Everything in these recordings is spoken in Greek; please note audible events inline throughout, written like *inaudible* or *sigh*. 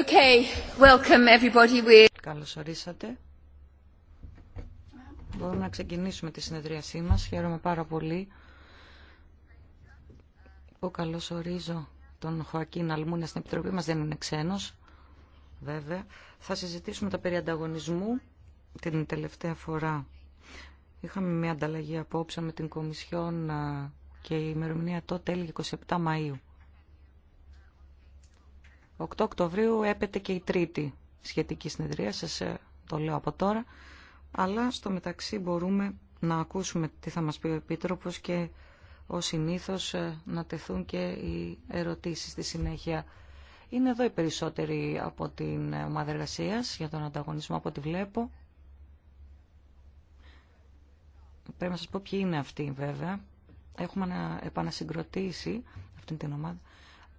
Okay, welcome everybody. Καλώς ορίσατε. Μπορούμε να ξεκινήσουμε τη συνεδρίασή μας. Χαίρομαι πάρα πολύ που ορίζω τον Χωακίν Αλμούνια στην Επιτροπή μας. Δεν είναι ξένος, βέβαια. Θα συζητήσουμε τα περί ανταγωνισμού την τελευταία φορά. Είχαμε μια ανταλλαγή απόψε με την Κομισιόν ε, και η ημερομηνία τότε έλεγε 27 Μαΐου. 8 Οκτωβρίου έπεται και η τρίτη σχετική συνεδρία, σας ε, το λέω από τώρα, αλλά στο μεταξύ μπορούμε να ακούσουμε τι θα μας πει ο Επίτροπος και ο συνήθως ε, να τεθούν και οι ερωτήσεις στη συνέχεια. Είναι εδώ οι περισσότεροι από την ομάδα εργασία για τον ανταγωνισμό από ό,τι βλέπω. Πρέπει να σας πω ποιοι είναι αυτοί βέβαια. Έχουμε να επανασυγκροτήσει αυτήν την ομάδα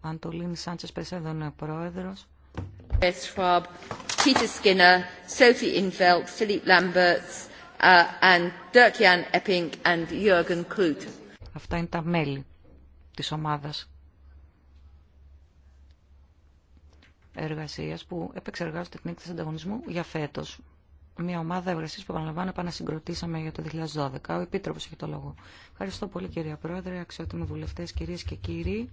Αντολίνη Σάντσες Πρεσέδο είναι ο πρόεδρος. Uh, Αυτά είναι τα μέλη της ομάδας εργασίας που επεξεργάζονται την έκθεση ανταγωνισμού για φέτος. Μια ομάδα εργασία που επαναλαμβάνω επανασυγκροτήσαμε για το 2012. Ο Επίτροπο έχει το λόγο. Ευχαριστώ πολύ, κυρία Πρόεδρε, αξιότιμοι βουλευτέ, κυρίε και κύριοι.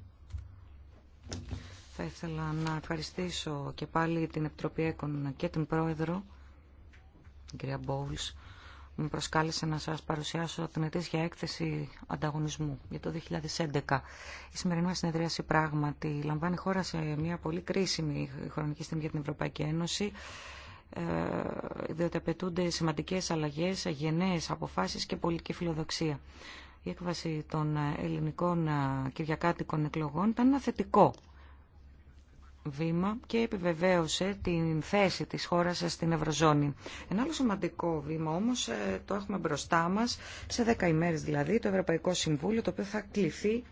Θα ήθελα να ευχαριστήσω και πάλι την Επιτροπή Έκων και την Πρόεδρο, την κυρία Μπόουλς, που με προσκάλεσε να σας παρουσιάσω την ετήσια έκθεση ανταγωνισμού για το 2011. Η σημερινή μας συνεδρίαση πράγματι λαμβάνει χώρα σε μια πολύ κρίσιμη χρονική στιγμή για την Ευρωπαϊκή Ένωση ε, διότι απαιτούνται σημαντικές αλλαγές, γενναίες αποφάσεις και πολιτική φιλοδοξία η έκβαση των ελληνικών κυριακάτικων εκλογών ήταν ένα θετικό βήμα και επιβεβαίωσε την θέση της χώρας στην Ευρωζώνη. Ένα άλλο σημαντικό βήμα όμως ε, το έχουμε μπροστά μας, σε δέκα ημέρες δηλαδή, το Ευρωπαϊκό Συμβούλιο, το οποίο θα κληθεί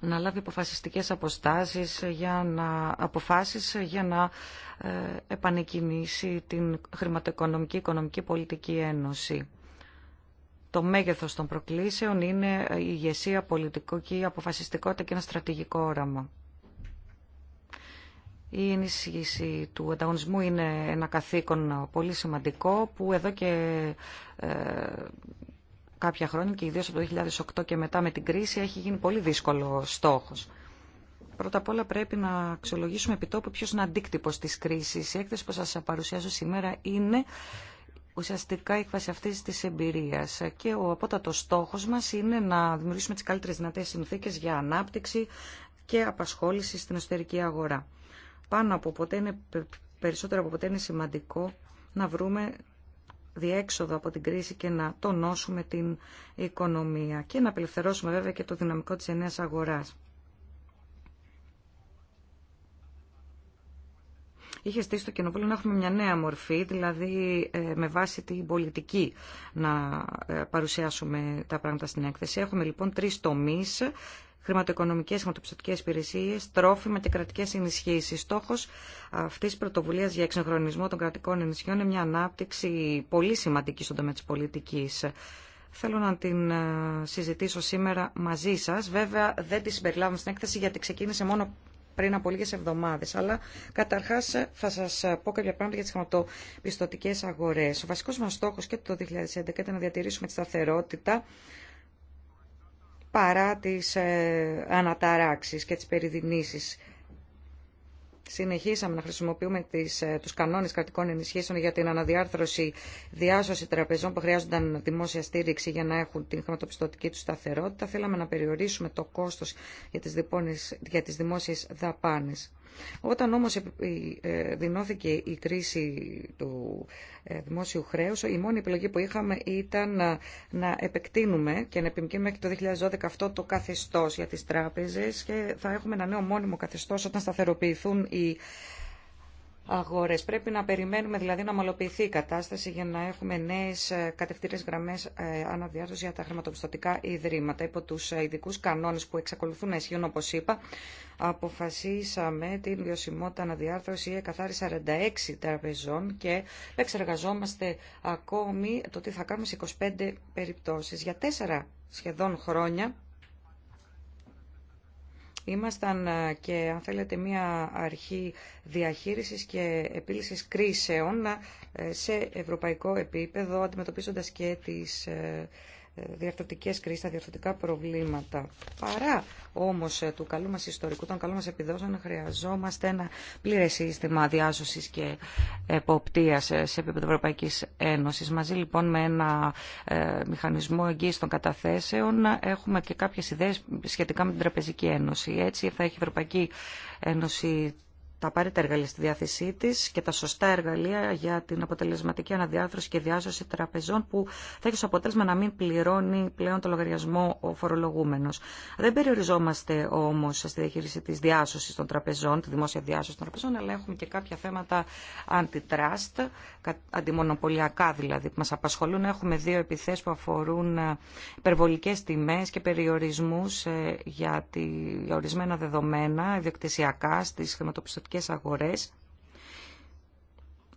να λάβει αποφασιστικές αποστάσεις για να, αποφάσεις για να ε, επανεκκινήσει την χρηματοοικονομική οικονομική πολιτική ένωση το μέγεθος των προκλήσεων είναι η ηγεσία, πολιτική αποφασιστικότητα και ένα στρατηγικό όραμα. Η ενίσχυση του ανταγωνισμού είναι ένα καθήκον πολύ σημαντικό που εδώ και ε, κάποια χρόνια και ιδίως από το 2008 και μετά με την κρίση έχει γίνει πολύ δύσκολο στόχος. Πρώτα απ' όλα πρέπει να αξιολογήσουμε επιτόπου ποιος είναι αντίκτυπος της κρίσης. Η έκθεση που σας παρουσιάζω σήμερα είναι ουσιαστικά η έκβαση αυτή τη εμπειρία. Και ο απότατο στόχο μα είναι να δημιουργήσουμε τι καλύτερε δυνατέ συνθήκε για ανάπτυξη και απασχόληση στην εσωτερική αγορά. Πάνω από ποτέ είναι, περισσότερο από ποτέ είναι σημαντικό να βρούμε διέξοδο από την κρίση και να τονώσουμε την οικονομία και να απελευθερώσουμε βέβαια και το δυναμικό της ενέας αγοράς. είχε στήσει το Κοινοβούλιο να έχουμε μια νέα μορφή, δηλαδή ε, με βάση την πολιτική να ε, παρουσιάσουμε τα πράγματα στην έκθεση. Έχουμε λοιπόν τρεις τομείς, χρηματοοικονομικές, χρηματοπιστωτικές υπηρεσίε, τρόφιμα και κρατικές ενισχύσεις. Στόχος αυτής της πρωτοβουλίας για εξυγχρονισμό των κρατικών ενισχύων είναι μια ανάπτυξη πολύ σημαντική στον τομέα της πολιτικής θέλω να την ε, συζητήσω σήμερα μαζί σας. Βέβαια δεν τη συμπεριλάβουμε στην έκθεση γιατί ξεκίνησε μόνο πριν από λίγες εβδομάδες. Αλλά καταρχάς θα σα πω κάποια πράγματα για τι χρηματοπιστωτικέ αγορές. Ο βασικός μας στόχο και το 2011 ήταν να διατηρήσουμε τη σταθερότητα παρά τις ε, αναταράξει και τι περιδινήσει συνεχίσαμε να χρησιμοποιούμε τις, ε, τους κανόνες κρατικών ενισχύσεων για την αναδιάρθρωση διάσωση τραπεζών που χρειάζονταν δημόσια στήριξη για να έχουν την χρηματοπιστωτική του σταθερότητα. Θέλαμε να περιορίσουμε το κόστος για τις, δημόσιε για τις δημόσιες δαπάνες. Όταν όμως ε, δινώθηκε η κρίση του ε, δημόσιου χρέους, η μόνη επιλογή που είχαμε ήταν να επεκτείνουμε και να επιμηκύνουμε και το 2012 αυτό το καθεστώς για τις τράπεζες και θα έχουμε ένα νέο μόνιμο καθεστώς όταν σταθεροποιηθούν οι αγορές. Πρέπει να περιμένουμε δηλαδή να ομαλοποιηθεί η κατάσταση για να έχουμε νέε κατευθύνε γραμμέ ε, αναδιάρθρωσης για τα χρηματοπιστωτικά ιδρύματα. Υπό του ε, ειδικού κανόνες που εξακολουθούν να ισχύουν όπως είπα, αποφασίσαμε την βιωσιμότητα αναδιάρθρωση εκαθάριση 46 τραπεζών και εξεργαζόμαστε ακόμη το τι θα κάνουμε σε 25 περιπτώσει Για τέσσερα σχεδόν χρόνια Ήμασταν ε, και, αν θέλετε, μια αρχή διαχείρισης και επίλυσης κρίσεων ε, σε ευρωπαϊκό επίπεδο, αντιμετωπίζοντας και τις ε, διαρθρωτικές κρίσεις, τα προβλήματα. Παρά όμως ε, του καλού μας ιστορικού, των καλού μας επιδόσεων, χρειαζόμαστε ένα πλήρες σύστημα διάσωσης και εποπτείας ε, σε επίπεδο Ευρωπαϊκής Ένωσης. Μαζί λοιπόν με ένα ε, μηχανισμό εγγύηση των καταθέσεων έχουμε και κάποιες ιδέες σχετικά με την Τραπεζική Ένωση. Έτσι θα έχει η Ευρωπαϊκή Ένωση τα απαραίτητα εργαλεία στη διάθεσή τη και τα σωστά εργαλεία για την αποτελεσματική αναδιάρθρωση και διάσωση τραπεζών που θα έχει ω αποτέλεσμα να μην πληρώνει πλέον το λογαριασμό ο φορολογούμενο. Δεν περιοριζόμαστε όμω στη διαχείριση τη διάσωση των τραπεζών, τη δημόσια διάσωση των τραπεζών, αλλά έχουμε και κάποια θέματα αντιτράστ, αντιμονοπολιακά δηλαδή, που μα απασχολούν. Έχουμε δύο επιθέσει που αφορούν ε, υπερβολικέ τιμέ και περιορισμού ε, για ορισμένα δεδομένα ιδιοκτησιακά στι χρηματοπιστωτικέ οι αγορές.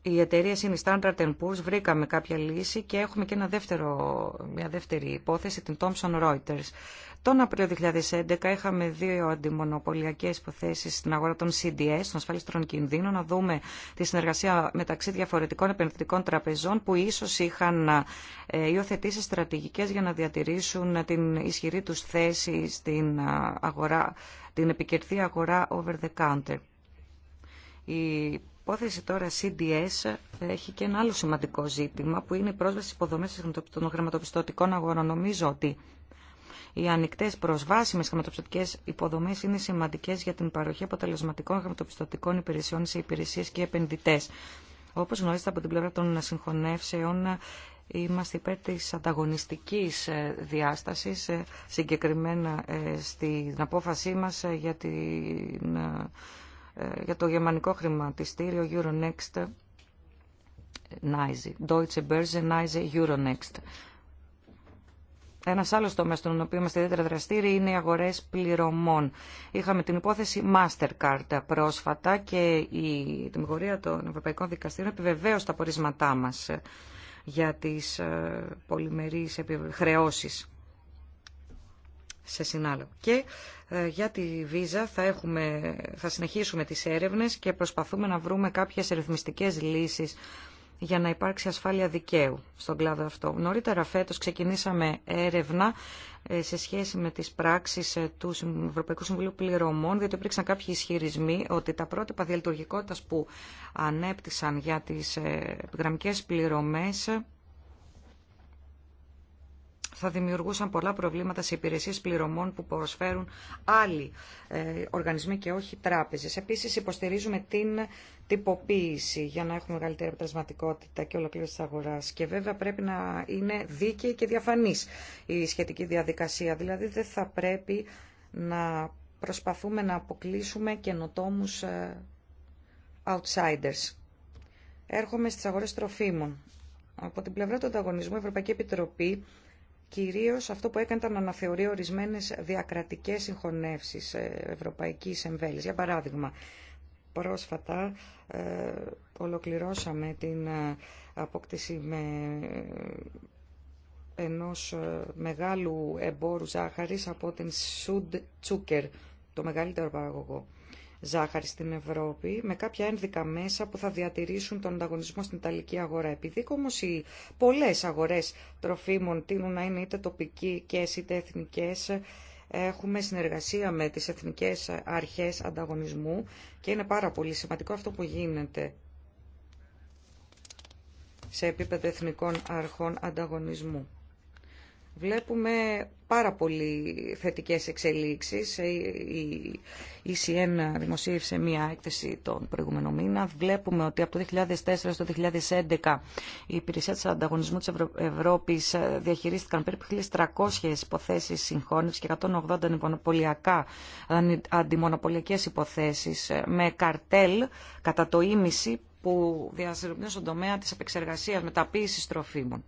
Η εταιρεία είναι η Standard Poor's, βρήκαμε κάποια λύση και έχουμε και ένα δεύτερο, μια δεύτερη υπόθεση, την Thomson Reuters. Τον Απρίλιο 2011 είχαμε δύο αντιμονοπολιακές υποθέσεις στην αγορά των CDS, των ασφαλιστρών κινδύνων, να δούμε τη συνεργασία μεταξύ διαφορετικών επενδυτικών τραπεζών που ίσως είχαν ε, υιοθετήσει στρατηγικές για να διατηρήσουν την ισχυρή τους θέση στην ε, αγορά, την επικερδή αγορά over the counter. Η υπόθεση τώρα CDS έχει και ένα άλλο σημαντικό ζήτημα που είναι η πρόσβαση στις υποδομές των χρηματοπιστωτικών αγορών. Νομίζω ότι οι ανοιχτέ προσβάσιμε χρηματοπιστωτικέ υποδομέ είναι σημαντικέ για την παροχή αποτελεσματικών χρηματοπιστωτικών υπηρεσιών σε υπηρεσίε και επενδυτέ. Όπω γνωρίζετε από την πλευρά των συγχωνεύσεων, είμαστε υπέρ τη ανταγωνιστική ε, διάσταση, ε, συγκεκριμένα ε, στην απόφασή μα για την ε, για το γερμανικό χρηματιστήριο Euronext ε, Deutsche Börse Neise Euronext. Ένα άλλο τομέα στον οποίο είμαστε ιδιαίτερα δραστήριοι είναι οι αγορέ πληρωμών. Είχαμε την υπόθεση Mastercard πρόσφατα και η Δημιουργία των Ευρωπαϊκών Δικαστήριων επιβεβαίωσε τα πορίσματά μα ε, για τι πολυμερεί χρεώσει σε συνάλλαγμα. Και ε, για τη Visa θα, έχουμε, θα συνεχίσουμε τις έρευνες και προσπαθούμε να βρούμε κάποιες ρυθμιστικές λύσεις για να υπάρξει ασφάλεια δικαίου στον κλάδο αυτό. Νωρίτερα φέτος ξεκινήσαμε έρευνα ε, σε σχέση με τις πράξεις ε, του Ευρωπαϊκού Συμβουλίου Πληρωμών, διότι υπήρξαν κάποιοι ισχυρισμοί ότι τα πρότυπα διαλειτουργικότητας που ανέπτυσαν για τις γραμμικές πληρωμές θα δημιουργούσαν πολλά προβλήματα σε υπηρεσίες πληρωμών που προσφέρουν άλλοι ε, οργανισμοί και όχι τράπεζες. Επίσης υποστηρίζουμε την τυποποίηση για να έχουμε μεγαλύτερη αποτελεσματικότητα και ολοκλήρωση της αγοράς και βέβαια πρέπει να είναι δίκαιη και διαφανής η σχετική διαδικασία. Δηλαδή δεν θα πρέπει να προσπαθούμε να αποκλείσουμε καινοτόμου ε, outsiders. Έρχομαι στις αγορές τροφίμων. Από την πλευρά του ανταγωνισμού, η Ευρωπαϊκή Επιτροπή κυρίως αυτό που έκανε ήταν να αναθεωρεί ορισμένες διακρατικές συγχωνεύσεις ε, ευρωπαϊκής εμβέλειας. Για παράδειγμα, πρόσφατα ε, ολοκληρώσαμε την ε, απόκτηση με, ενός ε, μεγάλου εμπόρου ζάχαρης από την Σουντ Τσούκερ, το μεγαλύτερο παραγωγό ζάχαρη στην Ευρώπη με κάποια ένδικα μέσα που θα διατηρήσουν τον ανταγωνισμό στην Ιταλική αγορά. Επειδή όμω οι πολλέ αγορέ τροφίμων τείνουν να είναι είτε τοπικέ είτε εθνικέ, έχουμε συνεργασία με τι εθνικέ αρχέ ανταγωνισμού και είναι πάρα πολύ σημαντικό αυτό που γίνεται σε επίπεδο εθνικών αρχών ανταγωνισμού. Βλέπουμε πάρα πολύ θετικές εξελίξεις. Ε, η ECN δημοσίευσε μία έκθεση τον προηγούμενο μήνα. Βλέπουμε ότι από το 2004 στο 2011 η Υπηρεσία της Ανταγωνισμού της Ευρώπης ε, διαχειρίστηκαν περίπου 1.300 υποθέσεις συγχώνευσης και 180 αντιμονοπολιακές υποθέσεις ε, με καρτέλ κατά το ίμιση που διασυλλογούν στον τομέα της επεξεργασίας μεταποίησης τροφίμων.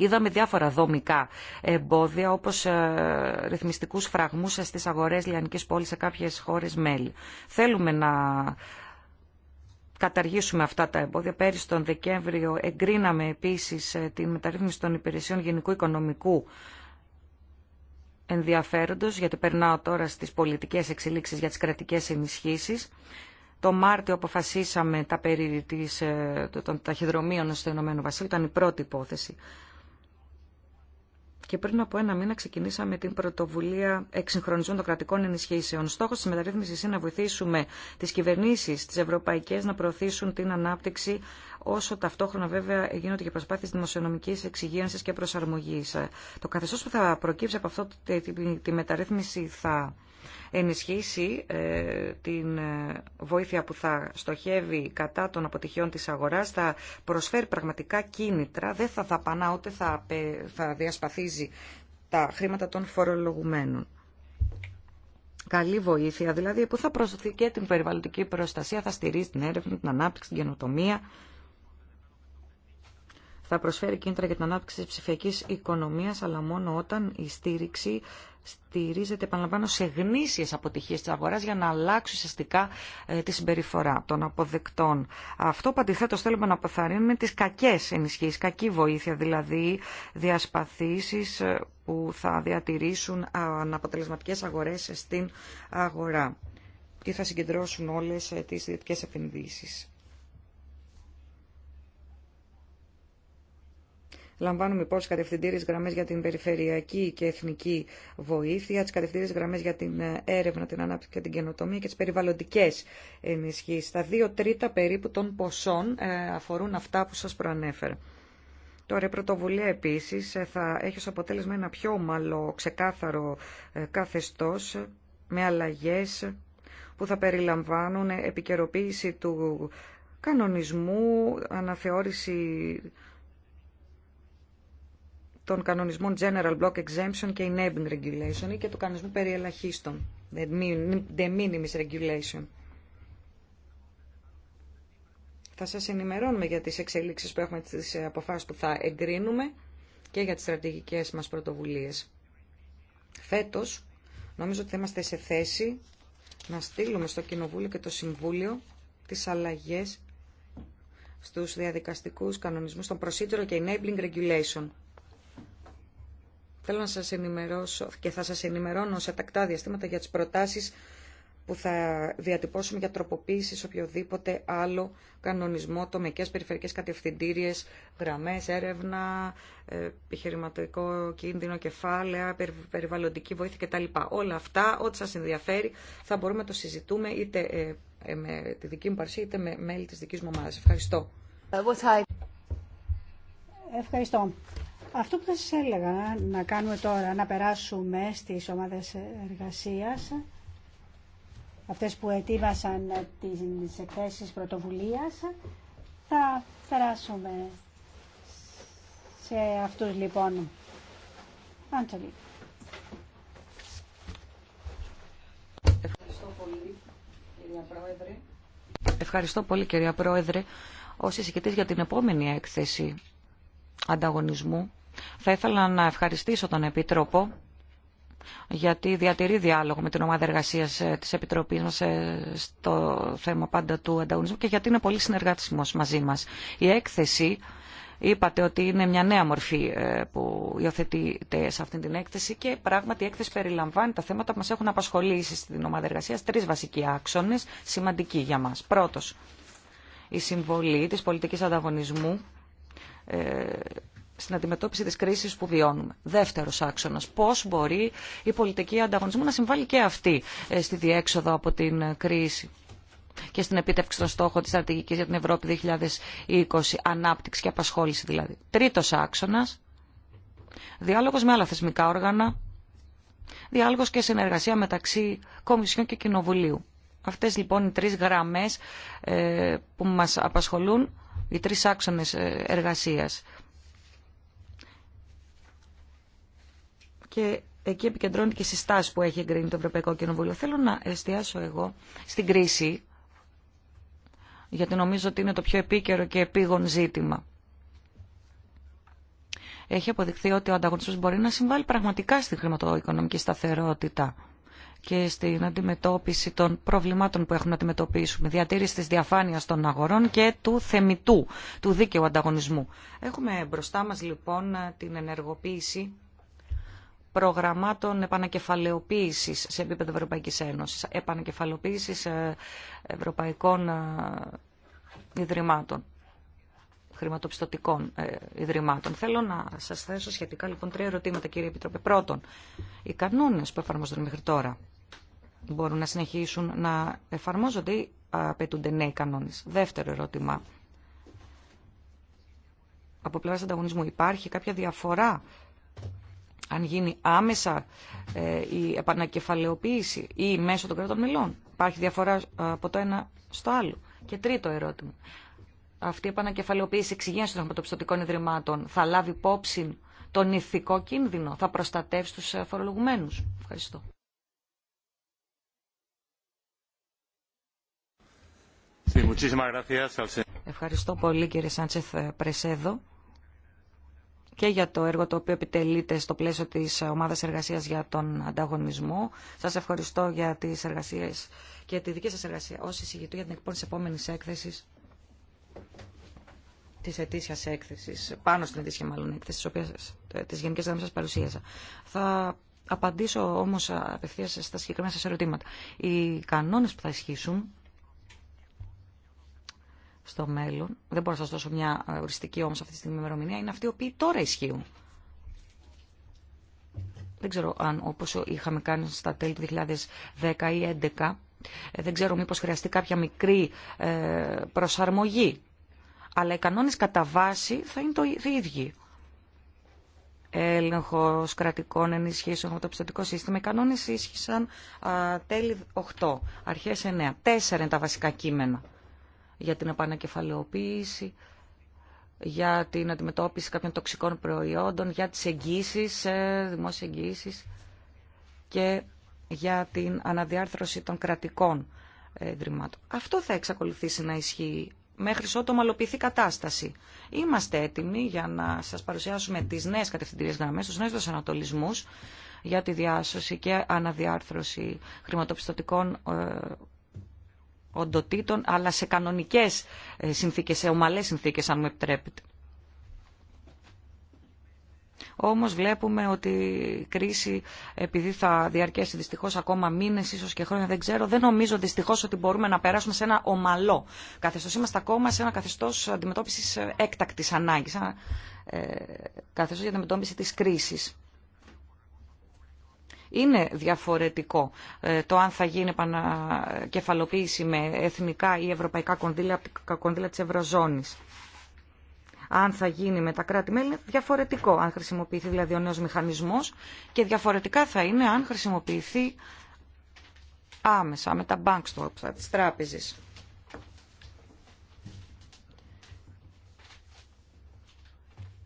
Είδαμε διάφορα δομικά εμπόδια όπως ε, ρυθμιστικούς φραγμούς στις αγορές λιανικής πόλης σε κάποιες χώρες μέλη. Θέλουμε να καταργήσουμε αυτά τα εμπόδια. Πέρυσι τον Δεκέμβριο εγκρίναμε επίσης ε, τη μεταρρύθμιση των υπηρεσιών γενικού οικονομικού ενδιαφέροντος, γιατί περνάω τώρα στις πολιτικές εξελίξεις για τις κρατικές ενισχύσεις. Το Μάρτιο αποφασίσαμε τα περί ε, των ταχυδρομείων στο Ηνωμένο Βασίλειο, ήταν η πρώτη υπόθεση και πριν από ένα μήνα ξεκινήσαμε την πρωτοβουλία εξυγχρονισμού των κρατικών ενισχύσεων. Στόχο τη μεταρρύθμιση είναι να βοηθήσουμε τι κυβερνήσει, τι ευρωπαϊκέ, να προωθήσουν την ανάπτυξη όσο ταυτόχρονα βέβαια γίνονται και προσπάθειε δημοσιονομική εξυγίανση και προσαρμογή. Το καθεστώ που θα προκύψει από αυτή τη μεταρρύθμιση θα ενισχύσει ε, την ε, βοήθεια που θα στοχεύει κατά των αποτυχιών της αγοράς, θα προσφέρει πραγματικά κίνητρα, δεν θα δαπανά ούτε θα, θα διασπαθίζει τα χρήματα των φορολογουμένων. Καλή βοήθεια, δηλαδή που θα προσδοθεί και την περιβαλλοντική προστασία, θα στηρίζει την έρευνα, την ανάπτυξη, την καινοτομία θα προσφέρει κίνητρα για την ανάπτυξη της ψηφιακής οικονομίας, αλλά μόνο όταν η στήριξη στηρίζεται, επαναλαμβάνω, σε γνήσιες αποτυχίες της αγοράς για να αλλάξει ουσιαστικά ε, τη συμπεριφορά των αποδεκτών. Αυτό που αντιθέτω θέλουμε να αποθαρρύνουμε τις κακές ενισχύσεις, κακή βοήθεια, δηλαδή διασπαθήσεις ε, που θα διατηρήσουν αναποτελεσματικέ αγορές στην αγορά. Και θα συγκεντρώσουν όλες ε, τις ιδιωτικές επενδύσεις. Λαμβάνουμε υπόψη κατευθυντήριε γραμμέ για την περιφερειακή και εθνική βοήθεια, τι κατευθυντήριε γραμμέ για την ε, έρευνα, την ανάπτυξη και την καινοτομία και τι περιβαλλοντικέ ενισχύσει. Τα δύο τρίτα περίπου των ποσών ε, αφορούν αυτά που σα προανέφερα. Τώρα η πρωτοβουλία επίσης ε, θα έχει ως αποτέλεσμα ένα πιο ομαλό, ξεκάθαρο καθεστώ με αλλαγέ που θα περιλαμβάνουν επικαιροποίηση του κανονισμού, αναθεώρηση των κανονισμών General Block Exemption και Enabling Regulation ή και του κανονισμού περί ελαχίστων, de minimis regulation. Θα σας ενημερώνουμε για τις εξελίξεις που έχουμε, τις αποφάσεις που θα εγκρίνουμε και για τις στρατηγικές μας πρωτοβουλίες. Φέτος, νομίζω ότι θα είμαστε σε θέση να στείλουμε στο Κοινοβούλιο και το Συμβούλιο τις αλλαγές στους διαδικαστικούς κανονισμούς των Procedure και Enabling Regulation. Θέλω να σας ενημερώσω και θα σας ενημερώνω σε τακτά διαστήματα για τις προτάσεις που θα διατυπώσουμε για τροποποίηση σε οποιοδήποτε άλλο κανονισμό, τομεκέ, περιφερειακέ κατευθυντήριες, γραμμές, έρευνα, ε, επιχειρηματικό κίνδυνο, κεφάλαια, περιβαλλοντική βοήθεια κτλ. Όλα αυτά, ό,τι σας ενδιαφέρει, θα μπορούμε να το συζητούμε είτε ε, ε, με τη δική μου παρουσία είτε με μέλη τη δική μου ομάδας. Ευχαριστώ. Ευχαριστώ. Αυτό που θα σας έλεγα να κάνουμε τώρα, να περάσουμε στις ομάδες εργασίας, αυτές που ετοίμασαν τις εκθέσεις πρωτοβουλίας, θα περάσουμε σε αυτούς λοιπόν. Άντολη. Ευχαριστώ πολύ, κυρία Πρόεδρε. Ευχαριστώ πολύ, κυρία Πρόεδρε. Ως εισηγητής για την επόμενη έκθεση ανταγωνισμού, θα ήθελα να ευχαριστήσω τον Επίτροπο γιατί διατηρεί διάλογο με την ομάδα εργασία ε, τη Επιτροπή μα ε, στο θέμα πάντα του ανταγωνισμού και γιατί είναι πολύ συνεργάτησιμο μαζί μα. Η έκθεση, είπατε ότι είναι μια νέα μορφή ε, που υιοθετείται σε αυτή την έκθεση και πράγματι η έκθεση περιλαμβάνει τα θέματα που μα έχουν απασχολήσει στην ομάδα εργασία. Τρει βασικοί άξονε, σημαντικοί για μα. Πρώτο, η συμβολή τη πολιτική ανταγωνισμού στην αντιμετώπιση τη κρίση που βιώνουμε. Δεύτερο άξονα. Πώ μπορεί η πολιτική ανταγωνισμού να συμβάλλει και αυτή ε, στη διέξοδο από την κρίση και στην επίτευξη των στόχων της στρατηγικής για την Ευρώπη 2020, ανάπτυξη και απασχόληση δηλαδή. Τρίτος άξονας, διάλογος με άλλα θεσμικά όργανα, διάλογος και συνεργασία μεταξύ Κομισιόν και Κοινοβουλίου. Αυτές λοιπόν οι τρεις γραμμές ε, που μας απασχολούν, οι τρεις άξονες ε, εργασίας. και εκεί επικεντρώνεται και συστάση που έχει εγκρίνει το Ευρωπαϊκό Κοινοβούλιο. Θέλω να εστιάσω εγώ στην κρίση, γιατί νομίζω ότι είναι το πιο επίκαιρο και επίγον ζήτημα. Έχει αποδειχθεί ότι ο ανταγωνισμός μπορεί να συμβάλλει πραγματικά στην χρηματοοικονομική σταθερότητα και στην αντιμετώπιση των προβλημάτων που έχουμε να αντιμετωπίσουμε, διατήρηση της διαφάνειας των αγορών και του θεμητού, του δίκαιου ανταγωνισμού. Έχουμε μπροστά μας λοιπόν την ενεργοποίηση προγραμμάτων επανακεφαλαιοποίησης σε επίπεδο Ευρωπαϊκής Ένωσης, επανακεφαλαιοποίησης ε, ευρωπαϊκών ε, ιδρυμάτων, χρηματοπιστωτικών ε, ιδρυμάτων. Θέλω να σας θέσω σχετικά λοιπόν τρία ερωτήματα κύριε Επιτροπέ. Πρώτον, οι κανόνες που εφαρμόζονται μέχρι τώρα μπορούν να συνεχίσουν να εφαρμόζονται ή απαιτούνται νέοι κανόνες. Δεύτερο ερώτημα. Από πλευρά ανταγωνισμού υπάρχει κάποια διαφορά αν γίνει άμεσα ε, η επανακεφαλαιοποίηση ή μέσω των κρατών μελών. Υπάρχει διαφορά ε, από το ένα στο άλλο. Και τρίτο ερώτημα. Αυτή η επανακεφαλαιοποίηση εξυγένωση των χρηματοπιστωτικών ιδρυμάτων θα λάβει υπόψη τον ηθικό κίνδυνο, θα προστατεύσει τους ε, φορολογουμένους. Ευχαριστώ. Ευχαριστώ πολύ κύριε Σάντσεθ Πρεσέδο και για το έργο το οποίο επιτελείται στο πλαίσιο της ομάδας εργασίας για τον ανταγωνισμό. Σας ευχαριστώ για τις εργασίες και τη δική σας εργασία ως εισηγητού για την εκπόνηση επόμενης έκθεσης της ετήσιας έκθεσης, πάνω στην ετήσια μάλλον έκθεση, της ε, γενικής δομές σας παρουσίασα. Θα απαντήσω όμως απευθείας στα συγκεκριμένα σας ερωτήματα. Οι κανόνες που θα ισχύσουν στο μέλλον, δεν μπορώ να σας δώσω μια ε, οριστική όμως αυτή τη στιγμή ημερομηνία, είναι αυτοί οι οποίοι τώρα ισχύουν. Δεν ξέρω αν όπως είχαμε κάνει στα τέλη του 2010 ή 2011, ε, δεν ξέρω μήπως χρειαστεί κάποια μικρή ε, προσαρμογή. Αλλά οι κανόνες κατά βάση θα είναι το ίδιο. Έλεγχο κρατικών ενισχύσεων με το πιστοτικό σύστημα. Οι κανόνε ίσχυσαν τέλη 8, αρχέ 9. Τέσσερα είναι τα βασικά κείμενα για την επανακεφαλαιοποίηση, για την αντιμετώπιση κάποιων τοξικών προϊόντων, για τις εγγύσεις, ε, δημόσιες εγγύσεις και για την αναδιάρθρωση των κρατικών ιδρυμάτων. Αυτό θα εξακολουθήσει να ισχύει μέχρι ότου ομαλοποιηθεί κατάσταση. Είμαστε έτοιμοι για να σας παρουσιάσουμε τις νέες κατευθυντήριες γραμμές, τους νέους δοσανατολισμούς για τη διάσωση και αναδιάρθρωση χρηματοπιστωτικών ε, οντοτήτων, αλλά σε κανονικές ε, συνθήκες, σε ομαλές συνθήκες, αν μου επιτρέπετε. Όμως βλέπουμε ότι η κρίση, επειδή θα διαρκέσει δυστυχώς ακόμα μήνες, ίσως και χρόνια, δεν ξέρω, δεν νομίζω δυστυχώς ότι μπορούμε να περάσουμε σε ένα ομαλό καθεστώς. Είμαστε ακόμα σε ένα καθεστώς αντιμετώπισης ε, έκτακτης ανάγκης, ένα ε, καθεστώς για αντιμετώπιση της κρίσης είναι διαφορετικό ε, το αν θα γίνει επανακεφαλοποίηση με εθνικά ή ευρωπαϊκά κονδύλια από τα κονδύλια της Ευρωζώνης. Αν θα γίνει με τα κράτη-μέλη διαφορετικό, αν χρησιμοποιηθεί δηλαδή ο νέος μηχανισμός και διαφορετικά θα είναι αν χρησιμοποιηθεί άμεσα με τα bank stops, τις τράπεζες.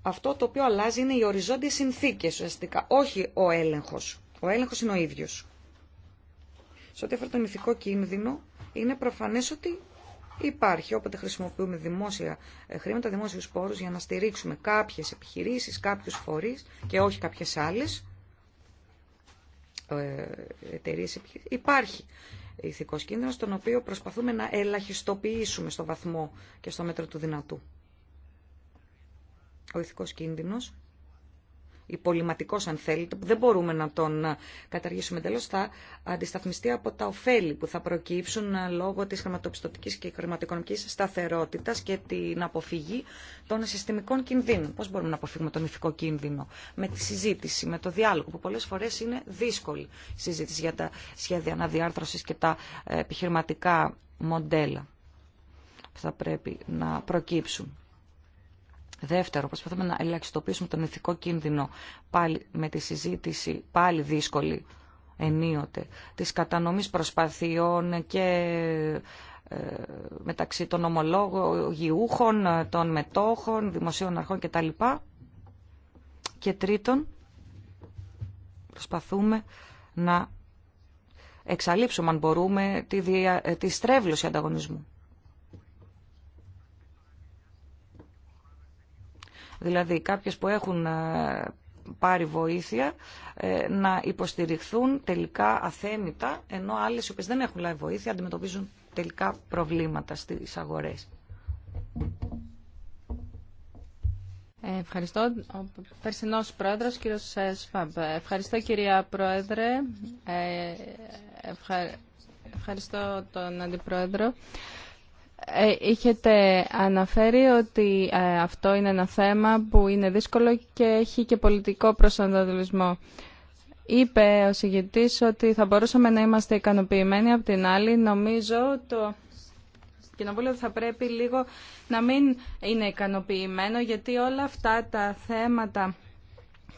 Αυτό το οποίο αλλάζει είναι οι οριζόντιες συνθήκες ουσιαστικά, όχι ο έλεγχος. Ο έλεγχο είναι ο ίδιο. Σε ό,τι αφορά τον ηθικό κίνδυνο, είναι προφανές ότι υπάρχει. Όποτε χρησιμοποιούμε δημόσια ε, χρήματα, δημόσιους πόρου για να στηρίξουμε κάποιες επιχειρήσεις, κάποιους φορείς και όχι κάποιες άλλες ε, εταιρείε υπάρχει ηθικός κίνδυνο τον οποίο προσπαθούμε να ελαχιστοποιήσουμε στο βαθμό και στο μέτρο του δυνατού. Ο ηθικός κίνδυνος υπολοιματικό, αν θέλετε, που δεν μπορούμε να τον καταργήσουμε εντελώ, θα αντισταθμιστεί από τα ωφέλη που θα προκύψουν λόγω τη χρηματοπιστωτική και χρηματοοικονομικής σταθερότητα και την αποφυγή των συστημικών κινδύνων. Πώ μπορούμε να αποφύγουμε τον ηθικό κίνδυνο με τη συζήτηση, με το διάλογο που πολλέ φορέ είναι δύσκολη συζήτηση για τα σχέδια αναδιάρθρωση και τα επιχειρηματικά μοντέλα που θα πρέπει να προκύψουν. Δεύτερο, προσπαθούμε να ελαχιστοποιήσουμε τον ηθικό κίνδυνο πάλι με τη συζήτηση, πάλι δύσκολη ενίοτε, της κατανομής προσπαθειών και ε, μεταξύ των ομολόγων, ε, των μετόχων, δημοσίων αρχών κτλ. Και τρίτον, προσπαθούμε να εξαλείψουμε αν μπορούμε τη, δια, ε, τη στρέβλωση ανταγωνισμού. Δηλαδή κάποιες που έχουν ε, πάρει βοήθεια ε, να υποστηριχθούν τελικά αθέμητα, ενώ άλλες οι οποίες δεν έχουν λάβει βοήθεια αντιμετωπίζουν τελικά προβλήματα στις αγορές. Ε, ευχαριστώ. Ο περσινός πρόεδρος, κύριος Σφαμπ. Ευχαριστώ, κυρία Πρόεδρε. Ευχαριστώ τον Αντιπρόεδρο. Ε, είχετε αναφέρει ότι ε, αυτό είναι ένα θέμα που είναι δύσκολο και έχει και πολιτικό προσανατολισμό. Είπε ο συγγετής ότι θα μπορούσαμε να είμαστε ικανοποιημένοι από την άλλη. Νομίζω το κοινοβούλιο θα πρέπει λίγο να μην είναι ικανοποιημένο γιατί όλα αυτά τα θέματα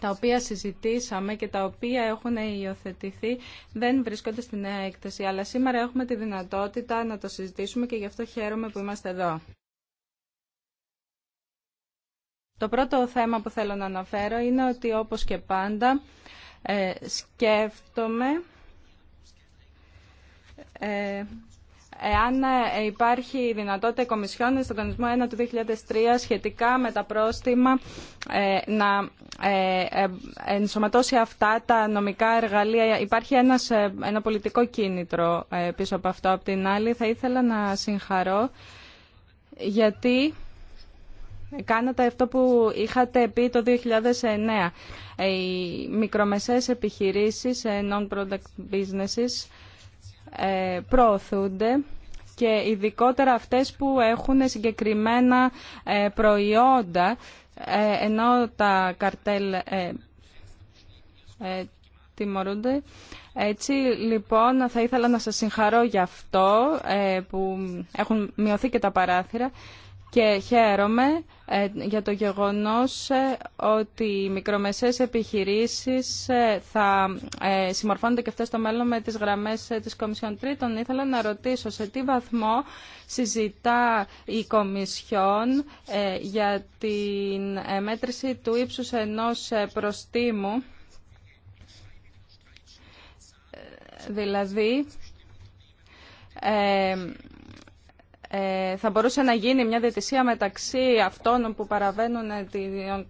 τα οποία συζητήσαμε και τα οποία έχουν υιοθετηθεί δεν βρίσκονται στη νέα έκθεση. Αλλά σήμερα έχουμε τη δυνατότητα να το συζητήσουμε και γι' αυτό χαίρομαι που είμαστε εδώ. Το πρώτο θέμα που θέλω να αναφέρω είναι ότι όπως και πάντα ε, σκέφτομαι ε, εάν ε, υπάρχει δυνατότητα η Κομισιόν στον κανονισμό 1 του 2003 σχετικά με τα πρόστιμα ε, να ε, ενσωματώσει αυτά τα νομικά εργαλεία. Υπάρχει ένας, ένα πολιτικό κίνητρο πίσω από αυτό. Απ' την άλλη θα ήθελα να συγχαρώ γιατί κάνατε αυτό που είχατε πει το 2009. Οι μικρομεσαίες επιχειρήσεις, non-product businesses, ε, προωθούνται και ειδικότερα αυτές που έχουν συγκεκριμένα ε, προϊόντα ε, ενώ τα καρτέλ τιμωρούνται. Έτσι λοιπόν θα ήθελα να σας συγχαρώ για αυτό που έχουν μειωθεί και τα παράθυρα και χαίρομαι ε, για το γεγονός ε, ότι οι μικρομεσαίες επιχειρήσεις ε, θα συμμορφώνονται και αυτές στο μέλλον με τις γραμμές της Κομισιόν Τρίτων. Ήθελα να ρωτήσω σε τι βαθμό συζητά η Κομισιόν για την μέτρηση του ύψους ενός προστίμου, δηλαδή ε, θα μπορούσε να γίνει μια διαιτησία μεταξύ αυτών που παραβαίνουν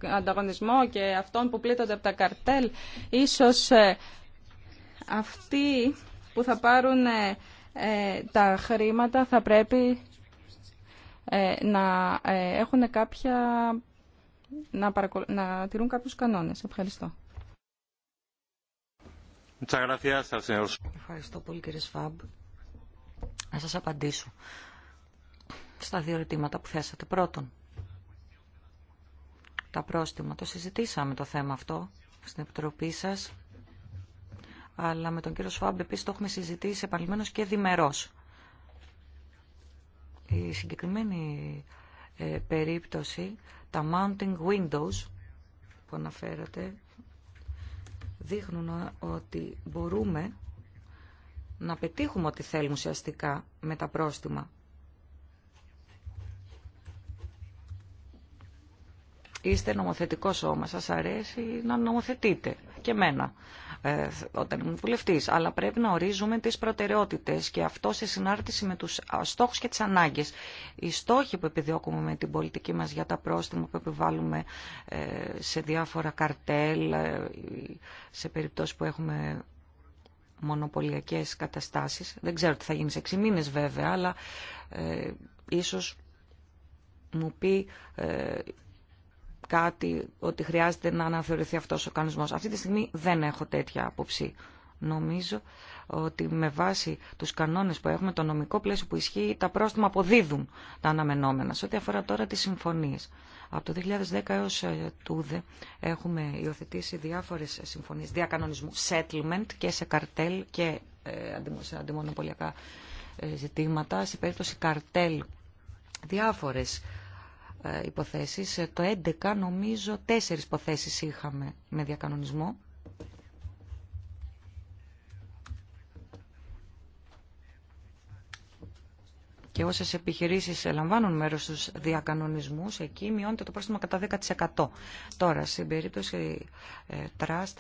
τον ανταγωνισμό και αυτών που πλήττονται από τα καρτέλ. Ίσως ε, αυτοί που θα πάρουν ε, τα χρήματα θα πρέπει να έχουν κάποια να, να τηρούν κάποιους κανόνες. Ευχαριστώ. Ευχαριστώ πολύ κύριε Σφάμπ. Να σας απαντήσω στα δύο ερωτήματα που θέσατε. Πρώτον, τα πρόστιμα. Το συζητήσαμε το θέμα αυτό στην Επιτροπή σα, αλλά με τον κύριο Σφάμπ επίση το έχουμε συζητήσει επαλημένω και διμερός. Η συγκεκριμένη ε, περίπτωση, τα mounting windows που αναφέρατε, δείχνουν ότι μπορούμε να πετύχουμε ό,τι θέλουμε ουσιαστικά με τα πρόστιμα είστε νομοθετικό σώμα, σας αρέσει να νομοθετείτε και εμένα, ε, όταν είμαι βουλευτή. Αλλά πρέπει να ορίζουμε τις προτεραιότητες και αυτό σε συνάρτηση με τους στόχους και τις ανάγκες. Οι στόχοι που επιδιώκουμε με την πολιτική μας για τα πρόστιμα που επιβάλλουμε ε, σε διάφορα καρτέλ, ε, σε περιπτώσεις που έχουμε μονοπωλιακές καταστάσεις. Δεν ξέρω τι θα γίνει σε 6 μήνες βέβαια, αλλά ε, ίσως μου πει ε, κάτι ότι χρειάζεται να αναθεωρηθεί αυτός ο κανονισμός. Αυτή τη στιγμή δεν έχω τέτοια άποψη. Νομίζω ότι με βάση τους κανόνες που έχουμε, το νομικό πλαίσιο που ισχύει, τα πρόστιμα αποδίδουν τα αναμενόμενα. Σε ό,τι αφορά τώρα τις συμφωνίες. Από το 2010 έως ε, τούδε έχουμε υιοθετήσει διάφορες συμφωνίες διακανονισμού, settlement και σε καρτέλ και ε, σε αντιμονοπολιακά ε, ζητήματα. Σε περίπτωση καρτέλ διάφορες ε, υποθέσεις. Ε, το 11 νομίζω τέσσερις υποθέσεις είχαμε με διακανονισμό. Και όσες επιχειρήσεις ε, λαμβάνουν μέρος στους διακανονισμούς, εκεί μειώνεται το πρόστιμο κατά 10%. Τώρα, στην περίπτωση ε,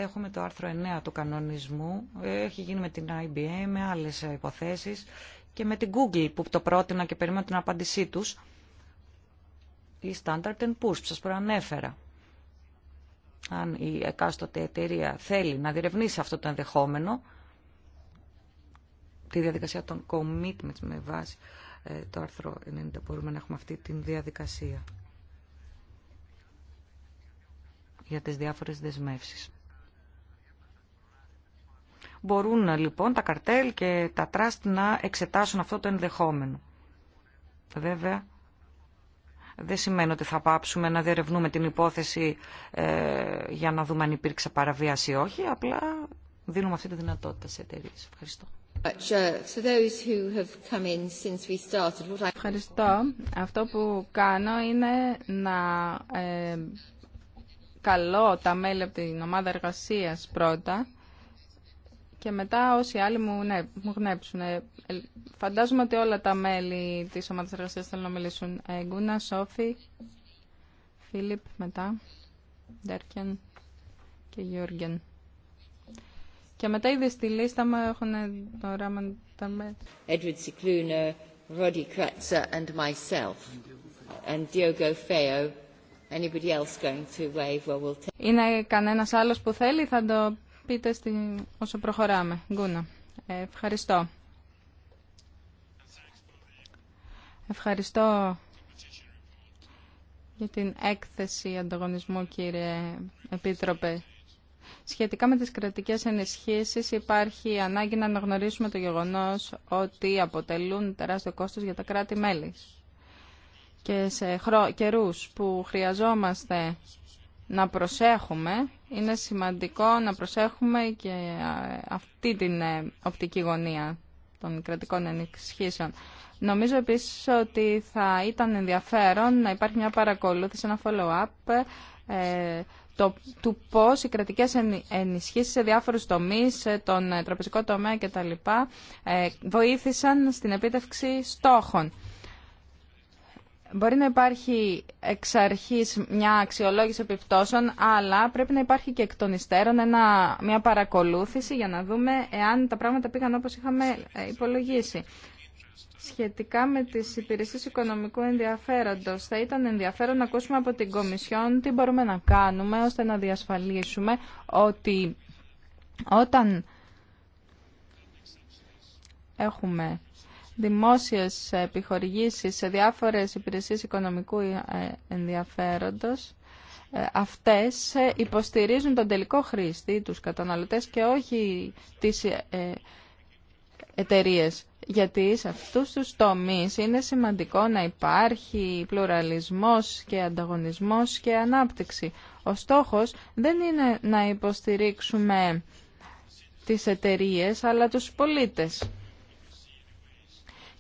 έχουμε το άρθρο 9 του κανονισμού. Έχει γίνει με την IBM, με άλλες υποθέσεις και με την Google που το πρότεινα και περίμενα την απάντησή τους ή Standard Poor's που σας προανέφερα. Αν η εκάστοτε εταιρεία θέλει να διερευνήσει αυτό το ενδεχόμενο, τη διαδικασία των commitments με βάση ε, το άρθρο 90 μπορούμε να έχουμε αυτή τη διαδικασία για τις διάφορες δεσμεύσεις. Μπορούν λοιπόν τα καρτέλ και τα τραστ να εξετάσουν αυτό το ενδεχόμενο. Βέβαια, δεν σημαίνει ότι θα πάψουμε να διερευνούμε την υπόθεση ε, για να δούμε αν υπήρξε παραβίαση ή όχι. Απλά δίνουμε αυτή τη δυνατότητα σε εταιρείε. Ευχαριστώ. Ευχαριστώ. Αυτό που κάνω είναι να ε, καλώ τα μέλη από την ομάδα εργασίας πρώτα και μετά όσοι άλλοι μου, ναι, μου γνέψουν. Ε, φαντάζομαι ότι όλα τα μέλη της ομάδας εργασίας θέλουν να μιλήσουν. Ε, Γκούνα, Σόφι, Φίλιπ, μετά, Ντέρκεν και Γιώργεν. Και μετά ήδη στη λίστα μου έχουν το τα τα Edward Cicluna, Roddy Kretzer and myself. And Diogo Feo. Anybody else going to wave? Well, we'll take... Είναι κανένας άλλος που θέλει, θα το πείτε στη... όσο προχωράμε. Γκούνα. ευχαριστώ. Ευχαριστώ για την έκθεση ανταγωνισμού, κύριε Επίτροπε. Σχετικά με τις κρατικές ενισχύσεις υπάρχει ανάγκη να αναγνωρίσουμε το γεγονός ότι αποτελούν τεράστιο κόστος για τα κράτη-μέλη. Και σε χρο... καιρούς που χρειαζόμαστε να προσέχουμε, είναι σημαντικό να προσέχουμε και ε, αυτή την ε, οπτική γωνία των κρατικών ενισχύσεων. Νομίζω επίσης ότι θα ήταν ενδιαφέρον να υπάρχει μια παρακολούθηση, ένα follow-up ε, το, του πώς οι κρατικές ενισχύσεις σε διάφορους τομείς, τον τραπεζικό τομέα κτλ. Ε, βοήθησαν στην επίτευξη στόχων. Μπορεί να υπάρχει εξ αρχή μια αξιολόγηση επιπτώσεων, αλλά πρέπει να υπάρχει και εκ των υστέρων μια παρακολούθηση για να δούμε εάν τα πράγματα πήγαν όπως είχαμε ε, υπολογίσει. Σχετικά με τις υπηρεσίες οικονομικού ενδιαφέροντος, θα ήταν ενδιαφέρον να ακούσουμε από την Κομισιόν τι μπορούμε να κάνουμε ώστε να διασφαλίσουμε ότι όταν έχουμε δημόσιες επιχορηγήσεις σε διάφορες υπηρεσίες οικονομικού ε, ενδιαφέροντος, ε, αυτές ε, υποστηρίζουν τον τελικό χρήστη, τους καταναλωτές και όχι τις εταιρείε. Γιατί σε αυτούς τους τομείς είναι σημαντικό να υπάρχει πλουραλισμός και ανταγωνισμός και ανάπτυξη. Ο στόχος δεν είναι να υποστηρίξουμε τις εταιρείε αλλά τους πολίτες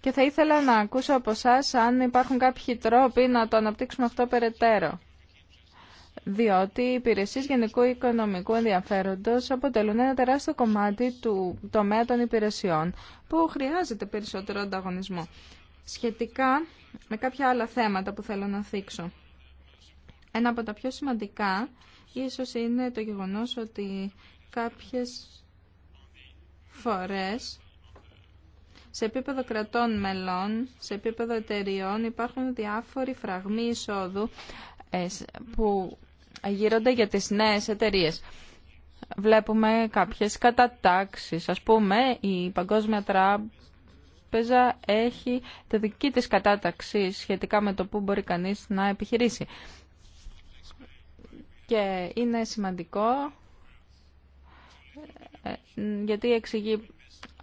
και θα ήθελα να ακούσω από εσά αν υπάρχουν κάποιοι τρόποι να το αναπτύξουμε αυτό περαιτέρω. Διότι οι υπηρεσίε γενικού οικονομικού ενδιαφέροντο αποτελούν ένα τεράστιο κομμάτι του τομέα των υπηρεσιών που χρειάζεται περισσότερο ανταγωνισμό. Σχετικά με κάποια άλλα θέματα που θέλω να θίξω. Ένα από τα πιο σημαντικά ίσως είναι το γεγονός ότι κάποιες φορές σε επίπεδο κρατών μελών, σε επίπεδο εταιριών υπάρχουν διάφοροι φραγμοί εισόδου ε, που γύρονται για τις νέες εταιρείε. Βλέπουμε κάποιες κατατάξεις. Ας πούμε, η Παγκόσμια Τράπεζα έχει τη δική της κατάταξη σχετικά με το που μπορεί κανείς να επιχειρήσει. Και είναι σημαντικό ε, ε, γιατί εξηγεί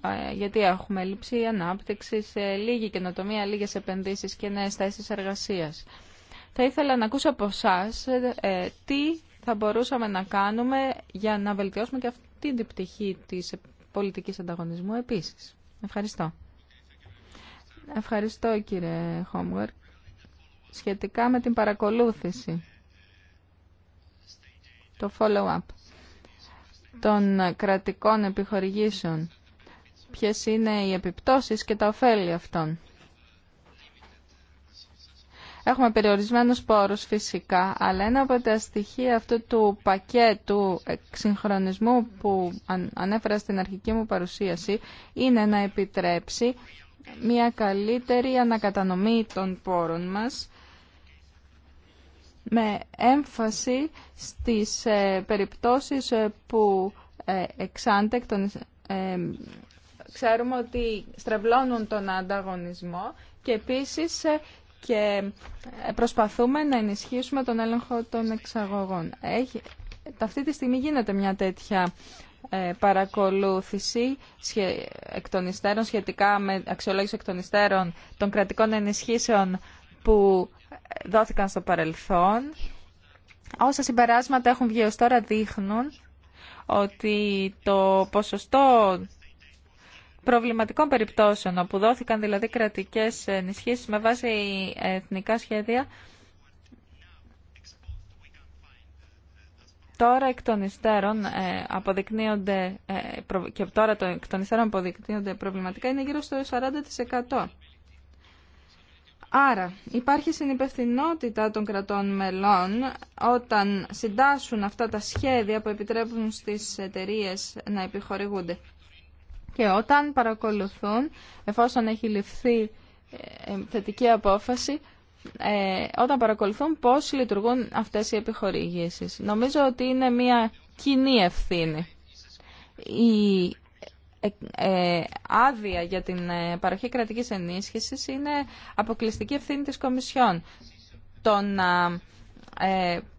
ε, γιατί έχουμε λήψη ανάπτυξη, ε, λίγη καινοτομία, λίγε επενδύσει και νέε θέσει εργασία. Θα ήθελα να ακούσω από εσά ε, τι θα μπορούσαμε να κάνουμε για να βελτιώσουμε και αυτή την πτυχή της πολιτικής ανταγωνισμού επίσης. Ευχαριστώ. Ευχαριστώ κύριε Χόμουερ. Σχετικά με την παρακολούθηση, το follow-up των κρατικών επιχορηγήσεων ποιες είναι οι επιπτώσεις και τα ωφέλη αυτών. Έχουμε περιορισμένους πόρους φυσικά, αλλά ένα από τα στοιχεία αυτού του πακέτου συγχρονισμού που ανέφερα στην αρχική μου παρουσίαση είναι να επιτρέψει μια καλύτερη ανακατανομή των πόρων μας με έμφαση στις ε, περιπτώσεις ε, που ε, εξάντεκ των ξέρουμε ότι στρεβλώνουν τον ανταγωνισμό και επίσης ε, και ε, προσπαθούμε να ενισχύσουμε τον έλεγχο των εξαγωγών. Έχει, αυτή τη στιγμή γίνεται μια τέτοια ε, παρακολούθηση σχετικά με αξιολόγηση εκ των υστέρων των κρατικών ενισχύσεων που δόθηκαν στο παρελθόν. Όσα συμπεράσματα έχουν βγει ως τώρα δείχνουν ότι το ποσοστό προβληματικών περιπτώσεων, όπου δόθηκαν δηλαδή κρατικές ενισχύσεις με βάση εθνικά σχέδια, τώρα εκ των υστέρων ε, αποδεικνύονται ε, και τώρα το, εκ των υστέρων αποδεικνύονται προβληματικά είναι γύρω στο 40%. Άρα υπάρχει συνυπευθυνότητα των κρατών μελών όταν συντάσσουν αυτά τα σχέδια που επιτρέπουν στις εταιρείε να επιχορηγούνται και όταν παρακολουθούν, εφόσον έχει ληφθεί ε, ε, θετική απόφαση, ε, όταν παρακολουθούν πώς λειτουργούν αυτές οι επιχορηγήσεις. Νομίζω ότι είναι μια κοινή ευθύνη. Η άδεια για την παροχή κρατικής ενίσχυσης είναι αποκλειστική ευθύνη της Κομισιόν. Το να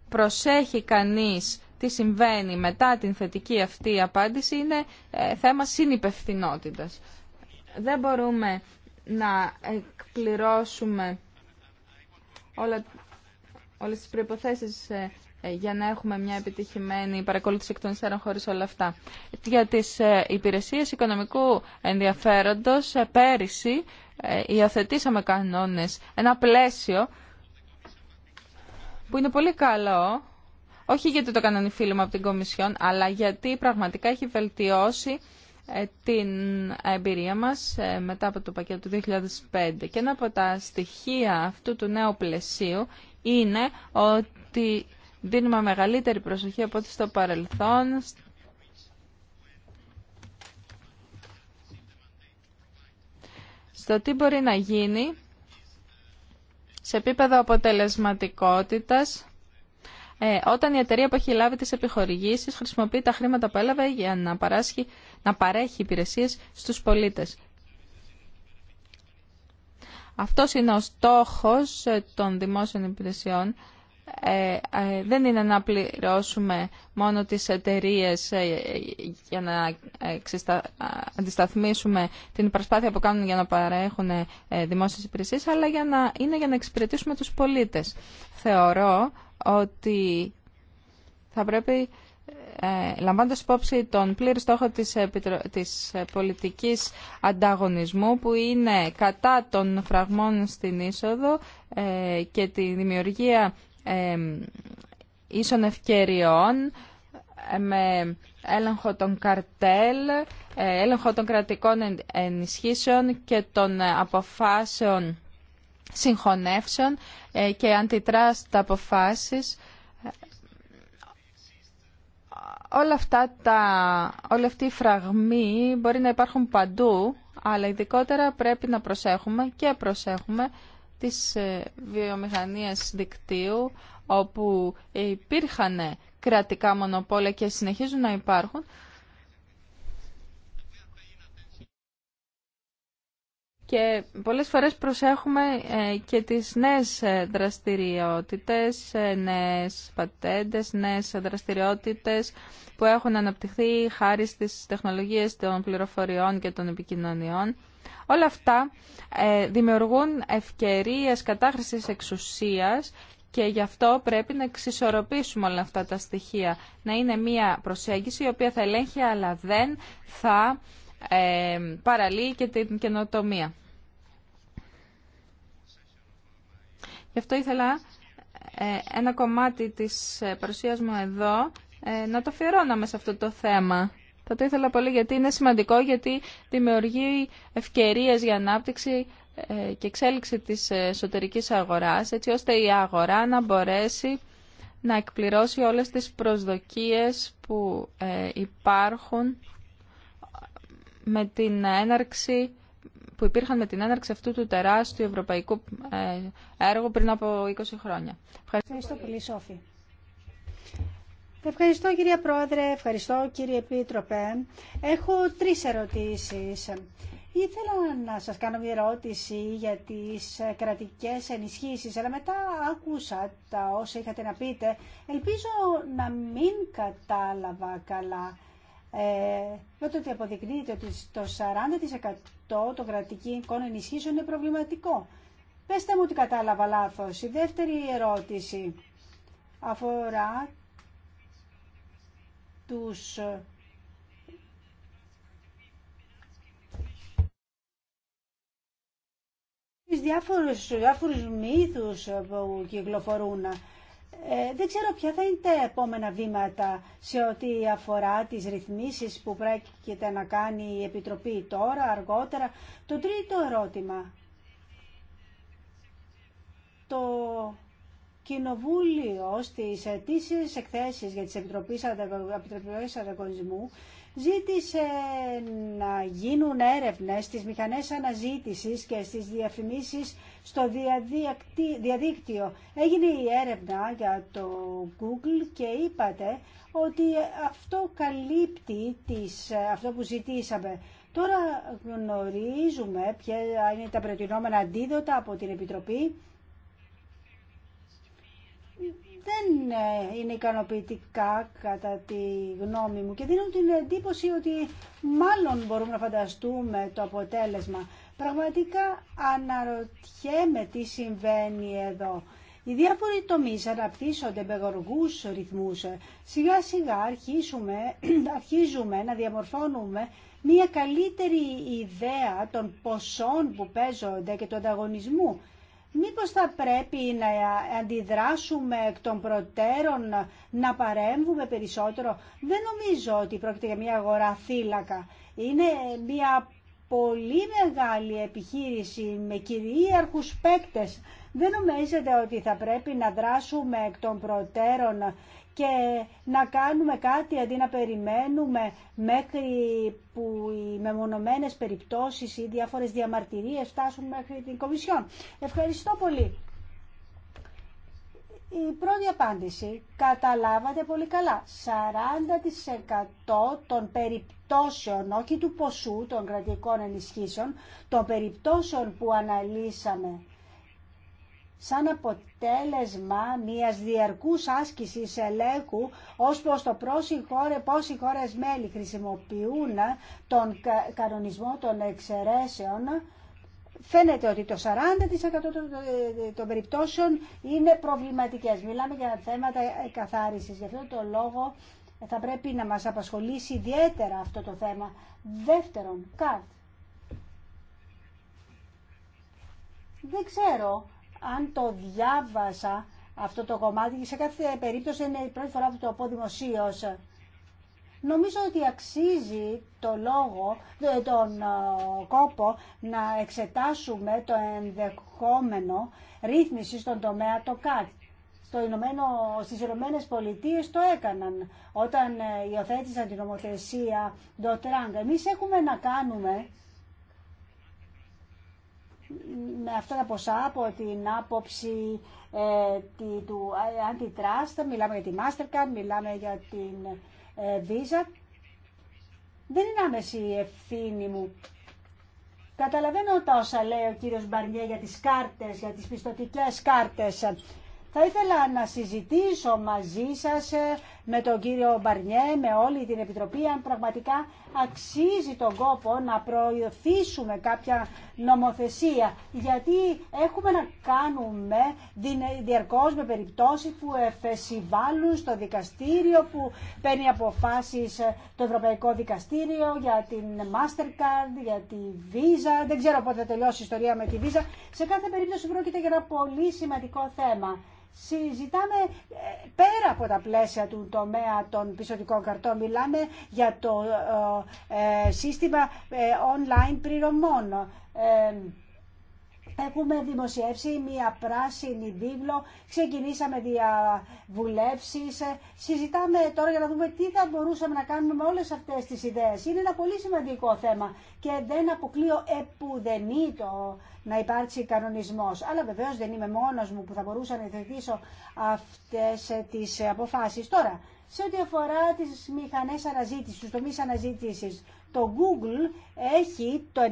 προσέχει κανείς τι συμβαίνει μετά την θετική αυτή απάντηση είναι ε, θέμα συνυπευθυνότητας. Δεν μπορούμε να εκπληρώσουμε όλα, όλες τις προϋποθέσεις ε, ε, για να έχουμε μια επιτυχημένη παρακολούθηση εκ των υστέρων χωρίς όλα αυτά. Για τις υπηρεσίες οικονομικού ενδιαφέροντος, πέρυσι υιοθετήσαμε κανόνες, ένα πλαίσιο που είναι πολύ καλό όχι γιατί το έκαναν οι φίλοι μου από την Κομισιόν, αλλά γιατί πραγματικά έχει βελτιώσει ε, την εμπειρία μας ε, μετά από το πακέτο του 2005. Και ένα από τα στοιχεία αυτού του νέου πλαισίου είναι ότι δίνουμε μεγαλύτερη προσοχή από ό,τι στο παρελθόν στο τι μπορεί να γίνει σε επίπεδο αποτελεσματικότητας ε, όταν η εταιρεία που έχει λάβει τις επιχορηγήσεις χρησιμοποιεί τα χρήματα που έλαβε για να, παράσχει, να παρέχει υπηρεσίες στους πολίτες. Αυτός είναι ο στόχος ε, των δημόσιων υπηρεσιών. Ε, ε, δεν είναι να πληρώσουμε μόνο τις εταιρείε για να ξεστα... αντισταθμίσουμε την προσπάθεια που κάνουν για να παρέχουν δημόσιες υπηρεσίες, αλλά να... είναι για να εξυπηρετήσουμε τους πολίτες. Θεωρώ ότι θα πρέπει, ε, λαμβάνοντας υπόψη τον πλήρη στόχο της, της πολιτικής ανταγωνισμού που είναι κατά των φραγμών στην είσοδο ε, και τη δημιουργία ε, ίσων ευκαιριών με έλεγχο των καρτέλ, έλεγχο των κρατικών ενισχύσεων και των αποφάσεων συγχωνεύσεων ε, και αντιτράστα αποφάσεις. Όλα αυτά τα, όλοι αυτοί οι φραγμοί μπορεί να υπάρχουν παντού, αλλά ειδικότερα πρέπει να προσέχουμε και προσέχουμε τις ε, βιομηχανίες δικτύου, όπου υπήρχαν κρατικά μονοπόλια και συνεχίζουν να υπάρχουν και πολλές φορές προσέχουμε ε, και τις νέες ε, δραστηριότητες, ε, νέες πατέντες, νέες δραστηριότητες που έχουν αναπτυχθεί χάρη στις τεχνολογίες των πληροφοριών και των επικοινωνιών. Όλα αυτά δημιουργούν ευκαιρίες κατάχρησης εξουσίας και γι' αυτό πρέπει να εξισορροπήσουμε όλα αυτά τα στοιχεία. Να είναι μια προσέγγιση η οποία θα ελέγχει αλλά δεν θα παραλύει και την καινοτομία. Γι' αυτό ήθελα ε, ένα κομμάτι της ε, παρουσίας μου εδώ ε, να το αφιερώναμε σε αυτό το θέμα. Θα το ήθελα πολύ γιατί είναι σημαντικό, γιατί δημιουργεί ευκαιρίες για ανάπτυξη και εξέλιξη της εσωτερικής αγοράς, έτσι ώστε η αγορά να μπορέσει να εκπληρώσει όλες τις προσδοκίες που υπάρχουν με την έναρξη που υπήρχαν με την έναρξη αυτού του τεράστιου ευρωπαϊκού ε, έργου πριν από 20 χρόνια. Ευχαριστώ, Ευχαριστώ πολύ, Σόφη. Ευχαριστώ κύριε Πρόεδρε, ευχαριστώ κύριε Επίτροπε. Έχω τρεις ερωτήσεις. Ήθελα να σας κάνω μια ερώτηση για τις ε, κρατικές ενισχύσεις, αλλά μετά άκουσα τα όσα είχατε να πείτε. Ελπίζω να μην κατάλαβα καλά ε, ότι αποδεικνύεται ότι το 40% των κρατικών ενισχύσεων είναι προβληματικό. πέστε μου ότι κατάλαβα λάθος. Η δεύτερη ερώτηση αφορά τους ε, Διάφορου διάφορους, μύθους που κυκλοφορούν ε, δεν ξέρω ποια θα είναι τα επόμενα βήματα σε ό,τι αφορά τις ρυθμίσεις που πρέπει να κάνει η Επιτροπή τώρα, αργότερα. Το τρίτο ερώτημα. Το Κοινοβούλιο στις αιτήσεις εκθέσεις για τις Επιτροπές Ανταγωνισμού ζήτησε να γίνουν έρευνες στις μηχανές αναζήτησης και στις διαφημίσεις στο διαδίκτυο. Έγινε η έρευνα για το Google και είπατε ότι αυτό καλύπτει τις, αυτό που ζητήσαμε. Τώρα γνωρίζουμε ποια είναι τα προτινόμενα αντίδοτα από την Επιτροπή δεν ε, είναι ικανοποιητικά κατά τη γνώμη μου και δίνουν την εντύπωση ότι μάλλον μπορούμε να φανταστούμε το αποτέλεσμα. Πραγματικά αναρωτιέμαι τι συμβαίνει εδώ. Οι διάφοροι τομείς αναπτύσσονται με γοργούς ρυθμούς. Σιγά σιγά αρχίζουμε, *clears throat* αρχίζουμε να διαμορφώνουμε μια καλύτερη ιδέα των ποσών που παίζονται και του ανταγωνισμού Μήπως θα πρέπει να αντιδράσουμε εκ των προτέρων, να παρέμβουμε περισσότερο. Δεν νομίζω ότι πρόκειται για μια αγορά θύλακα. Είναι μια πολύ μεγάλη επιχείρηση με κυρίαρχους παίκτες. Δεν νομίζετε ότι θα πρέπει να δράσουμε εκ των προτέρων και να κάνουμε κάτι αντί να περιμένουμε μέχρι που οι μεμονωμένες περιπτώσεις ή διάφορες διαμαρτυρίες φτάσουν μέχρι την Κομισιόν. Ευχαριστώ πολύ. Η πρώτη απάντηση καταλάβατε πολύ καλά. 40% των περιπτώσεων, όχι του ποσού των κρατικών ενισχύσεων, των περιπτώσεων που αναλύσαμε σαν αποτέλεσμα μιας διαρκούς άσκησης ελέγχου ως προς το πόσοι χώρες, χώρες μέλη χρησιμοποιούν τον κανονισμό των εξαιρέσεων φαίνεται ότι το 40% των περιπτώσεων είναι προβληματικές. Μιλάμε για θέματα καθάρισης. Γι' αυτό το λόγο θα πρέπει να μας απασχολήσει ιδιαίτερα αυτό το θέμα. Δεύτερον, ΚΑΤ. Δεν ξέρω αν το διάβασα αυτό το κομμάτι και σε κάθε περίπτωση είναι η πρώτη φορά που το πω δημοσίω. Νομίζω ότι αξίζει το λόγο, τον ε, κόπο να εξετάσουμε το ενδεχόμενο ρύθμιση στον τομέα το ΚΑΤ. Στο Ηνωμένο, στις Ηνωμένε Πολιτείε το έκαναν όταν ε, υιοθέτησαν την νομοθεσία Dotrang. Εμείς έχουμε να κάνουμε με αυτά τα ποσά από την άποψη ε, τη, του αντιτράστα, μιλάμε για τη Mastercard, μιλάμε για την ε, Visa. Δεν είναι άμεση η ευθύνη μου. Καταλαβαίνω τα όσα λέει ο κύριος Μπαρνιέ για τις κάρτες, για τις πιστοτικές κάρτες. Θα ήθελα να συζητήσω μαζί σας ε, με τον κύριο Μπαρνιέ, με όλη την Επιτροπή, αν πραγματικά αξίζει τον κόπο να προωθήσουμε κάποια νομοθεσία. Γιατί έχουμε να κάνουμε διαρκώς με περιπτώσεις που εφεσιβάλλουν στο δικαστήριο, που παίρνει αποφάσεις το Ευρωπαϊκό Δικαστήριο για την Mastercard, για τη Visa. Δεν ξέρω πότε θα τελειώσει η ιστορία με τη Visa. Σε κάθε περίπτωση πρόκειται για ένα πολύ σημαντικό θέμα συζητάμε ε, πέρα από τα πλαίσια του τομέα των πισωτικών καρτών. Μιλάμε για το ε, ε, σύστημα online πληρωμών. Έχουμε δημοσιεύσει μια πράσινη βίβλο, ξεκινήσαμε διαβουλεύσεις, συζητάμε τώρα για να δούμε τι θα μπορούσαμε να κάνουμε με όλες αυτές τις ιδέες. Είναι ένα πολύ σημαντικό θέμα και δεν αποκλείω επουδενή το να υπάρξει κανονισμός. Αλλά βεβαίως δεν είμαι μόνος μου που θα μπορούσα να υιοθετήσω αυτές τις αποφάσεις. Τώρα, σε ό,τι αφορά τις μηχανές αναζήτησης, τους τομείς αναζήτησης, το Google έχει το 90%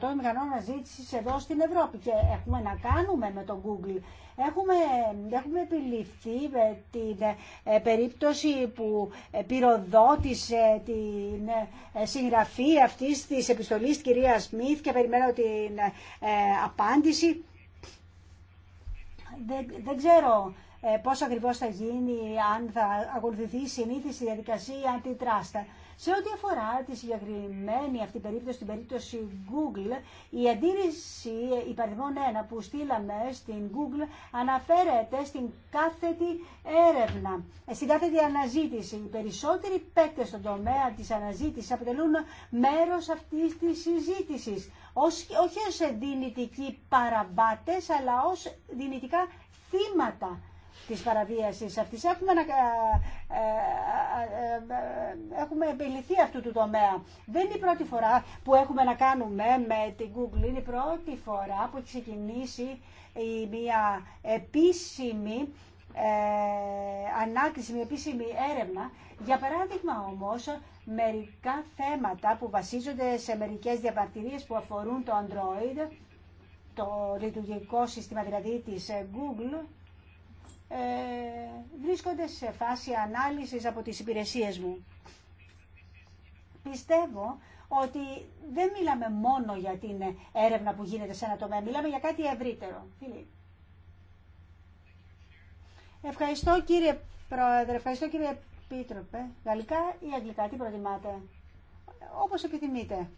των μηχανών αναζήτηση εδώ στην Ευρώπη και έχουμε να κάνουμε με το Google. Έχουμε, έχουμε επιληφθεί με την ε, περίπτωση που ε, πυροδότησε την ε, συγγραφή αυτής της επιστολής της κυρίας Σμιθ και περιμένω την απάντηση. Δεν, ξέρω πώς ακριβώς θα γίνει αν θα ακολουθηθεί η συνήθιση διαδικασία αντιτράστα. Σε ό,τι αφορά τη συγκεκριμένη αυτή περίπτωση, την περίπτωση Google, η αντίρρηση υπαριθμών 1 που στείλαμε στην Google αναφέρεται στην κάθετη έρευνα, ε, στην κάθετη αναζήτηση. Οι περισσότεροι παίκτε στον τομέα της αναζήτησης αποτελούν μέρος αυτής της συζήτησης. Όχι ω δυνητικοί παραβάτες, αλλά ως δυνητικά θύματα της παραβίασης αυτή. Έχουμε, να, ε, ε, ε, έχουμε επιληθεί αυτού του τομέα. Δεν είναι η πρώτη φορά που έχουμε να κάνουμε με την Google. Είναι η πρώτη φορά που έχει ξεκινήσει μια επίσημη ε, ανάκριση, μια επίσημη έρευνα. Για παράδειγμα όμως, μερικά θέματα που βασίζονται σε μερικές διαπαρτηρίες που αφορούν το Android, το λειτουργικό σύστημα δηλαδή της Google, ε, βρίσκονται σε φάση ανάλυσης από τις υπηρεσίες μου. Πιστεύω ότι δεν μιλάμε μόνο για την έρευνα που γίνεται σε ένα τομέα, μιλάμε για κάτι ευρύτερο. Ευχαριστώ κύριε Πρόεδρε, ευχαριστώ κύριε Επίτροπε. Γαλλικά ή αγγλικά, τι προτιμάτε. Όπως επιθυμείτε.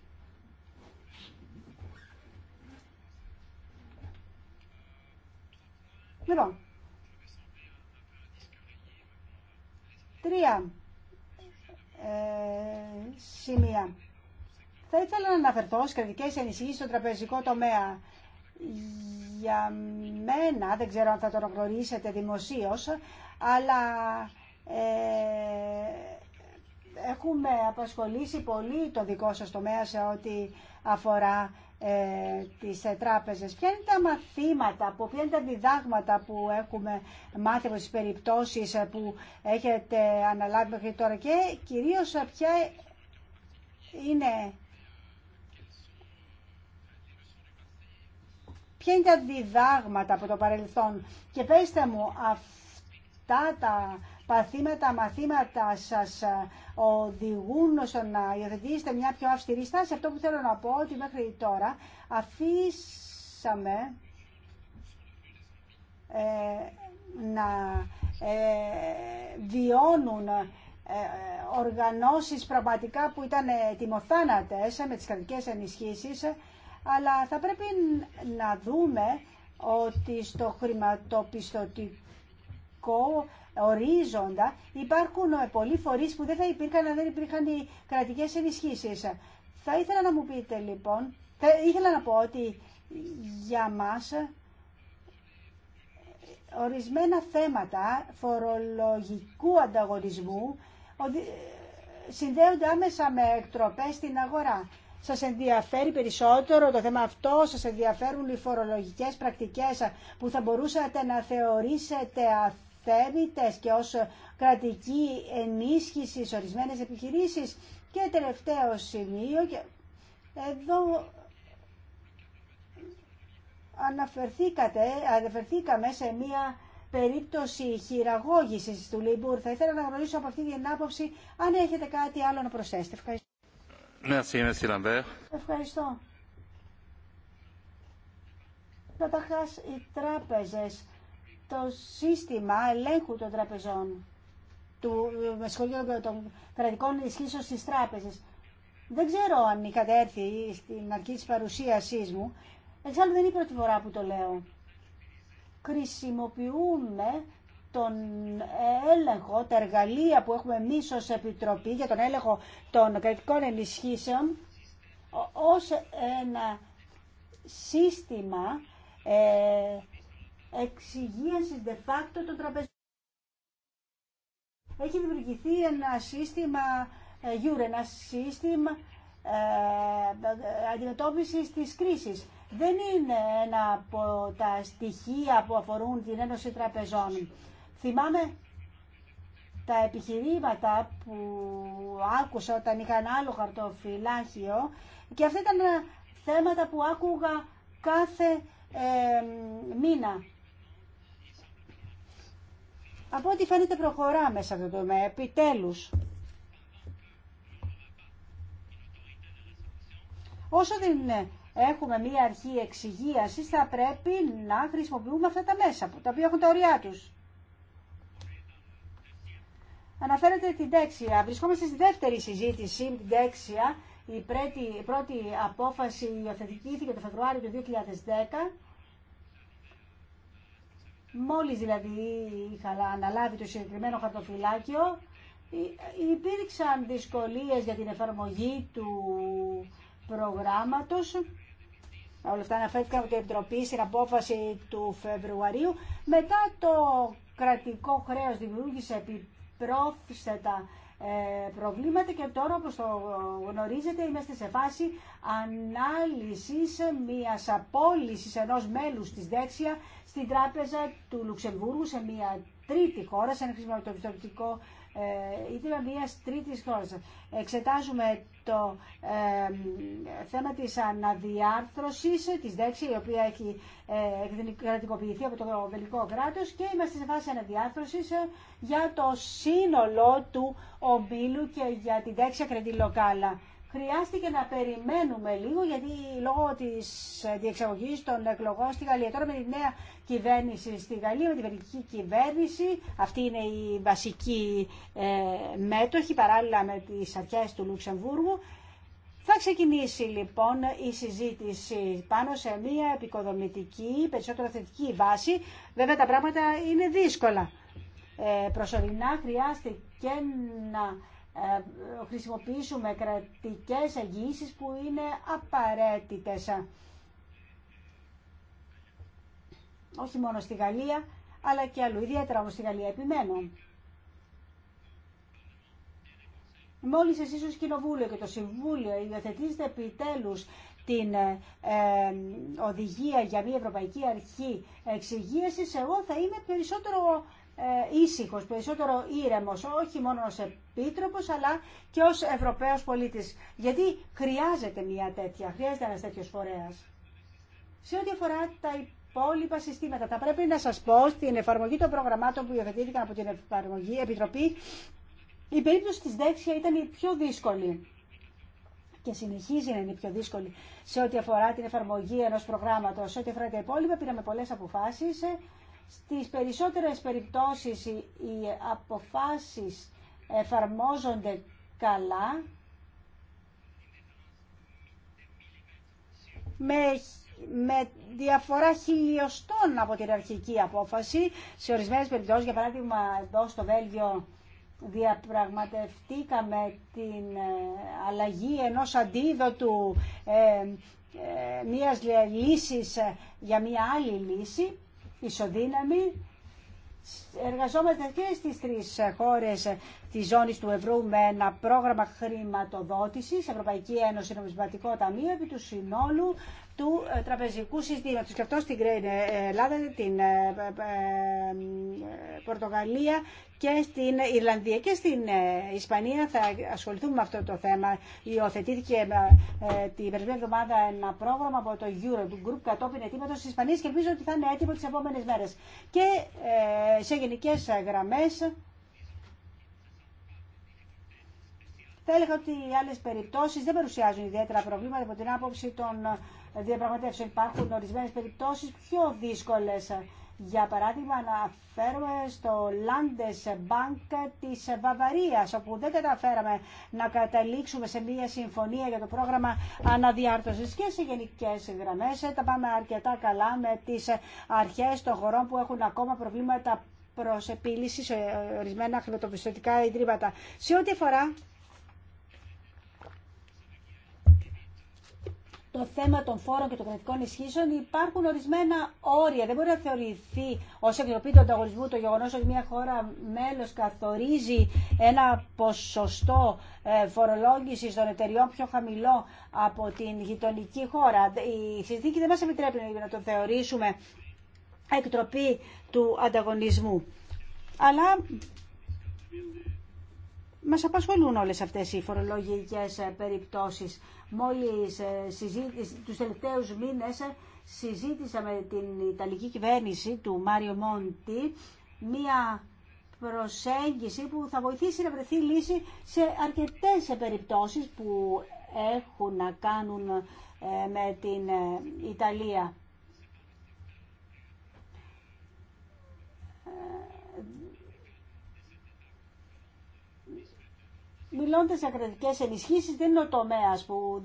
Λοιπόν, τρία ε, σημεία. Θα ήθελα να αναφερθώ στις κρατικές ενισχύσει στο τραπεζικό τομέα. Για μένα, δεν ξέρω αν θα το γνωρίσετε δημοσίως, αλλά ε, έχουμε απασχολήσει πολύ το δικό σας τομέα σε ό,τι αφορά ε, τις ε, τράπεζες. Ποια είναι τα μαθήματα, που, ποια είναι τα διδάγματα που έχουμε μάθει από τις περιπτώσεις ε, που έχετε αναλάβει μέχρι τώρα και κυρίως ε, ποια είναι... Ποια είναι τα διδάγματα από το παρελθόν και πέστε μου αυτά τα παθήματα, μαθήματα σας ε, οδηγούν στο να υιοθετήσετε μια πιο αυστηρή στάση. Αυτό που θέλω να πω ότι μέχρι τώρα αφήσαμε ε, να ε, βιώνουν ε, οργανώσεις πραγματικά που ήταν τιμοθάνατες ε, με τις κρατικές ενισχύσεις, αλλά θα πρέπει να δούμε ότι στο χρηματοπιστωτικό ορίζοντα υπάρχουν ε, πολλοί φορεί που δεν θα υπήρχαν αν δεν υπήρχαν οι κρατικές ενισχύσει. Θα ήθελα να μου πείτε λοιπόν, θα ήθελα να πω ότι για μας ε, ορισμένα θέματα φορολογικού ανταγωνισμού ε, συνδέονται άμεσα με εκτροπές στην αγορά. Σας ενδιαφέρει περισσότερο το θέμα αυτό, σας ενδιαφέρουν οι φορολογικές πρακτικές που θα μπορούσατε να θεωρήσετε και ως κρατική ενίσχυση σε ορισμένες επιχειρήσεις. Και τελευταίο σημείο, εδώ αναφερθήκατε, αναφερθήκαμε σε μία περίπτωση χειραγώγησης του Λιμπούρ. Θα ήθελα να γνωρίσω από αυτή την άποψη αν έχετε κάτι άλλο να προσθέσετε. Ευχαριστώ. Merci, merci, Ευχαριστώ. Καταρχά οι τράπεζες το σύστημα ελέγχου των τραπεζών, του, με των κρατικών ισχύσεων στις τράπεζες. Δεν ξέρω αν είχατε έρθει στην αρχή της παρουσίασής μου, εξάλλου δεν είναι η πρώτη φορά που το λέω. Χρησιμοποιούμε τον έλεγχο, τα εργαλεία που έχουμε εμείς ως Επιτροπή για τον έλεγχο των κρατικών ενισχύσεων ως ένα σύστημα ε, εξυγίανσης de facto των τραπεζών. Έχει δημιουργηθεί ένα σύστημα ε, γιούρ, ένα σύστημα ε, αντιμετώπισης της κρίσης. Δεν είναι ένα από τα στοιχεία που αφορούν την Ένωση Τραπεζών. Θυμάμαι τα επιχειρήματα που άκουσα όταν είχα ένα άλλο χαρτοφυλάχιο και αυτά ήταν θέματα που άκουγα κάθε ε, μήνα. Από ό,τι φαίνεται προχωράμε μέσα αυτό το τομέα, επιτέλους. Όσο δεν έχουμε μία αρχή εξυγίασης, θα πρέπει να χρησιμοποιούμε αυτά τα μέσα, τα οποία έχουν τα ωριά τους. Αναφέρεται την τέξια. Βρισκόμαστε στη δεύτερη συζήτηση την τέξια. Η πρώτη, πρώτη απόφαση υιοθετήθηκε το Φεβρουάριο του 2010 Μόλις δηλαδή είχα αναλάβει το συγκεκριμένο χαρτοφυλάκιο, υπήρξαν δυσκολίες για την εφαρμογή του προγράμματος. Όλα αυτά αναφέρθηκαν από την Επιτροπή στην απόφαση του Φεβρουαρίου. Μετά το κρατικό χρέος δημιούργησε επιπρόθεστα ε, προβλήματα και τώρα όπως το γνωρίζετε είμαστε σε φάση ανάλυσης μιας απόλυσης ενός μέλους της Δέξια στην τράπεζα του Λουξεμβούργου σε μια τρίτη χώρα, σε ένα χρησιμοποιητικό ή ε, μια τρίτη χώρα. Εξετάζουμε το ε, θέμα της αναδιάρθρωσης της ΔΕΞΗ, η οποία έχει ε, κρατικοποιηθεί από το βελικό κράτος και είμαστε σε φάση αναδιάρθρωσης ε, για το σύνολο του ομίλου και για την ΔΕΞΗ ακριτή λοκάλα χρειάστηκε να περιμένουμε λίγο γιατί λόγω της διεξαγωγής των εκλογών στη Γαλλία τώρα με τη νέα κυβέρνηση στη Γαλλία, με την βελγική κυβέρνηση αυτή είναι η βασική ε, μέτοχη παράλληλα με τις αρχές του Λουξεμβούργου θα ξεκινήσει λοιπόν η συζήτηση πάνω σε μια επικοδομητική, περισσότερο θετική βάση. Βέβαια τα πράγματα είναι δύσκολα. Ε, προσωρινά χρειάστηκε να ε, χρησιμοποιήσουμε κρατικές εγγύησεις που είναι απαραίτητες. Όχι μόνο στη Γαλλία, αλλά και αλλού, ιδιαίτερα όμως στη Γαλλία επιμένω. Μόλις εσείς ως Κοινοβούλιο και το Συμβούλιο υιοθετήσετε επιτέλους την ε, ε, οδηγία για μια Ευρωπαϊκή Αρχή Εξυγίασης, εγώ θα είμαι περισσότερο ε, Ήσυχο, περισσότερο ήρεμο, όχι μόνο ως επίτροπος αλλά και ω ευρωπαίο πολίτη. Γιατί χρειάζεται μια τέτοια, χρειάζεται ένα τέτοιο φορέα. Σε ό,τι αφορά τα υπόλοιπα συστήματα, θα πρέπει να σα πω στην εφαρμογή των προγραμμάτων που υιοθετήθηκαν από την εφαρμογή, Επιτροπή, η περίπτωση της Δέξια ήταν η πιο δύσκολη και συνεχίζει να είναι η πιο δύσκολη σε ό,τι αφορά την εφαρμογή ενός προγράμματος, σε ό,τι αφορά τα υπόλοιπα, πήραμε πολλές αποφάσει. Ε, στις περισσότερες περιπτώσεις οι αποφάσεις εφαρμόζονται καλά με, με διαφορά χιλιοστών από την αρχική απόφαση. Σε ορισμένες περιπτώσεις, για παράδειγμα εδώ στο Βέλγιο διαπραγματευτήκαμε την ε, αλλαγή ενός αντίδοτου ε, ε μίας λύσης ε, για μια άλλη λύση ισοδύναμη. Εργαζόμαστε και στις τρεις χώρες της ζώνης του ευρώ με ένα πρόγραμμα χρηματοδότησης, Ευρωπαϊκή Ένωση Νομισματικό Ταμείο, επί του συνόλου του ε, τραπεζικού συστήματος και αυτό στην ε, Ελλάδα, την ε, Πορτογαλία και στην Ιρλανδία και στην Ισπανία θα ασχοληθούμε με αυτό το θέμα. Υιοθετήθηκε την περσμένη εβδομάδα ένα πρόγραμμα από το Eurogroup κατόπιν αιτήματο τη Ισπανία και ελπίζω ότι θα είναι έτοιμο τι επόμενε μέρε. Και σε γενικέ γραμμέ. Θα έλεγα ότι οι άλλε περιπτώσει δεν παρουσιάζουν ιδιαίτερα προβλήματα από την άποψη των διαπραγματεύσεων. Υπάρχουν ορισμένε περιπτώσει πιο δύσκολε. Για παράδειγμα, αναφέρομαι στο Landesbank της Βαβαρίας, όπου δεν καταφέραμε να καταλήξουμε σε μία συμφωνία για το πρόγραμμα αναδιάρθρωσης και σε γενικές γραμμές. Τα πάμε αρκετά καλά με τις αρχές των χωρών που έχουν ακόμα προβλήματα προς επίλυση σε ορισμένα χρηματοπιστωτικά ιδρύματα. Σε ό,τι αφορά το θέμα των φόρων και των κρατικών ισχύσεων υπάρχουν ορισμένα όρια. Δεν μπορεί να θεωρηθεί ω εκτροπή του ανταγωνισμού το γεγονό ότι μια χώρα μέλο καθορίζει ένα ποσοστό ε, φορολόγηση των εταιριών πιο χαμηλό από την γειτονική χώρα. Η συνθήκη δεν μα επιτρέπει να το θεωρήσουμε εκτροπή του ανταγωνισμού. Αλλά Μα απασχολούν όλες αυτές οι φορολογικέ ε, περιπτώσεις. Μόλι ε, του τους μήνε, μήνες ε, συζήτησα με την Ιταλική κυβέρνηση του Μάριο Μόντι μία προσέγγιση που θα βοηθήσει να βρεθεί λύση σε αρκετές περιπτώσεις που έχουν να κάνουν με την Ιταλία. Μιλώντα για κρατικέ ενισχύσει, δεν είναι ο τομέα που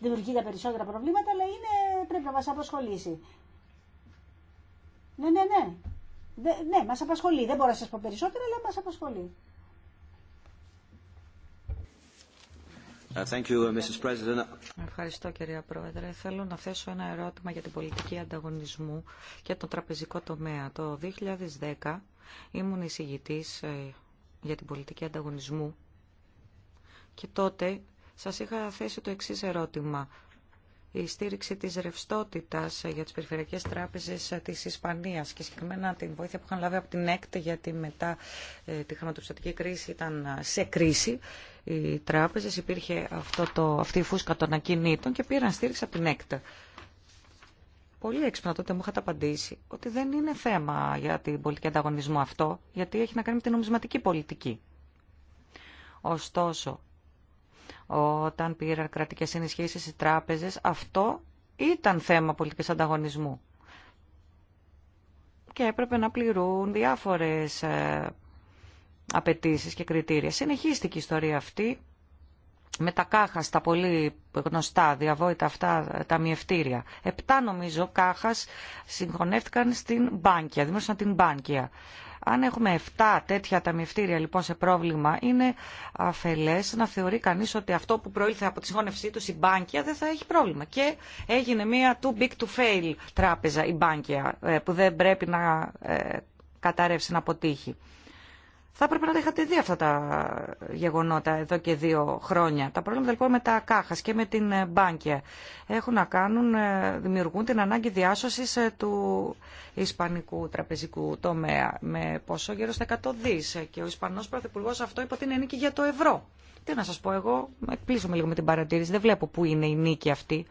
δημιουργεί τα περισσότερα προβλήματα, αλλά είναι, πρέπει να μα απασχολήσει. Ναι, ναι, ναι. Δε, ναι, μα απασχολεί. Δεν μπορώ να σα πω περισσότερα, αλλά μα απασχολεί. Uh, you, uh, Ευχαριστώ κυρία Πρόεδρε. Θέλω να θέσω ένα ερώτημα για την πολιτική ανταγωνισμού και τον τραπεζικό τομέα. Το 2010 ήμουν εισηγητής ε, για την πολιτική ανταγωνισμού και τότε σας είχα θέσει το εξής ερώτημα. Η στήριξη της ρευστότητα για τις περιφερειακές τράπεζες της Ισπανίας και συγκεκριμένα την βοήθεια που είχαν λάβει από την ΕΚΤ γιατί μετά ε, τη χρηματοπιστωτική κρίση ήταν ε, σε κρίση οι τράπεζες, υπήρχε αυτό το, αυτή η φούσκα των ακινήτων και πήραν στήριξη από την ΕΚΤ. Πολύ έξυπνα τότε μου είχατε απαντήσει ότι δεν είναι θέμα για την πολιτική ανταγωνισμό αυτό, γιατί έχει να κάνει με την νομισματική πολιτική. Ωστόσο, όταν πήραν κρατικές ενισχύσεις οι τράπεζες, αυτό ήταν θέμα πολιτικής ανταγωνισμού. Και έπρεπε να πληρούν διάφορες ε, απαιτήσεις και κριτήρια. Συνεχίστηκε η ιστορία αυτή με τα κάχας, τα πολύ γνωστά, διαβόητα αυτά ε, τα μιευτήρια. Επτά νομίζω κάχας συγχωνεύτηκαν στην Μπάνκια, δημιούργησαν την Μπάνκια. Αν έχουμε 7 τέτοια ταμιευτήρια λοιπόν σε πρόβλημα, είναι αφελέ να θεωρεί κανεί ότι αυτό που προήλθε από τη συγχώνευσή του η μπάνκια δεν θα έχει πρόβλημα. Και έγινε μια too big to fail τράπεζα η μπάνκια ε, που δεν πρέπει να ε, καταρρεύσει να αποτύχει. Θα έπρεπε να τα είχατε δει αυτά τα γεγονότα εδώ και δύο χρόνια. Τα προβλήματα λοιπόν με τα κάχα και με την ε, μπάνκια έχουν να κάνουν, ε, δημιουργούν την ανάγκη διάσωση ε, του ισπανικού τραπεζικού τομέα με ποσό γύρω στα 100 δι. Και ο Ισπανό Πρωθυπουργό αυτό είπε ότι είναι νίκη για το ευρώ. Τι να σα πω εγώ, κλείσουμε λίγο με την παρατήρηση, δεν βλέπω πού είναι η νίκη αυτή.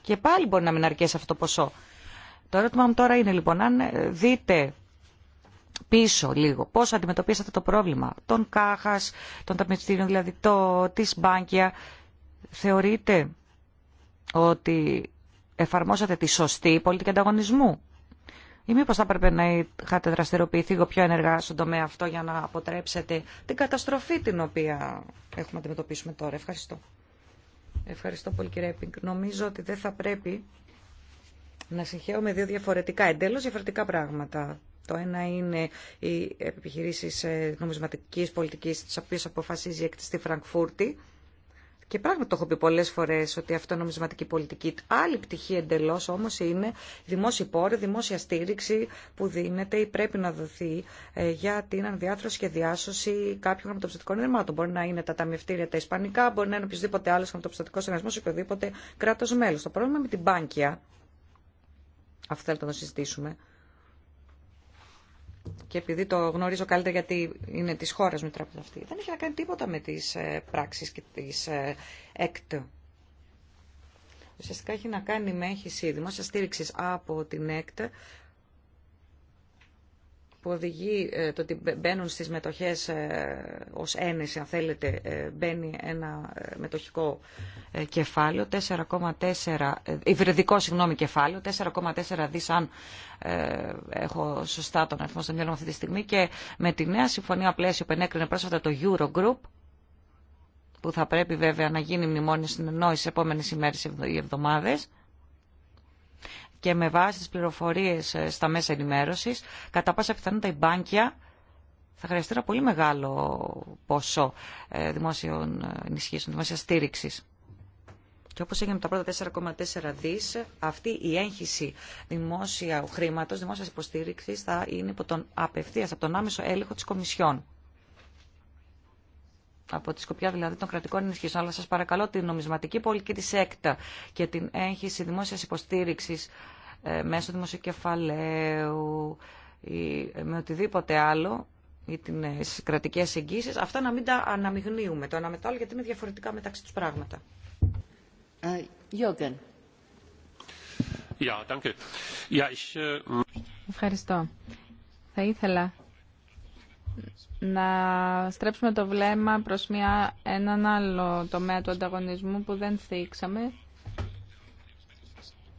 Και πάλι μπορεί να μην αρκέσει αυτό το ποσό. Το ερώτημα μου τώρα είναι λοιπόν, αν δείτε πίσω λίγο. Πώ αντιμετωπίσατε το πρόβλημα των κάχα, των ταπνιστήριων, δηλαδή τη της μπάνκια. Θεωρείτε ότι εφαρμόσατε τη σωστή πολιτική ανταγωνισμού ή μήπως θα έπρεπε να είχατε δραστηριοποιηθεί λίγο πιο ενεργά στον τομέα αυτό για να αποτρέψετε την καταστροφή την οποία έχουμε να αντιμετωπίσουμε τώρα. Ευχαριστώ. Ευχαριστώ πολύ κύριε Έπιγκ. Νομίζω ότι δεν θα πρέπει να με δύο διαφορετικά, εντελώς διαφορετικά πράγματα. Το ένα είναι οι επιχειρήσει ε, νομισματική πολιτική τι οποίε αποφασίζει η εκτιστή Φραγκφούρτη. Και πράγματι το έχω πει πολλέ φορέ ότι αυτό είναι νομισματική πολιτική. Άλλη πτυχή εντελώ όμω είναι δημόσια πόροι, δημόσια στήριξη που δίνεται ή πρέπει να δοθεί ε, για την ανδιάθρωση και διάσωση κάποιων χρηματοπιστωτικών ιδρυμάτων. Μπορεί να είναι τα ταμιευτήρια τα ισπανικά, μπορεί να είναι οποιοδήποτε άλλο χρηματοπιστωτικό συνασμός, οποιοδήποτε κράτο μέλο. Το πρόβλημα με την Πάνκια, αυτό θέλετε να συζητήσουμε, και επειδή το γνωρίζω καλύτερα γιατί είναι της χώρας μου η τράπεζα αυτή, δεν έχει να κάνει τίποτα με τις ε, πράξεις και τις ε, ΕΚΤ. Ουσιαστικά έχει να κάνει με έγχυση δημόσια στήριξη από την ΕΚΤ που οδηγεί ε, το ότι μπαίνουν στις μετοχές ε, ως ένεση, αν θέλετε, ε, μπαίνει ένα μετοχικό κεφάλαιο, 4,4, υβριδικό συγγνώμη κεφάλαιο, 4,4 δις αν έχω σωστά τον αριθμό στο μυαλό αυτή τη στιγμή και με τη νέα συμφωνία πλαίσιο που ενέκρινε πρόσφατα το Eurogroup, που θα πρέπει βέβαια να γίνει μνημόνιο στην ενόηση επόμενες ημέρες ή εβδομάδες, και με βάση τις πληροφορίες ε, στα μέσα ενημέρωσης, κατά πάσα πιθανότητα η μπάνκια θα χρειαστεί ένα πολύ μεγάλο ποσό ε, δημόσιων ενισχύσεων, δημόσια στήριξη. Και όπως έγινε με τα πρώτα 4,4 δις, αυτή η έγχυση δημόσια χρήματος, δημόσιας υποστήριξης θα είναι υπό τον απευθείας, από τον άμεσο έλεγχο της Κομισιόν από τη σκοπιά δηλαδή των κρατικών ενισχύσεων. Αλλά σας παρακαλώ την νομισματική πολιτική τη ΕΚΤΑ και την έγχυση δημόσιας υποστήριξης ε, μέσω δημοσιοκεφαλαίου ή ε, με οτιδήποτε άλλο ή τις κρατικές εγγύσεις, αυτά να μην τα αναμειγνύουμε το ένα με γιατί είναι διαφορετικά μεταξύ τους πράγματα. Ε, Ευχαριστώ. Θα ήθελα να στρέψουμε το βλέμμα προς μια, έναν άλλο τομέα του ανταγωνισμού που δεν θίξαμε,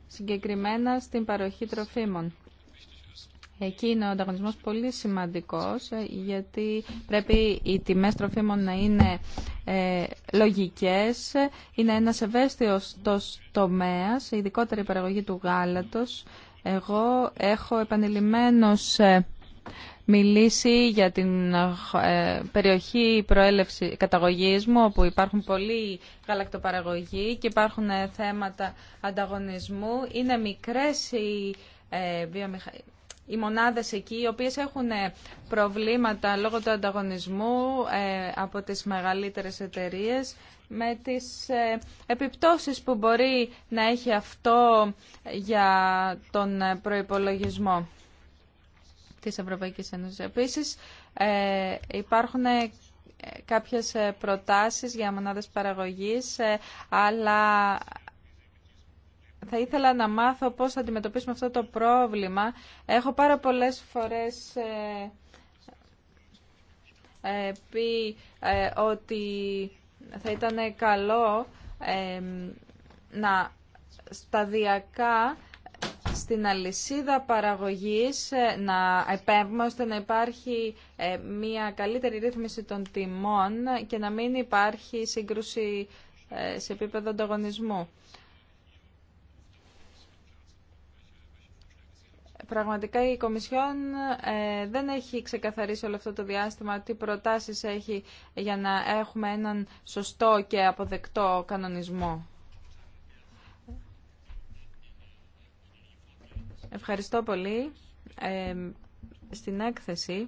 συγκεκριμένα στην παροχή τροφίμων. Εκεί είναι ο ανταγωνισμός πολύ σημαντικός ε, γιατί πρέπει οι τιμές τροφίμων να είναι ε, λογικές. Είναι ένας ευαίσθητος τομέας, ειδικότερα η παραγωγή του γάλατος. Εγώ έχω επανειλημμένως ε, μιλήσει για την ε, περιοχή προέλευση καταγωγής μου, όπου υπάρχουν πολλοί γαλακτοπαραγωγοί και υπάρχουν ε, θέματα ανταγωνισμού. Είναι μικρές οι, ε, οι μονάδες εκεί, οι οποίες έχουν προβλήματα λόγω του ανταγωνισμού από τις μεγαλύτερες εταιρείες, με τις επιπτώσεις που μπορεί να έχει αυτό για τον προϋπολογισμό της Ευρωπαϊκής Ένωσης. Επίσης, ε, υπάρχουν ε, κάποιες ε, προτάσεις για μονάδες παραγωγής, αλλά θα ήθελα να μάθω πώς θα αντιμετωπίσουμε αυτό το πρόβλημα. Έχω πάρα πολλές φορές πει ότι θα ήταν καλό να σταδιακά στην αλυσίδα παραγωγής ε, να επέμβουμε ώστε να υπάρχει ε, μια καλύτερη ρύθμιση των τιμών και να μην υπάρχει σύγκρουση ε, σε επίπεδο ανταγωνισμού. Πραγματικά η Κομισιόν δεν έχει ξεκαθαρίσει όλο αυτό το διάστημα τι προτάσεις έχει για να έχουμε έναν σωστό και αποδεκτό κανονισμό. Ευχαριστώ πολύ. στην έκθεση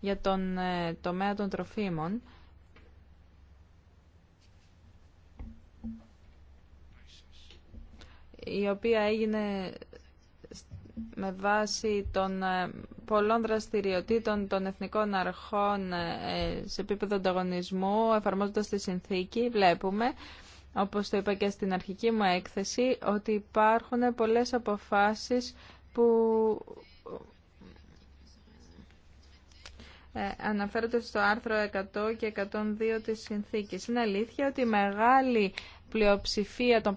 για τον ε, τομέα των τροφίμων η οποία έγινε με βάση των ε, πολλών δραστηριοτήτων των εθνικών αρχών ε, σε επίπεδο ανταγωνισμού εφαρμόζοντας τη συνθήκη βλέπουμε όπως το είπα και στην αρχική μου έκθεση, ότι υπάρχουν πολλές αποφάσεις που ε, αναφέρονται στο άρθρο 100 και 102 της συνθήκης. Είναι αλήθεια ότι μεγάλη πλειοψηφία των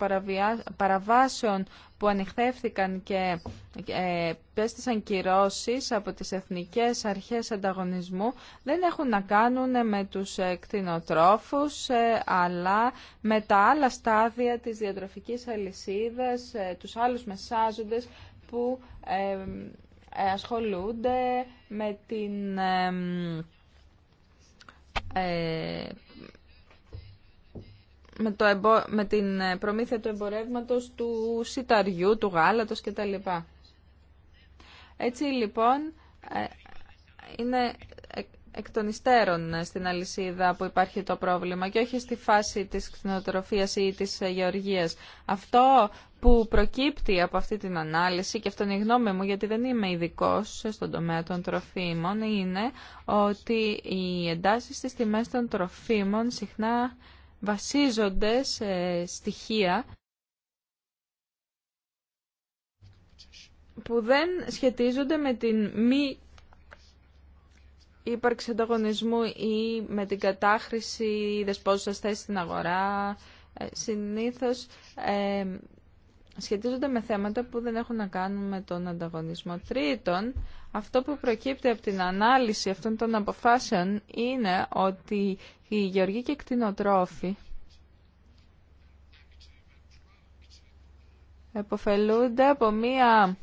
παραβάσεων που ανοιχθεύθηκαν και ε, πέστησαν κυρώσεις από τις εθνικές αρχές ανταγωνισμού δεν έχουν να κάνουν με τους ε, κτηνοτρόφους ε, αλλά με τα άλλα στάδια της διατροφικής αλυσίδας, τους άλλους μεσάζοντες που ασχολούνται με την με, το εμπο... με την ε, προμήθεια του εμπορεύματος του σιταριού, του γάλατος κτλ. Έτσι λοιπόν ε, είναι εκ των υστέρων ε, στην αλυσίδα που υπάρχει το πρόβλημα και όχι στη φάση της κτηνοτροφίας ή της γεωργίας. Αυτό που προκύπτει από αυτή την ανάλυση και αυτό είναι η γνώμη μου γιατί δεν είμαι ειδικό στον τομέα των τροφίμων είναι ότι οι εντάσεις στις τιμές των τροφίμων συχνά βασίζονται σε στοιχεία που δεν σχετίζονται με την μη ύπαρξη ανταγωνισμού ή με την κατάχρηση δεσπόζουσας θέσης στην αγορά. Ε, συνήθως ε, σχετίζονται με θέματα που δεν έχουν να κάνουν με τον ανταγωνισμό. Τρίτον, αυτό που προκύπτει από την ανάλυση αυτών των αποφάσεων είναι ότι οι γεωργοί και κτηνοτρόφοι εποφελούνται από μία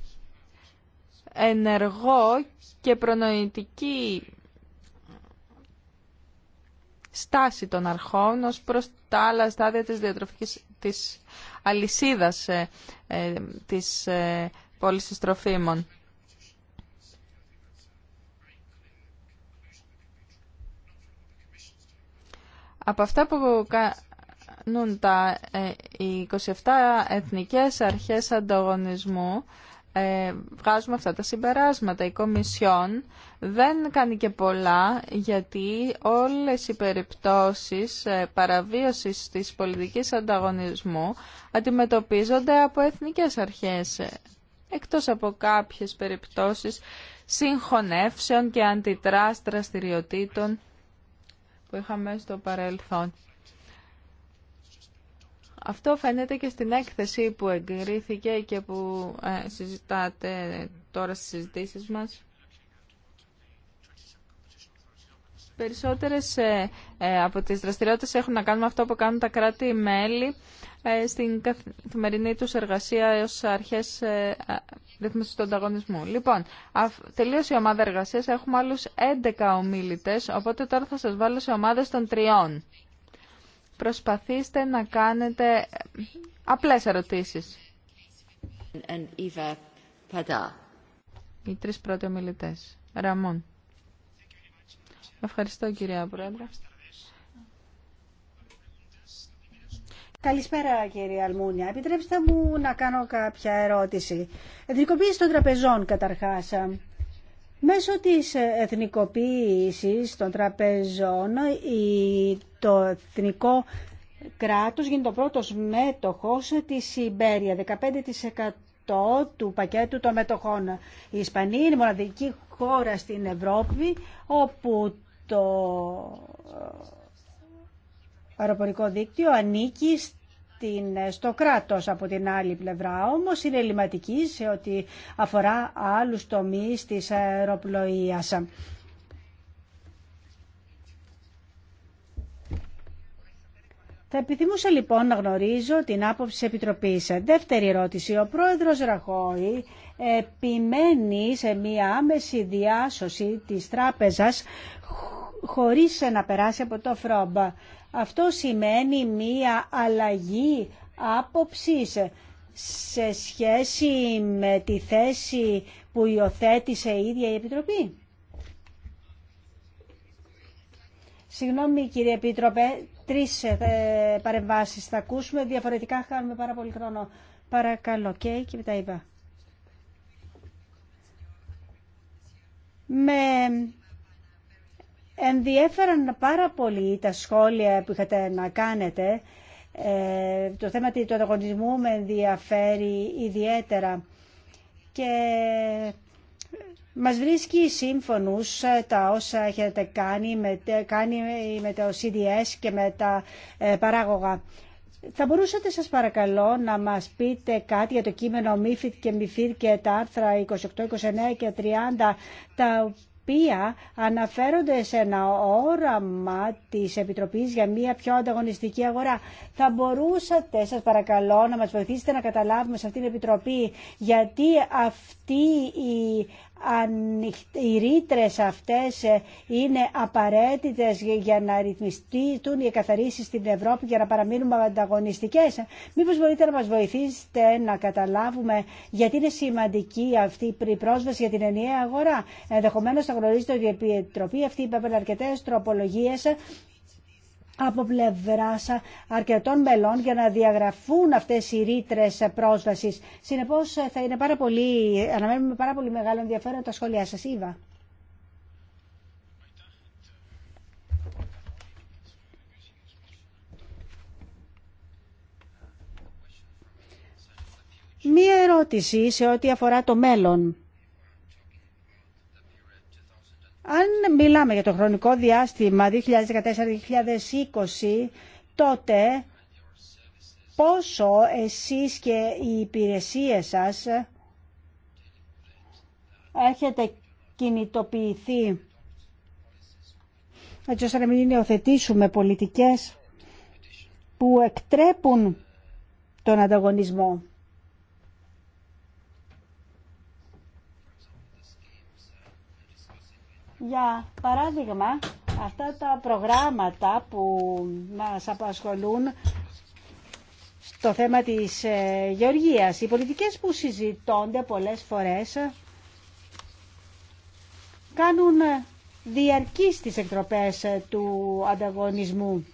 ενεργό και προνοητική στάση των αρχών ως προς τα άλλα στάδια της διατροφικής της αλυσίδας ε, ε, της ε, πώλησης τροφίμων. Από αυτά που κάνουν τα, ε, οι 27 εθνικές αρχές ανταγωνισμού, ε, βγάζουμε αυτά τα συμπεράσματα. Η Κομισιόν δεν κάνει και πολλά γιατί όλες οι περιπτώσεις ε, παραβίωσης της πολιτικής ανταγωνισμού αντιμετωπίζονται από εθνικές αρχές, εκτός από κάποιες περιπτώσεις συγχωνεύσεων και αντιτράστ δραστηριοτήτων που είχαμε στο παρελθόν. Αυτό φαίνεται και στην έκθεση που εγκρίθηκε και που ε, συζητάτε τώρα στις συζητήσεις μας. Περισσότερες ε, ε, από τις δραστηριότητες έχουν να κάνουν με αυτό που κάνουν τα κράτη-μέλη ε, στην καθημερινή τους εργασία ως αρχές ρύθμισης του ανταγωνισμού. Λοιπόν, τελείωσε η ομάδα εργασίας, έχουμε άλλους 11 ομίλητες, οπότε τώρα θα σας βάλω σε ομάδες των τριών. Προσπαθήστε να κάνετε απλές ερωτήσεις. Οι τρεις πρώτοι ομιλητές. Ραμόν. Ευχαριστώ κυρία Πρόεδρε. Καλησπέρα κύριε Αλμούνια. Επιτρέψτε μου να κάνω κάποια ερώτηση. Εθνικοποίηση των τραπεζών καταρχάς. Μέσω της εθνικοποίησης των τραπεζών το εθνικό κράτος γίνεται ο πρώτος μέτοχος της Ιμπέρια, 15% του πακέτου των μετοχών. Η Ισπανία είναι η μοναδική χώρα στην Ευρώπη όπου το ε, αεροπορικό δίκτυο ανήκει ε, στο κράτος από την άλλη πλευρά. Όμως είναι ελληματική σε ό,τι αφορά άλλους τομείς της αεροπλοείας. Θα επιθυμούσα λοιπόν να γνωρίζω την άποψη της Επιτροπής. Δεύτερη ερώτηση. Ο πρόεδρος Ραχώη επιμένει σε μία άμεση διάσωση της τράπεζας χωρίς να περάσει από το φρόμπ. Αυτό σημαίνει μία αλλαγή άποψης σε σχέση με τη θέση που υιοθέτησε η ίδια η Επιτροπή. Συγγνώμη κύριε Επίτροπε, τρεις ε, παρεμβάσεις θα ακούσουμε, διαφορετικά χάνουμε πάρα πολύ χρόνο. Παρακαλώ και μετα είπα. με ενδιέφεραν πάρα πολύ τα σχόλια που είχατε να κάνετε. Ε, το θέμα του ανταγωνισμού με ενδιαφέρει ιδιαίτερα και μας βρίσκει σύμφωνους ε, τα όσα έχετε κάνει με, κάνει με το CDS και με τα ε, παράγωγα. Θα μπορούσατε σας παρακαλώ να μας πείτε κάτι για το κείμενο Μίφιτ και Μιφίτ και τα άρθρα 28, 29 και 30 τα οποία αναφέρονται σε ένα όραμα της Επιτροπής για μια πιο ανταγωνιστική αγορά. Θα μπορούσατε, σας παρακαλώ, να μας βοηθήσετε να καταλάβουμε σε αυτήν την Επιτροπή γιατί αυτή η οι ρήτρε αυτές ε, είναι απαραίτητες για να ρυθμιστούν οι εκαθαρίσεις στην Ευρώπη για να παραμείνουμε ανταγωνιστικές. Μήπως μπορείτε να μας βοηθήσετε να καταλάβουμε γιατί είναι σημαντική αυτή η πρόσβαση για την ενιαία αγορά. Ενδεχομένως θα γνωρίζετε ότι η Επιτροπή αυτή υπέβαλε αρκετές τροπολογίες από πλευρά αρκετών μελών για να διαγραφούν αυτές οι ρήτρε πρόσβαση. Συνεπώ θα είναι πάρα πολύ, αναμένουμε πάρα πολύ μεγάλο ενδιαφέρον τα σχόλιά σα. Ήβα. Μία ερώτηση σε ό,τι αφορά το μέλλον. για το χρονικό διάστημα 2014-2020, τότε πόσο εσείς και οι υπηρεσίες σας έχετε κινητοποιηθεί έτσι ώστε να μην υιοθετήσουμε πολιτικές που εκτρέπουν τον ανταγωνισμό. Για παράδειγμα, αυτά τα προγράμματα που μας απασχολούν στο θέμα της ε, γεωργίας, οι πολιτικές που συζητώνται πολλές φορές ε, κάνουν ε, διαρκείς τις εκτροπές του ανταγωνισμού.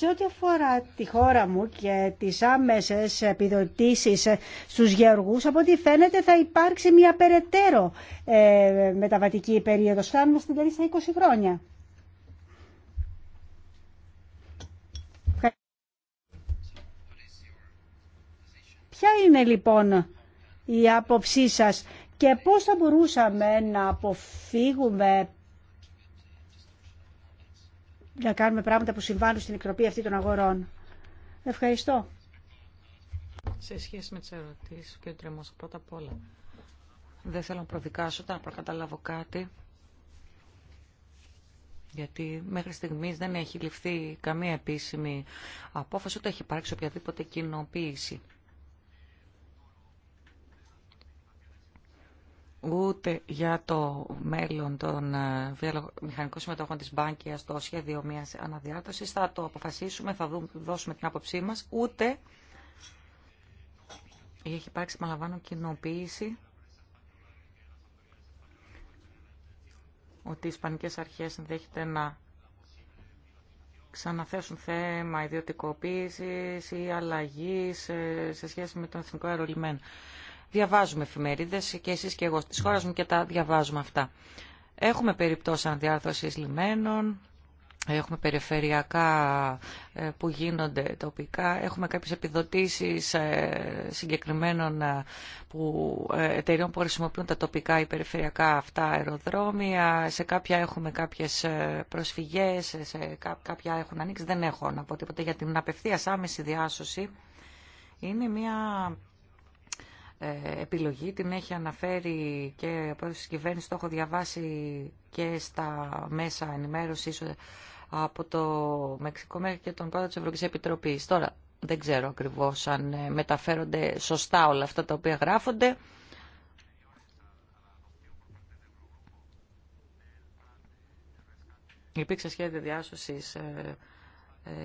Σε ό,τι αφορά τη χώρα μου και τις άμεσες επιδοτήσεις στους γεωργούς, από ό,τι φαίνεται θα υπάρξει μια περαιτέρω ε, μεταβατική περίοδος. Φτάνουμε στην τέλη 20 χρόνια. Ποια είναι λοιπόν η άποψή σας και πώς θα μπορούσαμε να αποφύγουμε να κάνουμε πράγματα που συμβάνουν στην εκτροπή αυτή των αγορών. Ευχαριστώ. Σε σχέση με τις ερωτήσεις, κύριε Τρεμός, πρώτα απ' όλα, δεν θέλω να προδικάσω, να προκαταλάβω κάτι, γιατί μέχρι στιγμής δεν έχει ληφθεί καμία επίσημη απόφαση, ούτε έχει υπάρξει οποιαδήποτε κοινοποίηση. ούτε για το μέλλον των ε, βιομηχανικών συμμετοχών της Μπάνκια στο σχέδιο μιας αναδιάρθρωσης. Θα το αποφασίσουμε, θα δώσουμε την άποψή μας, ούτε έχει υπάρξει, επαναλαμβάνω, κοινοποίηση ότι οι Ισπανικές αρχές ενδέχεται να ξαναθέσουν θέμα ιδιωτικοποίησης ή αλλαγής ε, σε σχέση με τον εθνικό αερολιμένο διαβάζουμε εφημερίδες και εσείς και εγώ στις χώρες μου και τα διαβάζουμε αυτά. Έχουμε περιπτώσεις ανδιάρθρωσης λιμένων, Έχουμε περιφερειακά ε, που γίνονται τοπικά. Έχουμε κάποιες επιδοτήσεις ε, συγκεκριμένων ε, που, εταιρίων που χρησιμοποιούν τα τοπικά ή περιφερειακά αυτά αεροδρόμια. Σε κάποια έχουμε κάποιες προσφυγές, σε κάποια έχουν ανοίξει. Δεν έχω να πω τίποτα για την απευθείας άμεση διάσωση. Είναι μια ε, επιλογή την έχει αναφέρει και από τη κυβέρνηση το έχω διαβάσει και στα μέσα ενημέρωσης ε, από το Μεξικό μέχρι και τον πρόεδρο της Ευρωπαϊκής Επιτροπής. Τώρα δεν ξέρω ακριβώς αν ε, μεταφέρονται σωστά όλα αυτά τα οποία γράφονται. Υπήρξε σχέδιο διάσωσης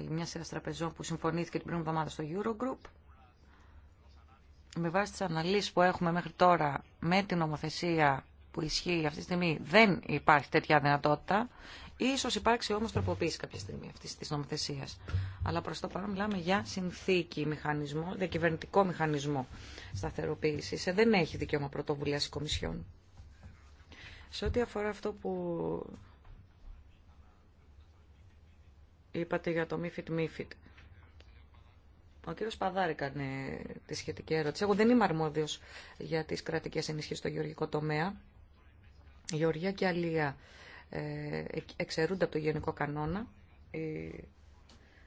μια σειρά τραπεζών που συμφωνήθηκε την πρώτη εβδομάδα στο Eurogroup με βάση τις αναλύσεις που έχουμε μέχρι τώρα με την νομοθεσία που ισχύει αυτή τη στιγμή δεν υπάρχει τέτοια δυνατότητα. Ίσως υπάρξει όμως τροποποίηση κάποια στιγμή αυτής της νομοθεσίας. Αλλά προς το παρόν μιλάμε για συνθήκη μηχανισμό, διακυβερνητικό μηχανισμό σταθεροποίησης. Ε, δεν έχει δικαίωμα πρωτοβουλία η Κομισιόν. Σε ό,τι αφορά αυτό που είπατε για το MIFID MIFID, ο κύριο Παδάρη κάνει τη σχετική ερώτηση. Εγώ δεν είμαι αρμόδιο για τι κρατικέ ενίσχυσει στο γεωργικό τομέα. Γεωργία και Αλία ε, εξαιρούνται από το γενικό κανόνα. Οι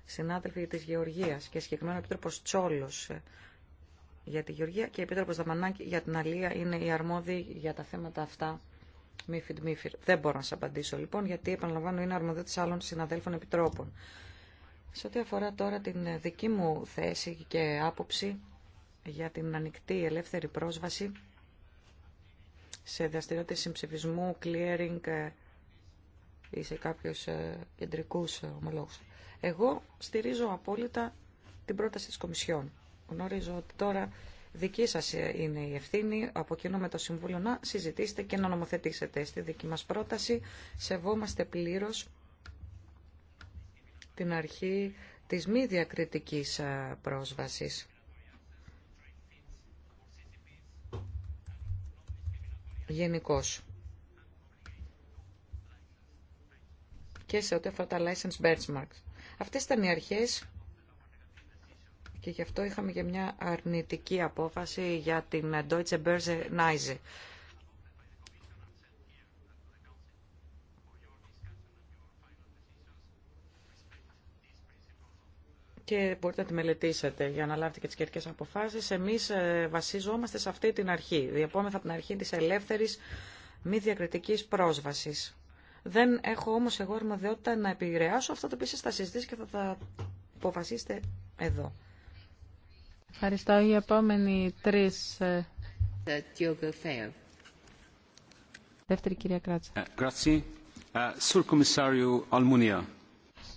συνάδελφοι τη Γεωργίας και συγκεκριμένα ο Επίτροπο Τσόλο ε, για τη Γεωργία και ο Επίτροπο Δαμανάκη για την Αλία είναι οι αρμόδιοι για τα θέματα αυτά. Μίφιντ, μίφιρ. Δεν μπορώ να σα απαντήσω λοιπόν, γιατί επαναλαμβάνω είναι αρμοδιότητα άλλων συναδέλφων επιτρόπων. Σε ό,τι αφορά τώρα την ε, δική μου θέση και άποψη για την ανοιχτή ελεύθερη πρόσβαση σε δραστηριότητε συμψηφισμού, clearing ε, ή σε κάποιους ε, κεντρικούς ομολόγους. Εγώ στηρίζω απόλυτα την πρόταση της Κομισιόν. Γνωρίζω ότι τώρα δική σας είναι η ευθύνη, από δικη σας ειναι η ευθυνη απο με το Συμβούλιο να συζητήσετε και να νομοθετήσετε στη δική μας πρόταση. Σεβόμαστε πλήρως την αρχή της μη διακριτικής πρόσβασης. Γενικώ. Και σε ό,τι αφορά τα license benchmarks. Αυτές ήταν οι αρχές και γι' αυτό είχαμε και μια αρνητική απόφαση για την Deutsche Börse Neise και μπορείτε να τη μελετήσετε για να λάβετε και τις κερδικές αποφάσεις. Εμείς ε, βασιζόμαστε σε αυτή την αρχή. από την αρχή της ελεύθερης μη διακριτικής πρόσβασης. Δεν έχω όμως εγώ αρμοδιότητα να επηρεάσω αυτό το οποία θα συζητήσει και θα τα αποφασίσετε εδώ. Ευχαριστώ. Οι επόμενοι τρεις... Ε, δεύτερη κυρία Κράτσα. Ε,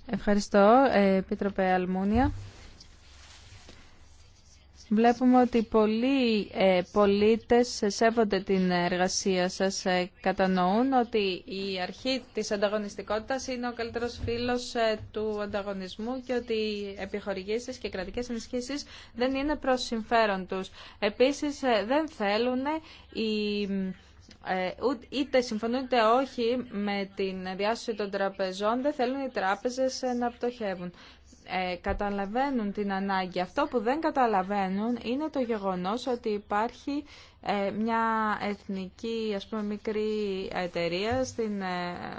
Ευχαριστώ, ε, Επίτροπε Αλμούνια. Βλέπουμε ότι πολλοί ε, πολίτες σέβονται την εργασία σας, ε, κατανοούν ότι η αρχή της ανταγωνιστικότητας είναι ο καλύτερος φίλος του ανταγωνισμού και ότι οι επιχορηγήσεις και οι κρατικές ενισχύσεις δεν είναι προς συμφέρον τους. Επίσης, δεν θέλουν οι ε, είτε συμφωνούν είτε όχι με την διάσωση των τραπεζών, δεν θέλουν οι τράπεζες ε, να πτωχεύουν. Ε, καταλαβαίνουν την ανάγκη. Αυτό που δεν καταλαβαίνουν είναι το γεγονός ότι υπάρχει μια εθνική, ας πούμε, μικρή εταιρεία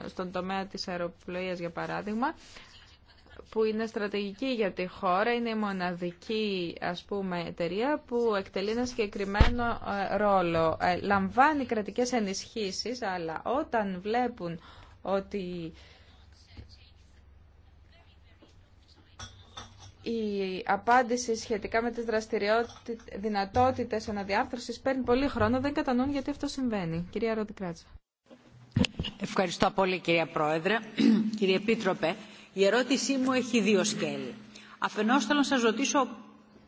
στον τομέα της αεροπλοίας, για παράδειγμα, που είναι στρατηγική για τη χώρα, είναι η μοναδική ας πούμε εταιρεία που εκτελεί ένα συγκεκριμένο ε, ρόλο. Ε, λαμβάνει κρατικές ενισχύσεις, αλλά όταν βλέπουν ότι η απάντηση σχετικά με τις δραστηριότητες, δυνατότητες αναδιάρθρωσης παίρνει πολύ χρόνο, δεν κατανοούν γιατί αυτό συμβαίνει. Κυρία Ροδικράτσα. Ευχαριστώ πολύ κυρία Πρόεδρε. *clears throat* Κύριε Επίτροπε, η ερώτησή μου έχει δύο σκέλη. Αφενός θέλω να σας ρωτήσω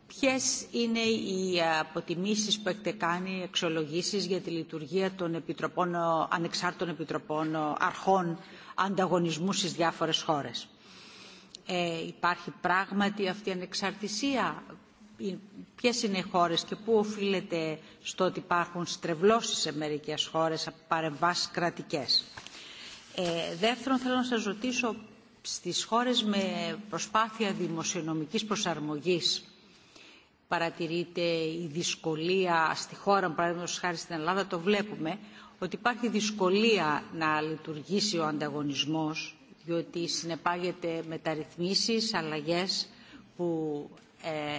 ποιες είναι οι αποτιμήσεις που έχετε κάνει, εξολογήσεις για τη λειτουργία των επιτροπών, ανεξάρτητων επιτροπών αρχών ανταγωνισμού στις διάφορες χώρες. Ε, υπάρχει πράγματι αυτή η ανεξαρτησία. Ε, Ποιε είναι οι χώρες και πού οφείλεται στο ότι υπάρχουν στρεβλώσεις σε μερικές χώρες από παρεμβάσεις κρατικές. Ε, δεύτερον, θέλω να σας ρωτήσω στις χώρες με προσπάθεια δημοσιονομικής προσαρμογής παρατηρείται η δυσκολία στη χώρα, παραδείγματο χάρη στην Ελλάδα, το βλέπουμε, ότι υπάρχει δυσκολία να λειτουργήσει ο ανταγωνισμός, διότι συνεπάγεται μεταρρυθμίσεις, αλλαγές που ε,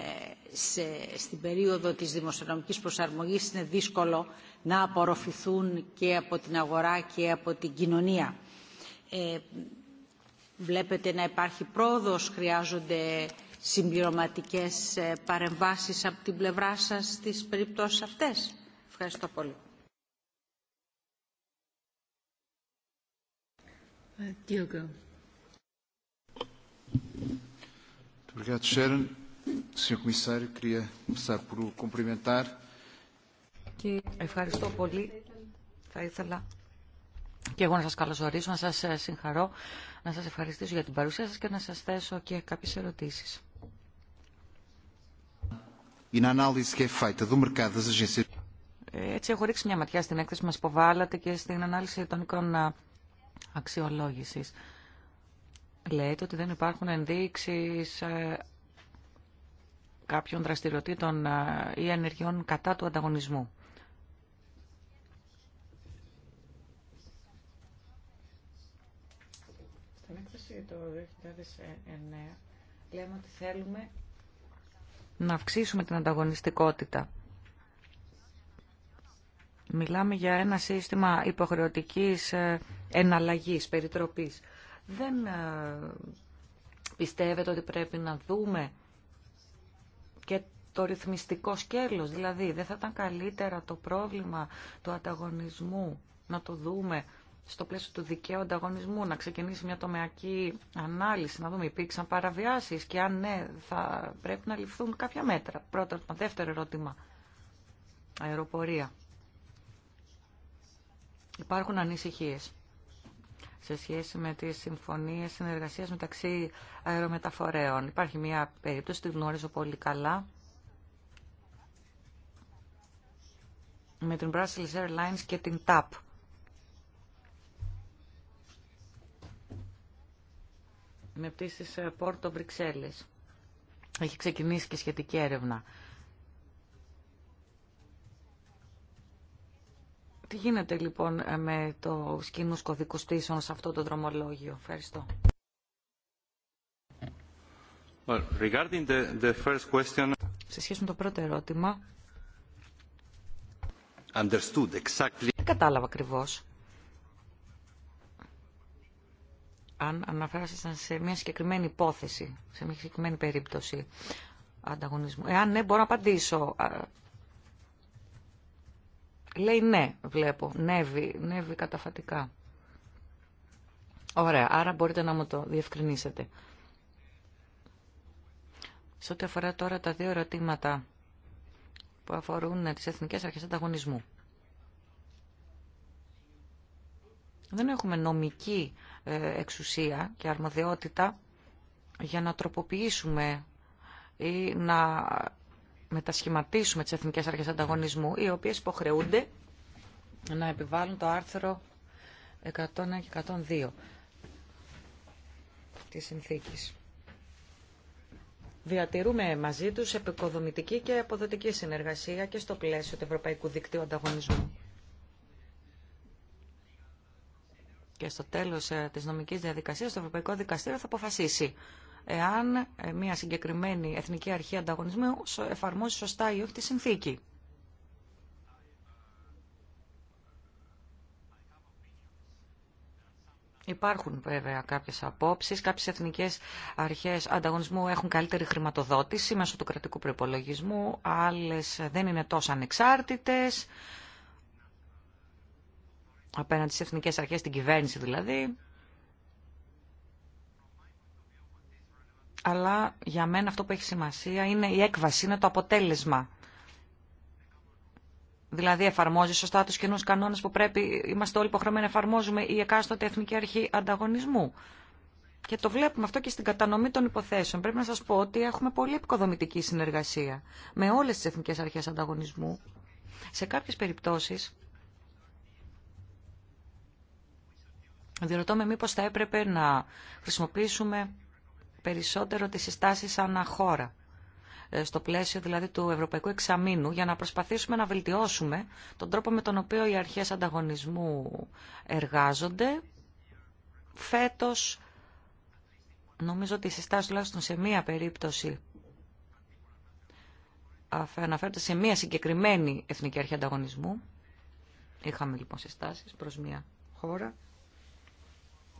σε, στην περίοδο της δημοσιονομικής προσαρμογής είναι δύσκολο να απορροφηθούν και από την αγορά και από την κοινωνία. Ε, βλέπετε να υπάρχει πρόοδος, χρειάζονται συμπληρωματικές ε, παρεμβάσεις από την πλευρά σας στις περιπτώσεις αυτές. Ευχαριστώ πολύ. Ευχαριστώ πολύ. Θα ήθελα και εγώ να σας καλωσορίσω, να σας ε, συγχαρώ, να σας ευχαριστήσω για την παρουσία σας και να σας θέσω και κάποιες ερωτήσεις. Ε, έτσι έχω ρίξει μια ματιά στην έκθεση που μας υποβάλλατε και στην ανάλυση των μικρών αξιολόγησης. Λέτε ότι δεν υπάρχουν ενδείξεις ε, κάποιων δραστηριοτήτων ή ενεργειών κατά του ανταγωνισμού. 2009 λέμε ότι θέλουμε να αυξήσουμε την ανταγωνιστικότητα. Μιλάμε για ένα σύστημα υποχρεωτικής ε, εναλλαγής, περιτροπής. Δεν ε, πιστεύετε ότι πρέπει να δούμε και το ρυθμιστικό σκέλος, δηλαδή δεν θα ήταν καλύτερα το πρόβλημα του ανταγωνισμού να το δούμε στο πλαίσιο του δικαίου ανταγωνισμού να ξεκινήσει μια τομεακή ανάλυση, να δούμε υπήρξαν παραβιάσεις και αν ναι θα πρέπει να ληφθούν κάποια μέτρα. Πρώτο, δεύτερο ερώτημα, αεροπορία. Υπάρχουν ανησυχίες σε σχέση με τις συμφωνίες συνεργασίας μεταξύ αερομεταφορέων. Υπάρχει μια περίπτωση, τη γνωρίζω πολύ καλά, με την Brussels Airlines και την TAP με πτήσεις ε, Πόρτο Βρυξέλλες. Έχει ξεκινήσει και σχετική έρευνα. Τι γίνεται λοιπόν ε, με το σκηνούς κωδικούς πτήσεων σε αυτό το δρομολόγιο. Ευχαριστώ. Well, regarding the, the first question... Σε σχέση με το πρώτο ερώτημα, Understood exactly. δεν κατάλαβα ακριβώς αν αναφράσασταν σε μια συγκεκριμένη υπόθεση, σε μια συγκεκριμένη περίπτωση ανταγωνισμού. Εάν ναι, μπορώ να απαντήσω. Λέει ναι, βλέπω. Νεύει, νεύει καταφατικά. Ωραία, άρα μπορείτε να μου το διευκρινίσετε. Σε ό,τι αφορά τώρα τα δύο ερωτήματα που αφορούν τις Εθνικές Αρχές Ανταγωνισμού. Δεν έχουμε νομική ε, εξουσία και αρμοδιότητα για να τροποποιήσουμε ή να μετασχηματίσουμε τις εθνικές αρχές ανταγωνισμού, οι οποίες υποχρεούνται να επιβάλλουν το άρθρο 101 και 102 της συνθήκης. Διατηρούμε μαζί τους επικοδομητική και αποδοτική συνεργασία και στο πλαίσιο του Ευρωπαϊκού Δικτύου Ανταγωνισμού. και στο τέλος ε, της νομικής διαδικασίας το Ευρωπαϊκό Δικαστήριο θα αποφασίσει εάν ε, μια συγκεκριμένη εθνική αρχή ανταγωνισμού εφαρμόζει σωστά ή όχι τη συνθήκη. Υπάρχουν βέβαια κάποιε απόψει. Κάποιε εθνικέ αρχέ ανταγωνισμού έχουν καλύτερη χρηματοδότηση μέσω του κρατικού προπολογισμού, άλλε δεν είναι τόσο ανεξάρτητε απέναντι στις εθνικές αρχές, στην κυβέρνηση δηλαδή. Αλλά για μένα αυτό που έχει σημασία είναι η έκβαση, είναι το αποτέλεσμα. Δηλαδή εφαρμόζει σωστά τους κοινούς κανόνες που πρέπει, είμαστε όλοι υποχρεωμένοι να εφαρμόζουμε η εκάστοτε Εθνική Αρχή Ανταγωνισμού. Και το βλέπουμε αυτό και στην κατανομή των υποθέσεων. Πρέπει να σας πω ότι έχουμε πολύ επικοδομητική συνεργασία με όλες τις Εθνικές Αρχές Ανταγωνισμού. Σε κάποιες περιπτώσεις Διερωτώ με μήπως θα έπρεπε να χρησιμοποιήσουμε περισσότερο τις συστάσεις χώρα ε, στο πλαίσιο δηλαδή του Ευρωπαϊκού Εξαμήνου για να προσπαθήσουμε να βελτιώσουμε τον τρόπο με τον οποίο οι αρχές ανταγωνισμού εργάζονται. Φέτος, νομίζω ότι οι συστάσεις τουλάχιστον σε μία περίπτωση αναφέρονται σε μία συγκεκριμένη Εθνική Αρχή Ανταγωνισμού. Είχαμε λοιπόν συστάσεις προς μία χώρα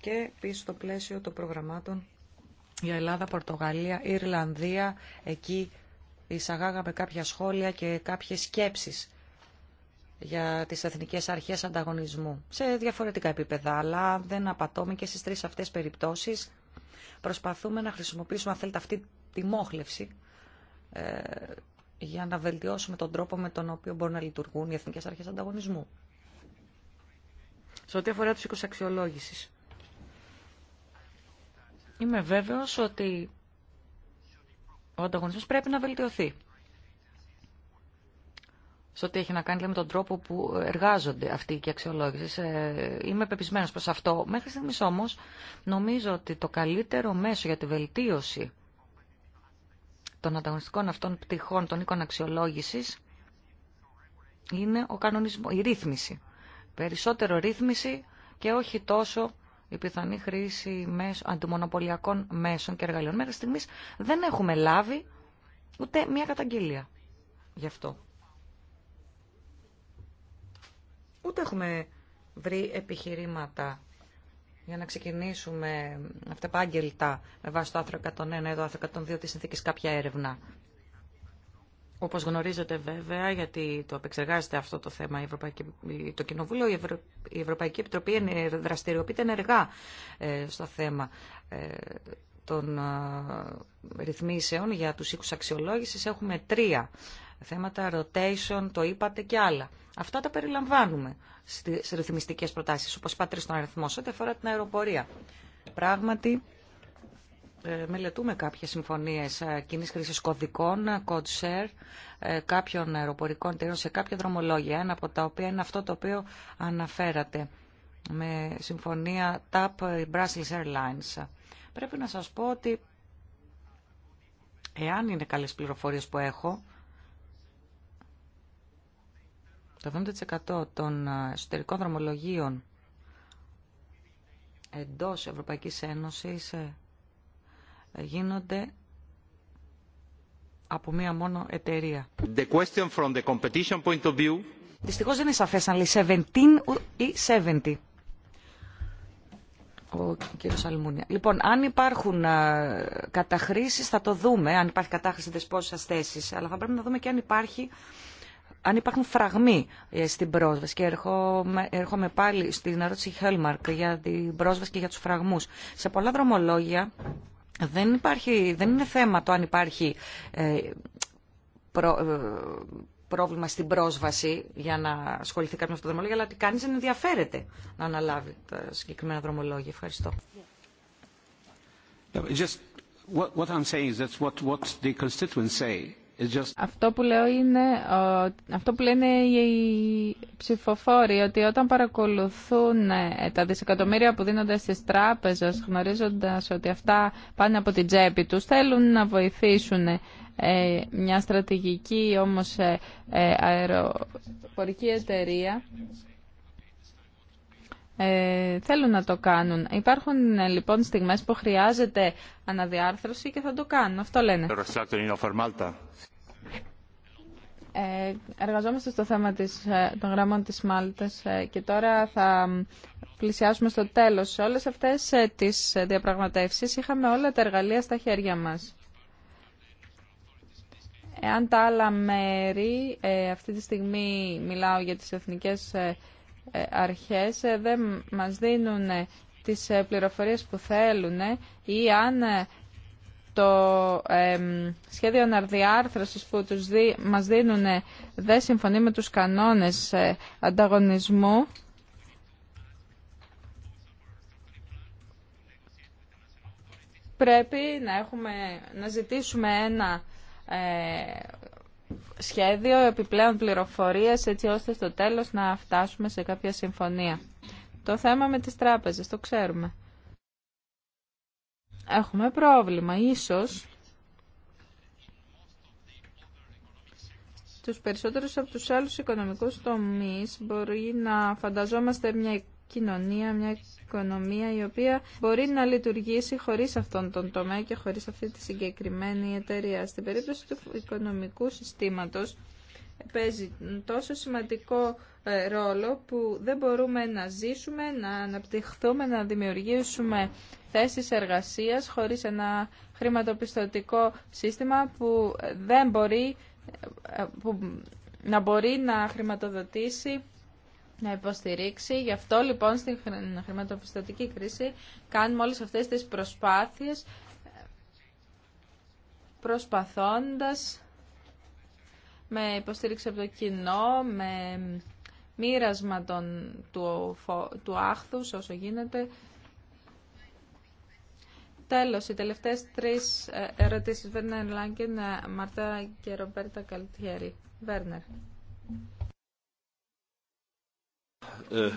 και πίσω στο πλαίσιο των προγραμμάτων για Ελλάδα, Πορτογαλία, Ιρλανδία, εκεί εισαγάγαμε κάποια σχόλια και κάποιες σκέψεις για τις εθνικές αρχές ανταγωνισμού σε διαφορετικά επίπεδα, αλλά δεν απατώμε και στις τρεις αυτές περιπτώσεις. Προσπαθούμε να χρησιμοποιήσουμε, αυτή τη μόχλευση ε, για να βελτιώσουμε τον τρόπο με τον οποίο μπορούν να λειτουργούν οι εθνικές αρχές ανταγωνισμού. Σε ό,τι αφορά τους οίκους αξιολόγησης, Είμαι βέβαιος ότι ο ανταγωνισμός πρέπει να βελτιωθεί. Σε ό,τι έχει να κάνει με τον τρόπο που εργάζονται αυτοί οι Ε, Είμαι πεπισμένος προς αυτό. Μέχρι στιγμής όμως νομίζω ότι το καλύτερο μέσο για τη βελτίωση των ανταγωνιστικών αυτών πτυχών των οίκων αξιολόγηση είναι ο κανονισμός η ρύθμιση. Περισσότερο ρύθμιση και όχι τόσο η πιθανή χρήση μέσω, αντιμονοπολιακών μέσων και εργαλείων. Μέχρι στιγμής δεν έχουμε λάβει ούτε μία καταγγελία γι' αυτό. Ούτε έχουμε βρει επιχειρήματα για να ξεκινήσουμε αυτά επάγγελτα με βάση το άρθρο 101 ή το άρθρο 102 της συνθήκης κάποια έρευνα όπως γνωρίζετε βέβαια, γιατί το απεξεργάζεται αυτό το θέμα το Κοινοβούλιο, η, Ευρωπαϊκή Επιτροπή δραστηριοποιείται ενεργά ε, στο θέμα ε, των ε, ρυθμίσεων για τους οίκους αξιολόγησης. Έχουμε τρία θέματα, rotation, το είπατε και άλλα. Αυτά τα περιλαμβάνουμε στις ρυθμιστικές προτάσεις, όπως είπα στον αριθμό, ό,τι αφορά την αεροπορία. Πράγματι, ε, μελετούμε κάποιες συμφωνίες ε, κοινή χρήση κωδικών, code share, ε, κάποιων αεροπορικών εταιρείων σε κάποια δρομολόγια, ένα από τα οποία είναι αυτό το οποίο αναφέρατε με συμφωνία TAP Brussels Airlines. Πρέπει να σας πω ότι εάν είναι καλές πληροφορίες που έχω, το 70% των εσωτερικών δρομολογίων εντός Ευρωπαϊκής Ένωσης γίνονται από μία μόνο εταιρεία. The question from the competition point of view... Δυστυχώς δεν είναι σαφές αν λέει 17 ή 70. Ο κύριος Αλμούνια. Λοιπόν, αν υπάρχουν καταχρήσεις θα το δούμε, αν υπάρχει κατάχρηση δεσπόσιας θέσης, αλλά θα πρέπει να δούμε και αν υπάρχει αν υπάρχουν φραγμοί ε, στην πρόσβαση και έρχομαι, πάλι στην ερώτηση Χέλμαρκ για την πρόσβαση και για τους φραγμούς. Σε πολλά δρομολόγια δεν, υπάρχει, δεν είναι θέμα το αν υπάρχει ε, ε, πρόβλημα στην πρόσβαση για να ασχοληθεί κάποιο με αυτό το δρομολόγιο, αλλά ότι κανεί δεν ενδιαφέρεται να αναλάβει τα συγκεκριμένα δρομολόγια. Ευχαριστώ. Just what, what I'm saying is that's what, what the constituents say. Αυτό που λέω είναι, αυτό που λένε οι ψηφοφόροι, ότι όταν παρακολουθούν ε, τα δισεκατομμύρια που δίνονται στις τράπεζες, γνωρίζοντας ότι αυτά πάνε από την τσέπη τους, θέλουν να βοηθήσουν ε, μια στρατηγική όμως ε, αεροπορική εταιρεία ε, θέλουν να το κάνουν. Υπάρχουν ε, λοιπόν στιγμές που χρειάζεται αναδιάρθρωση και θα το κάνουν. Αυτό λένε. Ε, εργαζόμαστε στο θέμα της, ε, των γραμμών της Μάλτας και τώρα θα πλησιάσουμε στο τέλος. Σε όλες αυτές τις διαπραγματεύσεις είχαμε όλα τα εργαλεία στα χέρια μας. Εάν τα άλλα μέρη, αυτή τη στιγμή μιλάω για τις εθνικές αρχές ε, δεν μας δίνουν τις ε, πληροφορίες που θέλουν ή αν ε, το σχέδιο αναρδιάρθρωσης που τους δι, μας δίνουν δεν συμφωνεί με τους κανόνες ανταγωνισμού πρέπει να, έχουμε, να ζητήσουμε ένα σχέδιο, επιπλέον πληροφορίες έτσι ώστε στο τέλος να φτάσουμε σε κάποια συμφωνία. Το θέμα με τις τράπεζες, το ξέρουμε. Έχουμε πρόβλημα, ίσως τους περισσότερους από τους άλλους οικονομικούς τομείς μπορεί να φανταζόμαστε μια κοινωνία, μια οικονομία η οποία μπορεί να λειτουργήσει χωρίς αυτόν τον τομέα και χωρίς αυτή τη συγκεκριμένη εταιρεία. Στην περίπτωση του οικονομικού συστήματος παίζει τόσο σημαντικό ε, ρόλο που δεν μπορούμε να ζήσουμε, να αναπτυχθούμε, να δημιουργήσουμε θέσεις εργασίας χωρίς ένα χρηματοπιστωτικό σύστημα που δεν μπορεί ε, ε, που να μπορεί να χρηματοδοτήσει να υποστηρίξει. Γι' αυτό λοιπόν στην χρηματοπιστωτική κρίση κάνουμε όλες αυτές τις προσπάθειες προσπαθώντας με υποστήριξη από το κοινό, με μοίρασμα των, του, του άχθους όσο γίνεται. Τέλος, οι τελευταίες τρεις ε, ερωτήσεις Βέρνερ Λάγκεν, ε, Μαρτά και Ρομπέρτα Καλτιέρη. Βέρνερ. Ε,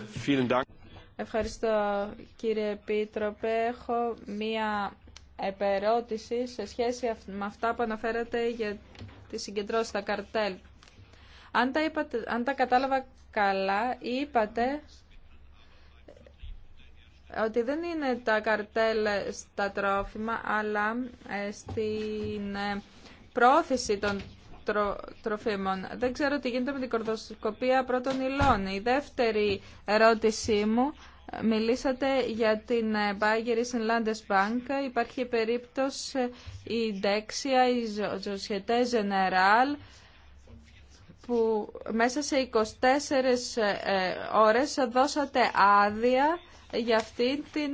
Ευχαριστώ κύριε Επίτροπε. Έχω μία επερώτηση σε σχέση με αυτά που αναφέρατε για τη συγκεντρώση στα καρτέλ. Αν τα, αν τα κατάλαβα καλά, είπατε ότι δεν είναι τα καρτέλ στα τρόφιμα, αλλά ε, στην ε, πρόθεση των δεν ξέρω τι γίνεται με την κορδοσκοπία πρώτων υλών. Η δεύτερη ερώτησή μου, μιλήσατε για την ε, Bayerische Landesbank. Υπάρχει περίπτωση ε, η Dexia, η Societe Generale, που μέσα σε 24 ε, ώρες δώσατε άδεια για αυτή την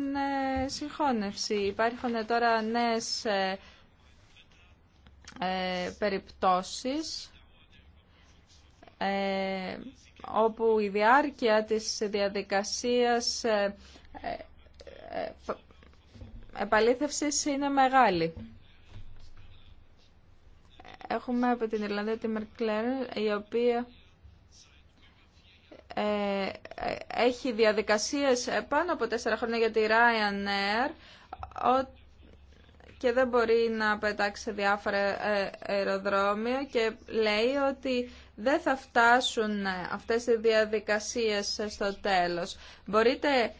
συγχώνευση. Υπάρχουν τώρα νέες ε, περιπτώσεις ε, όπου η διάρκεια της διαδικασίας ε, επαλήθευσης είναι μεγάλη. Έχουμε από την Ιρλανδία τη Μερκλέρ, η οποία έχει διαδικασίες πάνω από τέσσερα χρόνια για τη Ryanair, και δεν μπορεί να πετάξει σε διάφορα ε, αεροδρόμια και λέει ότι δεν θα φτάσουν ε, αυτές οι διαδικασίες ε, στο τέλος. Μπορείτε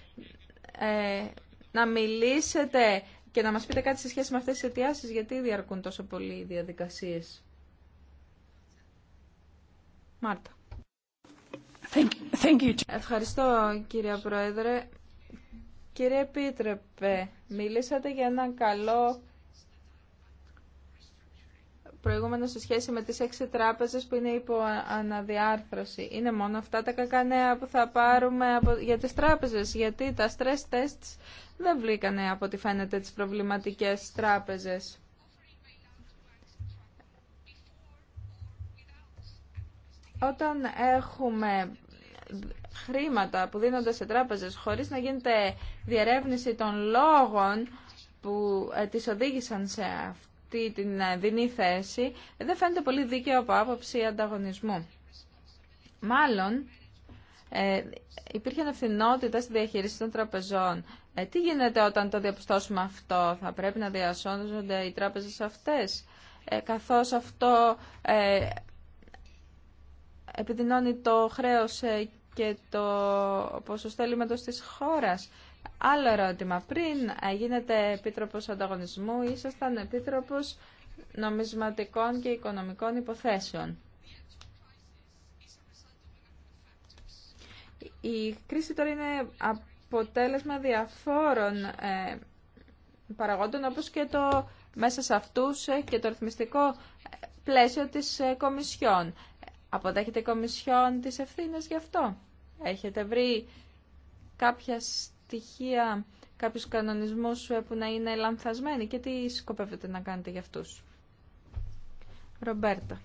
να μιλήσετε και να μας πείτε κάτι σε σχέση με αυτές τις αιτιάσεις, γιατί διαρκούν τόσο πολύ οι διαδικασίες. Μάρτα. Thank you. Thank you. Ευχαριστώ κύριε Πρόεδρε. Κύριε Επίτρεπε, μιλήσατε για ένα καλό προηγούμενο σε σχέση με τις έξι τράπεζες που είναι υπό αναδιάρθρωση. Είναι μόνο αυτά τα κακανέα που θα πάρουμε από... για τις τράπεζες, γιατί τα stress tests δεν βλήκανε από ό,τι φαίνεται τις προβληματικές τράπεζες. Όταν έχουμε χρήματα που δίνονται σε τράπεζες χωρίς να γίνεται διερεύνηση των λόγων που ε, τις οδήγησαν σε αυτό, αυτή την ε, δινή θέση δεν φαίνεται πολύ δίκαιο από άποψη ανταγωνισμού. Μάλλον ε, υπήρχε ανευθυνότητα στη διαχείριση των τραπεζών. Ε, τι γίνεται όταν το διαπιστώσουμε αυτό, θα πρέπει να διασώζονται οι τράπεζες αυτές, ε, καθώς αυτό ε, επιδεινώνει το χρέος ε, και το ποσοστό ελλείμματος της χώρας. Άλλο ερώτημα. Πριν ε, γίνετε επίτροπο ανταγωνισμού, ήσασταν επίτροπο νομισματικών και οικονομικών υποθέσεων. Η κρίση τώρα είναι αποτέλεσμα διαφόρων ε, παραγόντων, όπως και το μέσα σε αυτούς ε, και το ρυθμιστικό πλαίσιο της Κομισιόν. Αποδέχεται η Κομισιόν τις ευθύνες γι' αυτό. Έχετε βρει κάποια στοιχεία, κάποιου κανονισμού που να είναι λανθασμένοι και τι σκοπεύετε να κάνετε για αυτούς. Ρομπέρτα.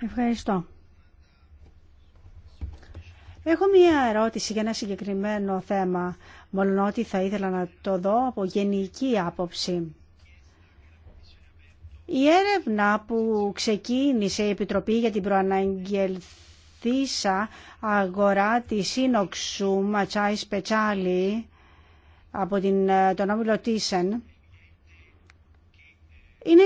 Ευχαριστώ. Έχω μία ερώτηση για ένα συγκεκριμένο θέμα, μόνο ότι θα ήθελα να το δω από γενική άποψη. Η έρευνα που ξεκίνησε η Επιτροπή για την Προαναγγελθή Θήσα αγορά τη σύνοξου Ματσάι Σπετσάλι από την, ε, τον όμιλο Τίσεν. Είναι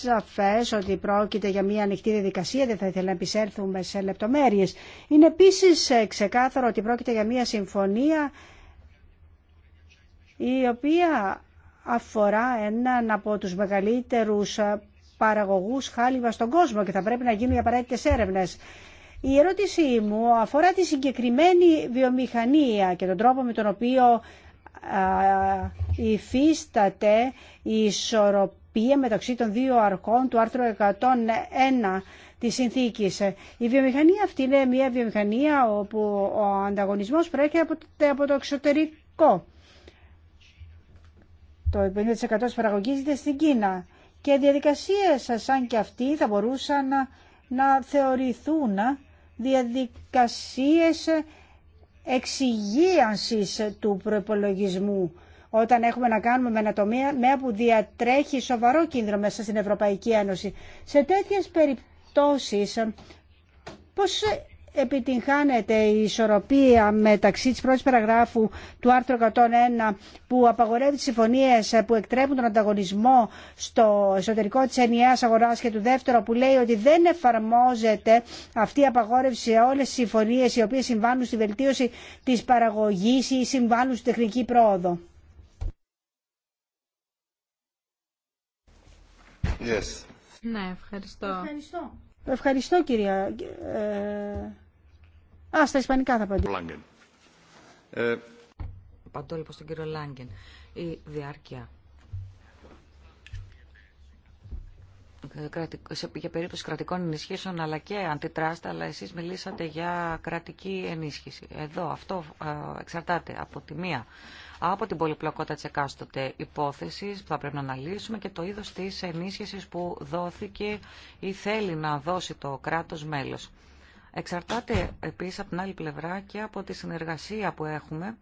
σαφές ότι πρόκειται για μια ανοιχτή διαδικασία, δεν θα ήθελα να επισέλθουμε σε λεπτομέρειε. Είναι επίσης ε, ξεκάθαρο ότι πρόκειται για μια συμφωνία η οποία αφορά έναν από τους μεγαλύτερους ε, παραγωγούς χάλιβα στον κόσμο και θα πρέπει να γίνουν οι απαραίτητες έρευνες. Η ερώτησή μου αφορά τη συγκεκριμένη βιομηχανία και τον τρόπο με τον οποίο υφίσταται η ισορροπία μεταξύ των δύο αρχών του άρθρου 101 τη συνθήκης. Η βιομηχανία αυτή είναι μια βιομηχανία όπου ο ανταγωνισμός προέρχεται από το εξωτερικό. Το 50% της παραγωγής είναι στην Κίνα. Και διαδικασίες σαν και αυτή θα μπορούσαν να, να θεωρηθούν διαδικασίες εξυγίανσης του προπολογισμού όταν έχουμε να κάνουμε με ένα τομέα που διατρέχει σοβαρό κίνδυνο μέσα στην Ευρωπαϊκή Ένωση. Σε τέτοιες περιπτώσεις, πώς επιτυγχάνεται η ισορροπία μεταξύ της πρώτης παραγράφου του άρθρου 101 που απαγορεύει τις συμφωνίες που εκτρέπουν τον ανταγωνισμό στο εσωτερικό της ενιαίας αγοράς και του δεύτερου που λέει ότι δεν εφαρμόζεται αυτή η απαγόρευση σε όλες τις συμφωνίες οι οποίες συμβάνουν στη βελτίωση της παραγωγής ή συμβάνουν στη τεχνική πρόοδο. Yes. Ναι, Ευχαριστώ. Ευχαριστώ κυρία. Ε, α, στα ισπανικά θα απαντήσω. Ε, Παντώ λοιπόν στον κύριο Λάγκεν. Η διάρκεια ε, για περίπτωση κρατικών ενισχύσεων αλλά και αντιτράστα, αλλά εσείς μιλήσατε για κρατική ενίσχυση. Εδώ αυτό εξαρτάται από τη μία από την πολυπλοκότητα τη εκάστοτε υπόθεσης που θα πρέπει να αναλύσουμε και το είδο τη ενίσχυση που δόθηκε ή θέλει να δώσει το κράτος μέλος. Εξαρτάται επίσης από την άλλη πλευρά και από τη συνεργασία που έχουμε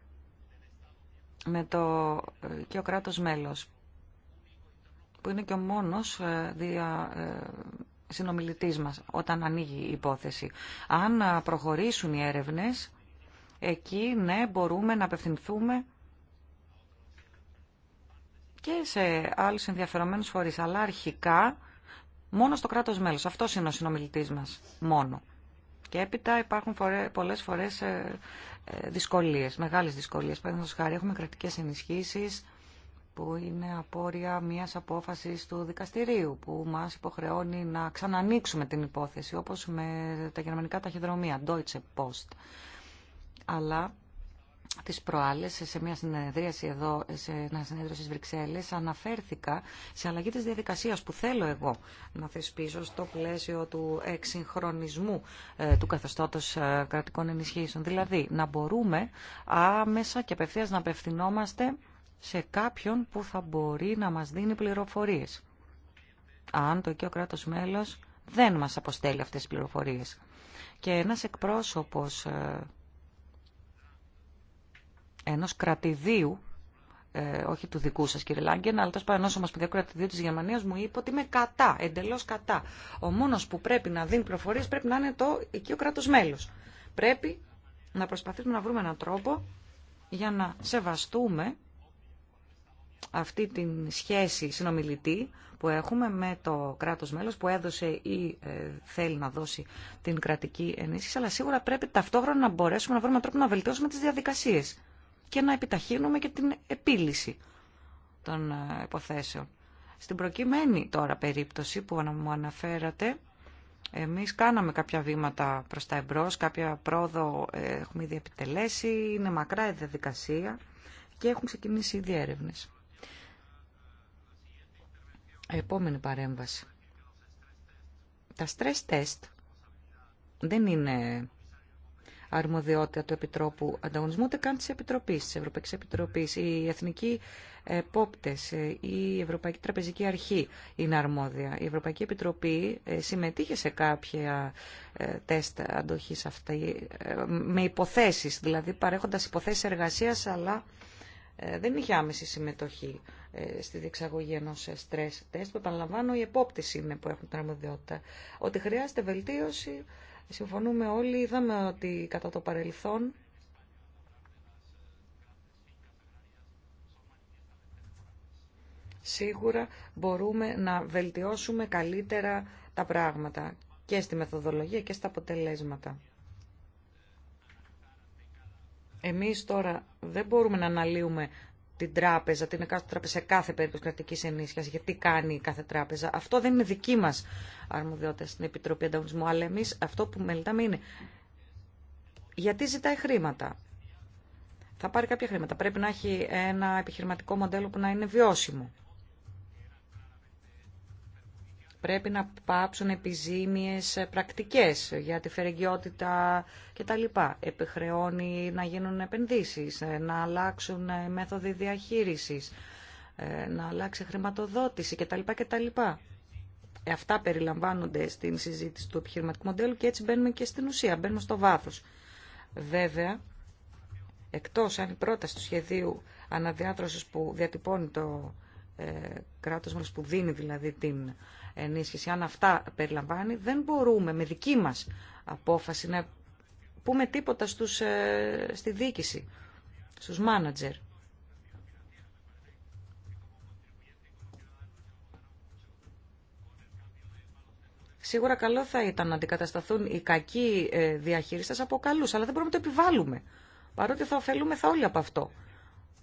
με το και ο κράτος μέλος που είναι και ο μόνος ε, δια, ε, συνομιλητής μας όταν ανοίγει η υπόθεση. Αν προχωρήσουν οι έρευνες, εκεί ναι μπορούμε να απευθυνθούμε και σε άλλους ενδιαφερομένους φορείς, αλλά αρχικά μόνο στο κράτος μέλος. Αυτό είναι ο συνομιλητής μας, μόνο. Και έπειτα υπάρχουν φορέ, πολλές φορές ε, ε, δυσκολίες, μεγάλες δυσκολίες. Παραδείγματος χάρη έχουμε κρατικές ενισχύσεις που είναι απόρρια μιας απόφασης του δικαστηρίου που μας υποχρεώνει να ξανανοίξουμε την υπόθεση όπως με τα γερμανικά ταχυδρομεία, Deutsche Post. Αλλά τις προάλλες σε μια συνεδρίαση εδώ, σε ένα συνέδριο στις Βρυξέλλες, αναφέρθηκα σε αλλαγή της διαδικασίας που θέλω εγώ να θεσπίσω στο πλαίσιο του εξυγχρονισμού ε, του καθεστώτος ε, κρατικών ενισχύσεων. Δηλαδή, να μπορούμε άμεσα και απευθείας να απευθυνόμαστε σε κάποιον που θα μπορεί να μας δίνει πληροφορίες. Αν το οικείο κράτος μέλος δεν μας αποστέλει αυτές τις πληροφορίες. Και ένας εκπρόσωπος ε, ενός κρατηδίου, ε, όχι του δικού σας κύριε Λάγκεν, αλλά τόσο πάνω ενός ομοσπονδιακού κρατηδίου της Γερμανίας μου είπε ότι είμαι κατά, εντελώς κατά. Ο μόνος που πρέπει να δίνει πληροφορίες πρέπει να είναι το οικείο κράτος μέλος. Πρέπει να προσπαθήσουμε να βρούμε έναν τρόπο για να σεβαστούμε αυτή τη σχέση συνομιλητή που έχουμε με το κράτος μέλος που έδωσε ή ε, θέλει να δώσει την κρατική ενίσχυση, αλλά σίγουρα πρέπει ταυτόχρονα να μπορέσουμε να βρούμε τρόπο να βελτιώσουμε τις διαδικασίες και να επιταχύνουμε και την επίλυση των ε, υποθέσεων. Στην προκειμένη τώρα περίπτωση που μου αναφέρατε, εμείς κάναμε κάποια βήματα προς τα εμπρός, κάποια πρόοδο ε, έχουμε ήδη επιτελέσει, είναι μακρά η διαδικασία και έχουν ξεκινήσει ήδη Επόμενη παρέμβαση. Τα stress test δεν είναι αρμοδιότητα του Επιτρόπου Ανταγωνισμού, ούτε καν τη Επιτροπή, τη Ευρωπαϊκή Επιτροπή. Οι εθνικοί επόπτε, ε, η Ευρωπαϊκή Τραπεζική Αρχή είναι αρμόδια. Η Ευρωπαϊκή Επιτροπή ε, συμμετείχε σε κάποια ε, τεστ αντοχή αυτή, με υποθέσει, δηλαδή παρέχοντα υποθέσει εργασία, αλλά δεν είχε άμεση συμμετοχή στη διεξαγωγή ενό stress test που επαναλαμβάνω οι επόπτε είναι που έχουν την αρμοδιότητα. Ότι χρειάζεται βελτίωση Συμφωνούμε όλοι, είδαμε ότι κατά το παρελθόν σίγουρα μπορούμε να βελτιώσουμε καλύτερα τα πράγματα και στη μεθοδολογία και στα αποτελέσματα. Εμείς τώρα δεν μπορούμε να αναλύουμε την τράπεζα, την εκάστοτε τράπεζα σε κάθε περίπτωση κρατική ενίσχυση, γιατί κάνει κάθε τράπεζα. Αυτό δεν είναι δική μα αρμοδιότητα στην Επιτροπή Ανταγωνισμού, αλλά εμεί αυτό που μελετάμε είναι γιατί ζητάει χρήματα. Θα πάρει κάποια χρήματα. Πρέπει να έχει ένα επιχειρηματικό μοντέλο που να είναι βιώσιμο. Πρέπει να πάψουν επιζήμιες πρακτικές για τη φερεγγιότητα κτλ. Επιχρεώνει να γίνουν επενδύσεις, ε, να αλλάξουν ε, μέθοδοι διαχείρισης, ε, να αλλάξει χρηματοδότηση κτλ. λοιπά. Αυτά περιλαμβάνονται στην συζήτηση του επιχειρηματικού μοντέλου και έτσι μπαίνουμε και στην ουσία, μπαίνουμε στο βάθος. Βέβαια, εκτός αν η πρόταση του σχεδίου αναδιάτρωσης που διατυπώνει το ε, κράτος μας που δίνει δηλαδή την ενίσχυση, αν αυτά περιλαμβάνει, δεν μπορούμε με δική μας απόφαση να πούμε τίποτα στους, ε, στη διοίκηση, στους μάνατζερ. Σίγουρα καλό θα ήταν να αντικατασταθούν οι κακοί ε, διαχείριστες από καλούς, αλλά δεν μπορούμε να το επιβάλλουμε, παρότι θα ωφελούμε θα όλοι από αυτό.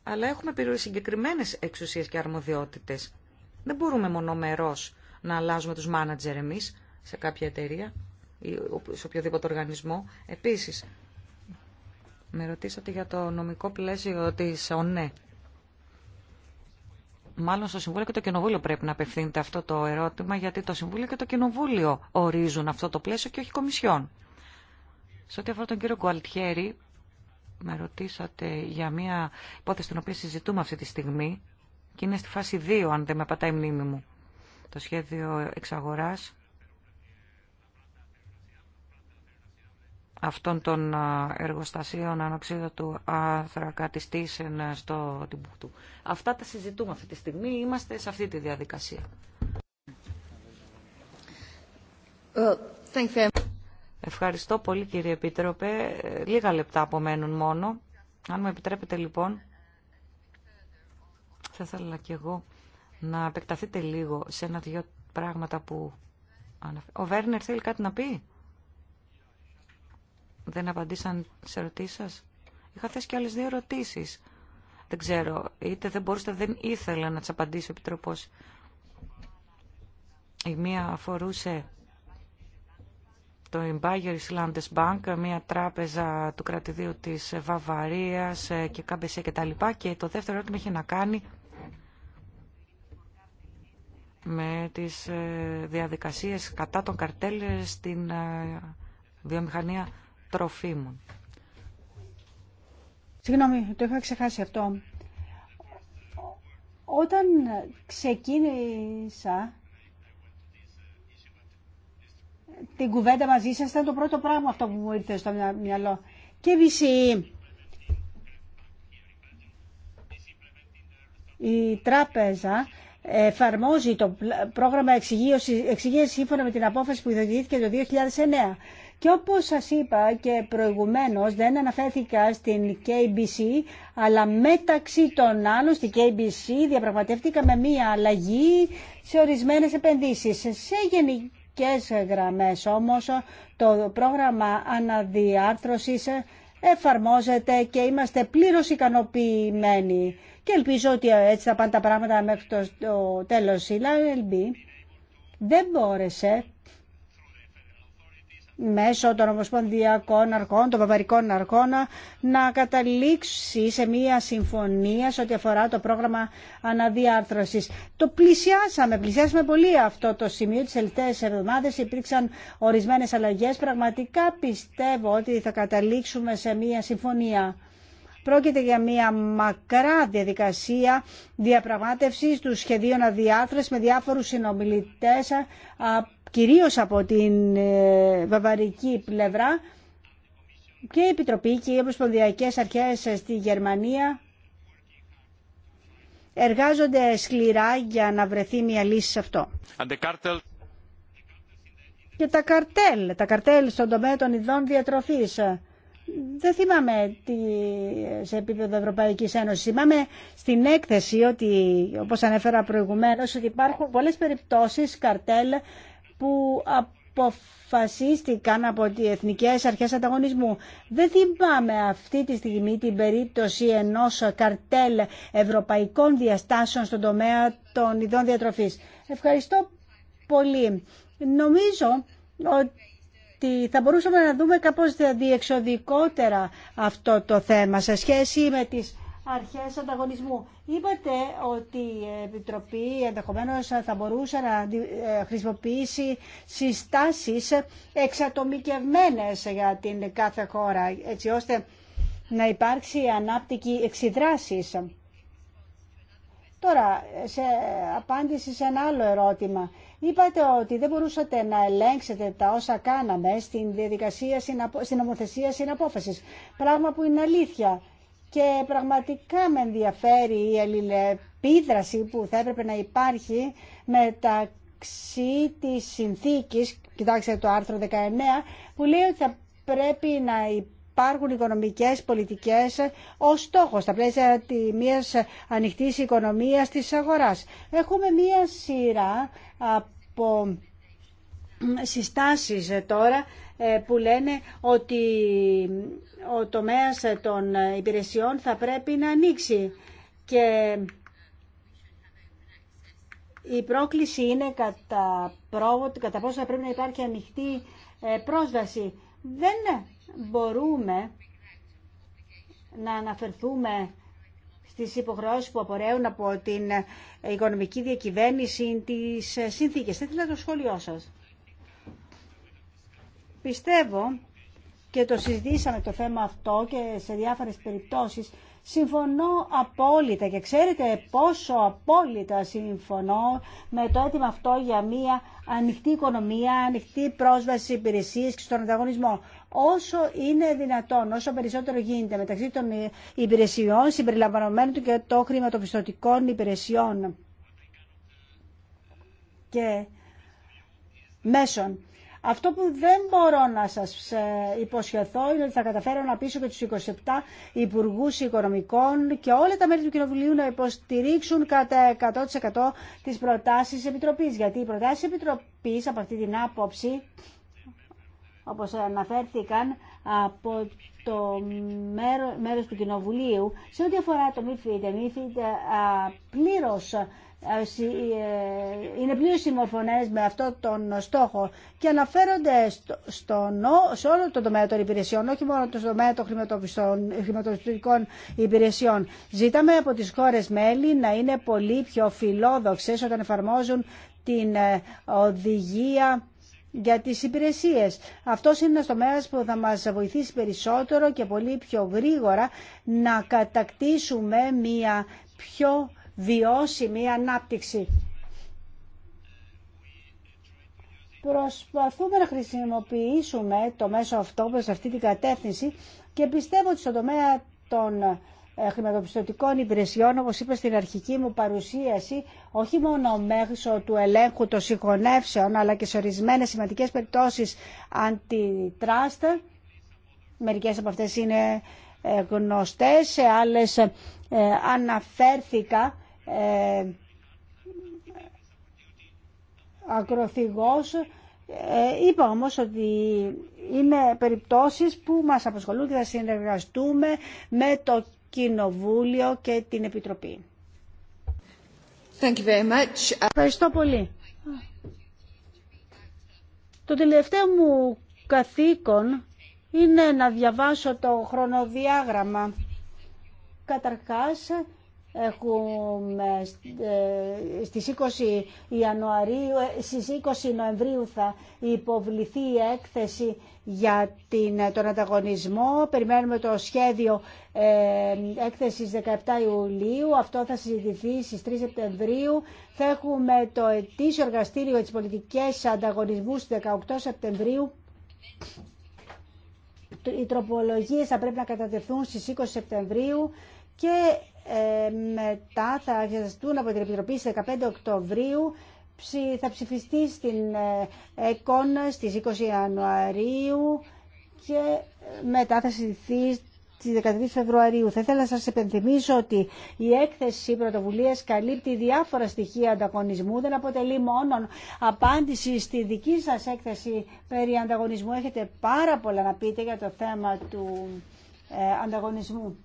Αλλά έχουμε συγκεκριμένες εξουσίες και αρμοδιότητες. Δεν μπορούμε μονομερός να αλλάζουμε τους μάνατζερ εμείς σε κάποια εταιρεία ή σε οποιοδήποτε οργανισμό. Επίσης, με ρωτήσατε για το νομικό πλαίσιο της ΟΝΕ. Μάλλον στο Συμβούλιο και το Κοινοβούλιο πρέπει να απευθύνεται αυτό το ερώτημα, γιατί το Συμβούλιο και το Κοινοβούλιο ορίζουν αυτό το πλαίσιο και όχι Κομισιόν. Σε ό,τι αφορά τον κύριο Κουαλτιέρη με ρωτήσατε για μια υπόθεση την οποία συζητούμε αυτή τη στιγμή και είναι στη φάση 2, αν δεν με πατάει η μνήμη μου το σχέδιο εξαγοράς αυτών των εργοστασίων ανοξίδωτου άνθρακα της Τίσεν στο Τιμπουκτού. Αυτά τα συζητούμε αυτή τη στιγμή, είμαστε σε αυτή τη διαδικασία. Ε, Ευχαριστώ πολύ κύριε Επίτροπε. Ε, λίγα λεπτά απομένουν μόνο. Αν μου επιτρέπετε λοιπόν, θα ήθελα και εγώ να επεκταθείτε λίγο σε ένα-δυο πράγματα που Ο Βέρνερ θέλει κάτι να πει. Δεν απαντήσαν σε ερωτήσεις σας. Είχα θέσει και άλλες δύο ερωτήσεις. Δεν ξέρω, είτε δεν μπορούσατε, δεν ήθελα να τις ο Επιτροπός. Η μία αφορούσε το Embayer Islandes Bank, μια τράπεζα του κρατηδίου της Βαβαρίας ε, και κάμπεσέ και τα λοιπά. Και το δεύτερο ερώτημα είχε να κάνει με τις ε, διαδικασίες κατά των καρτέλ στην ε, βιομηχανία τροφίμων. Συγγνώμη, το είχα ξεχάσει αυτό. Όταν ξεκίνησα την κουβέντα μαζί σας ήταν το πρώτο πράγμα αυτό που μου ήρθε στο μυαλό. Και βυσί. Η τράπεζα εφαρμόζει το πρόγραμμα εξυγείας σύμφωνα με την απόφαση που και το 2009. Και όπως σας είπα και προηγουμένως δεν αναφέρθηκα στην KBC αλλά μεταξύ των άλλων στην KBC διαπραγματεύτηκαμε μία αλλαγή σε ορισμένες επενδύσεις. Σε γενικές γραμμές όμως το πρόγραμμα αναδιάρθρωσης εφαρμόζεται και είμαστε πλήρως ικανοποιημένοι και ελπίζω ότι έτσι θα πάνε τα πράγματα μέχρι το, το τέλος. Η LB δεν μπόρεσε μέσω των Ομοσπονδιακών Αρχών, των Βαβαρικών Αρχών, να καταλήξει σε μία συμφωνία σε ό,τι αφορά το πρόγραμμα αναδιάρθρωσης. Το πλησιάσαμε, πλησιάσαμε πολύ αυτό το σημείο. Τις τελευταίες εβδομάδες υπήρξαν ορισμένες αλλαγές. Πραγματικά πιστεύω ότι θα καταλήξουμε σε μία συμφωνία. Πρόκειται για μια μακρά διαδικασία διαπραγμάτευσης του σχεδίου αδιάθρωσης με διάφορους συνομιλητέ κυρίως από την ε, βαβαρική πλευρά και η Επιτροπή και οι Ομοσπονδιακές Αρχές στη Γερμανία εργάζονται σκληρά για να βρεθεί μια λύση σε αυτό. Και τα καρτέλ, τα καρτέλ στον τομέα των ειδών διατροφής δεν θυμάμαι τι, σε επίπεδο Ευρωπαϊκής Ένωσης. Θυμάμαι στην έκθεση ότι, όπως ανέφερα προηγουμένως, ότι υπάρχουν πολλές περιπτώσεις καρτέλ που αποφασίστηκαν από τις εθνικές αρχές ανταγωνισμού. Δεν θυμάμαι αυτή τη στιγμή την περίπτωση ενός καρτέλ ευρωπαϊκών διαστάσεων στον τομέα των ειδών διατροφής. Ευχαριστώ πολύ. Νομίζω ότι θα μπορούσαμε να δούμε κάπως διεξοδικότερα αυτό το θέμα σε σχέση με τις αρχές ανταγωνισμού. Είπατε ότι η Επιτροπή ενδεχομένως θα μπορούσε να ε, χρησιμοποιήσει συστάσεις εξατομικευμένες για την κάθε χώρα, έτσι ώστε να υπάρξει ανάπτυξη εξειδράσεις. Τώρα, σε απάντηση σε ένα άλλο ερώτημα, Είπατε ότι δεν μπορούσατε να ελέγξετε τα όσα κάναμε στην διαδικασία, στην νομοθεσία συναπόφαση. Πράγμα που είναι αλήθεια. Και πραγματικά με ενδιαφέρει η αλληλεπίδραση που θα έπρεπε να υπάρχει μεταξύ τη συνθήκη, κοιτάξτε το άρθρο 19, που λέει ότι θα πρέπει να υπάρχουν οικονομικές πολιτικέ ω στόχο στα πλαίσια μια ανοιχτή οικονομία τη αγορά. Έχουμε μία σειρά από συστάσεις τώρα ε, που λένε ότι ο τομέας των υπηρεσιών θα πρέπει να ανοίξει και η πρόκληση είναι κατά, κατά πόσο θα πρέπει να υπάρχει ανοιχτή ε, πρόσβαση. Δεν μπορούμε να αναφερθούμε στις υποχρεώσεις που απορρέουν από την οικονομική διακυβέρνηση της συνθήκες. Θα ήθελα το σχόλιο σας. Πιστεύω και το συζητήσαμε το θέμα αυτό και σε διάφορες περιπτώσεις Συμφωνώ απόλυτα και ξέρετε πόσο απόλυτα συμφωνώ με το αίτημα αυτό για μια ανοιχτή οικονομία, ανοιχτή πρόσβαση υπηρεσίε και στον ανταγωνισμό. Όσο είναι δυνατόν, όσο περισσότερο γίνεται μεταξύ των υπηρεσιών συμπεριλαμβανομένου του και των χρηματοπιστωτικών υπηρεσιών και μέσων. Αυτό που δεν μπορώ να σας ε, υποσχεθώ είναι ότι θα καταφέρω να πείσω και του 27 υπουργού Οικονομικών και όλα τα μέλη του Κοινοβουλίου να υποστηρίξουν κατά 100% τις προτάσεις της Επιτροπής. Γιατί οι προτάσεις της Επιτροπής από αυτή την άποψη όπως αναφέρθηκαν από το μέρο, του Κοινοβουλίου σε ό,τι αφορά το ΜΥΦΙΤ, πλήρω είναι πλήρως συμμορφωνές με αυτό τον στόχο και αναφέρονται στο, σε όλο το τομέα των υπηρεσιών, όχι μόνο το τομέα των χρηματοπιστωτικών υπηρεσιών. Ζήταμε από τις χώρες μέλη να είναι πολύ πιο φιλόδοξες όταν εφαρμόζουν την ε, οδηγία για τις υπηρεσίες. Αυτό είναι ένας τομέας που θα μας βοηθήσει περισσότερο και πολύ πιο γρήγορα να κατακτήσουμε μια πιο βιώσιμη ανάπτυξη. Προσπαθούμε να χρησιμοποιήσουμε το μέσο αυτό προς αυτή την κατεύθυνση και πιστεύω ότι στον τομέα των ε, χρηματοπιστωτικών υπηρεσιών, όπως είπα στην αρχική μου παρουσίαση, όχι μόνο μέσω του ελέγχου των συγχωνεύσεων, αλλά και σε ορισμένες σημαντικές περιπτώσεις αντιτράστα. Μερικές από αυτές είναι ε, γνωστές, σε άλλες ε, αναφέρθηκα ε, ακροθυγός. Ε, είπα όμως ότι είναι περιπτώσεις που μας απασχολούν και θα συνεργαστούμε με το Κοινοβούλιο και την Επιτροπή. Thank you Ευχαριστώ πολύ. Το τελευταίο μου καθήκον είναι να διαβάσω το χρονοδιάγραμμα. Καταρχάς, Έχουμε ε, στις 20 Ιανουαρίου, ε, στις 20 Νοεμβρίου θα υποβληθεί η έκθεση για την, ε, τον ανταγωνισμό. Περιμένουμε το σχέδιο ε, έκθεσης 17 Ιουλίου. Αυτό θα συζητηθεί στις 3 Σεπτεμβρίου. Θα έχουμε το ετήσιο εργαστήριο της τις πολιτικές ανταγωνισμού στις 18 Σεπτεμβρίου. Οι τροπολογίες θα πρέπει να κατατεθούν στις 20 Σεπτεμβρίου και ε, μετά θα εξεταστούν από την Επιτροπή στις 15 Οκτωβρίου θα ψηφιστεί στην ε, ΕΚΟΝ στις 20 Ιανουαρίου και ε, μετά θα συζητηθεί στις 13 Φεβρουαρίου. Θα ήθελα να σας επενθυμίσω ότι η έκθεση πρωτοβουλία καλύπτει διάφορα στοιχεία ανταγωνισμού. Δεν αποτελεί μόνο απάντηση στη δική σας έκθεση περί ανταγωνισμού. Έχετε πάρα πολλά να πείτε για το θέμα του ανταγωνισμού.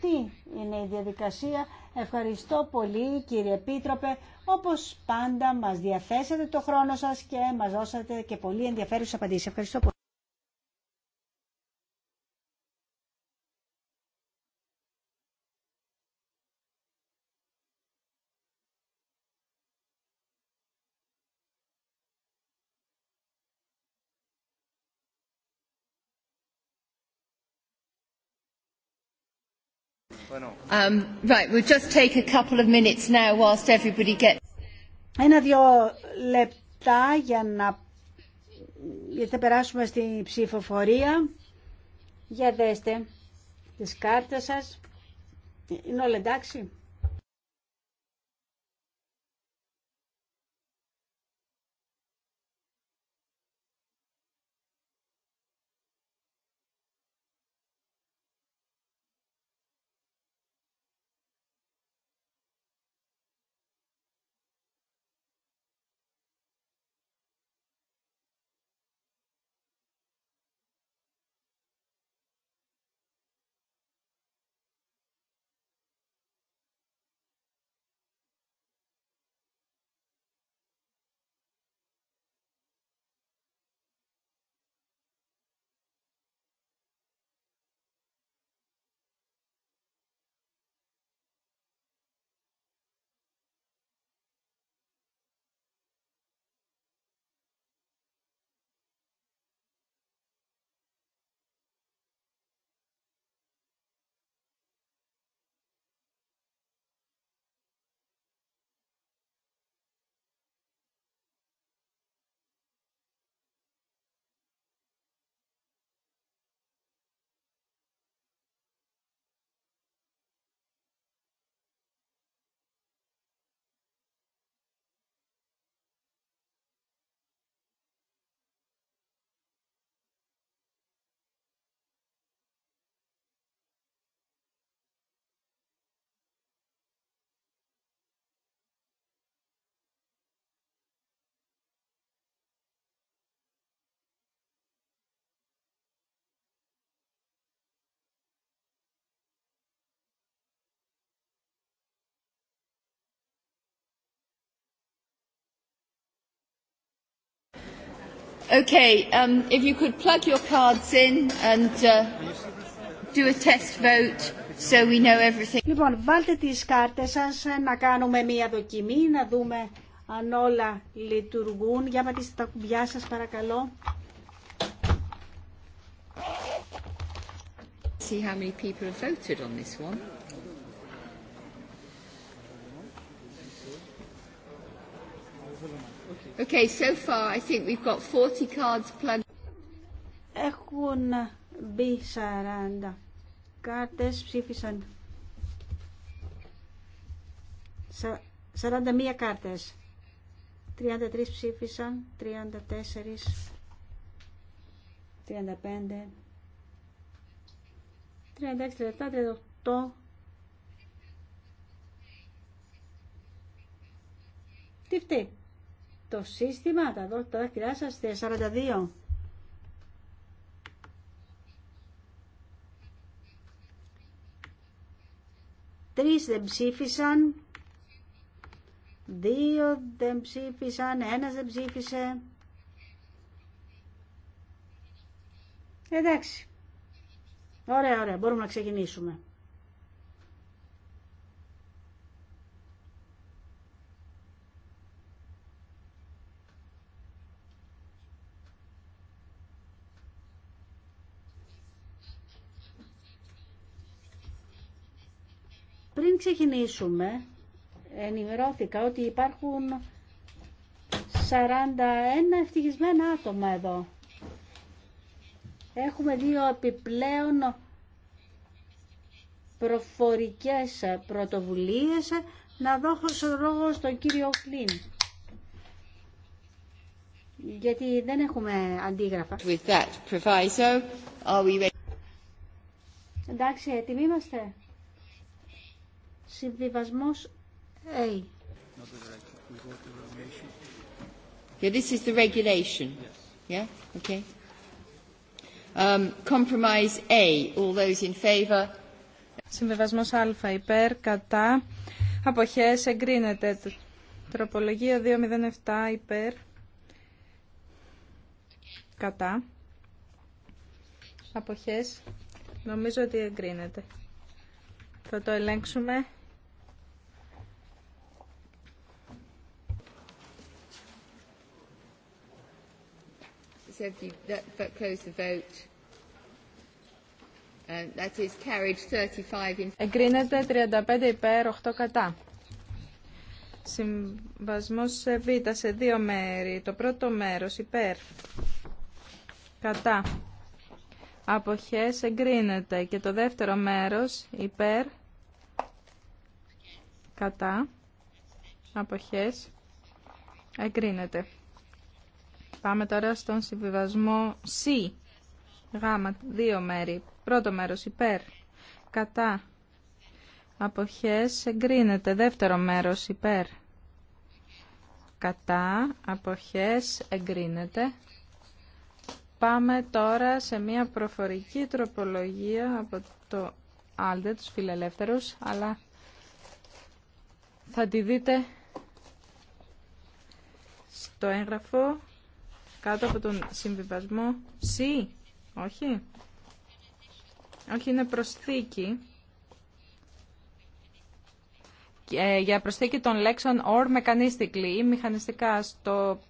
Τι είναι η διαδικασία. Ευχαριστώ πολύ κύριε Επίτροπε. Όπως πάντα μας διαθέσατε το χρόνο σας και μας δώσατε και πολύ ενδιαφέρουσες απαντήσεις. Ευχαριστώ πολύ. Um, Ένα-δύο λεπτά για να περάσουμε στην ψηφοφορία. Για δέστε τις κάρτες σας. Είναι όλα εντάξει. Okay, um, if you could plug your cards in and uh, do a test vote so we know everything. Λοιπόν, βάλτε τις κάρτες σας να κάνουμε μία δοκιμή, να δούμε αν όλα λειτουργούν. Για πατήστε τα κουμπιά σας παρακαλώ. See how many people have voted on this one. Okay, so far I think we've got 40 cards planned. Έχουν μπει 40 κάρτες, ψήφισαν 41 κάρτες. 33 ψήφισαν, 34, 35, 36, 37, 38. Τι φταίει το σύστημα, τα δω, τα δάχτυλά σας, 42. Τρεις δεν ψήφισαν, δύο δεν ψήφισαν, ένας δεν ψήφισε. Εντάξει. Ωραία, ωραία, μπορούμε να ξεκινήσουμε. Πριν ξεκινήσουμε, ενημερώθηκα ότι υπάρχουν 41 ευτυχισμένα άτομα εδώ. Έχουμε δύο επιπλέον προφορικές πρωτοβουλίες. Να δώσω λόγο στον κύριο Κλίν. Γιατί δεν έχουμε αντίγραφα. With that proviso, are we... Εντάξει, έτοιμοι είμαστε. Συμβιβασμός A. Yeah, this is the regulation. Yeah? Okay. Um, compromise A. All those in favor. Συμβιβασμός Α. Υπέρ, κατά. Αποχές εγκρίνεται. Τροπολογία 207 υπέρ. Κατά. Αποχές. Νομίζω ότι εγκρίνεται. Θα το ελέγξουμε. Uh, that is carried 35 in... Εγκρίνεται 35 υπέρ, 8 κατά. Συμβασμός σε β, σε δύο μέρη. Το πρώτο μέρος υπέρ, κατά. Αποχές εγκρίνεται. Και το δεύτερο μέρος υπέρ, κατά. Αποχές εγκρίνεται. Πάμε τώρα στον συμβιβασμό C. Γάμα, δύο μέρη. Πρώτο μέρος υπέρ. Κατά. Αποχές εγκρίνεται. Δεύτερο μέρος υπέρ. Κατά. Αποχές εγκρίνεται. Πάμε τώρα σε μια προφορική τροπολογία από το Άλτε, τους φιλελεύθερους, αλλά θα τη δείτε στο έγγραφο κάτω από τον συμβιβασμό C. Όχι. Όχι, είναι προσθήκη. Ε, για προσθήκη των λέξεων or mechanistically ή μηχανιστικά στο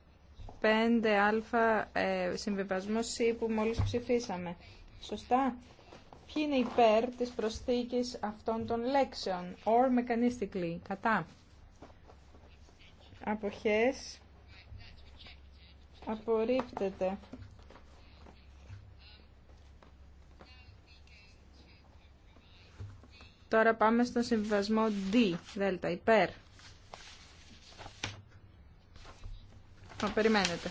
5α ε, συμβιβασμό C που μόλις ψηφίσαμε. Σωστά. Ποιοι είναι υπέρ της προσθήκης αυτών των λέξεων or mechanistically. Κατά. Αποχές Απορρίπτεται. Τώρα πάμε στο συμβασμό D, δέλτα, υπέρ. Να περιμένετε.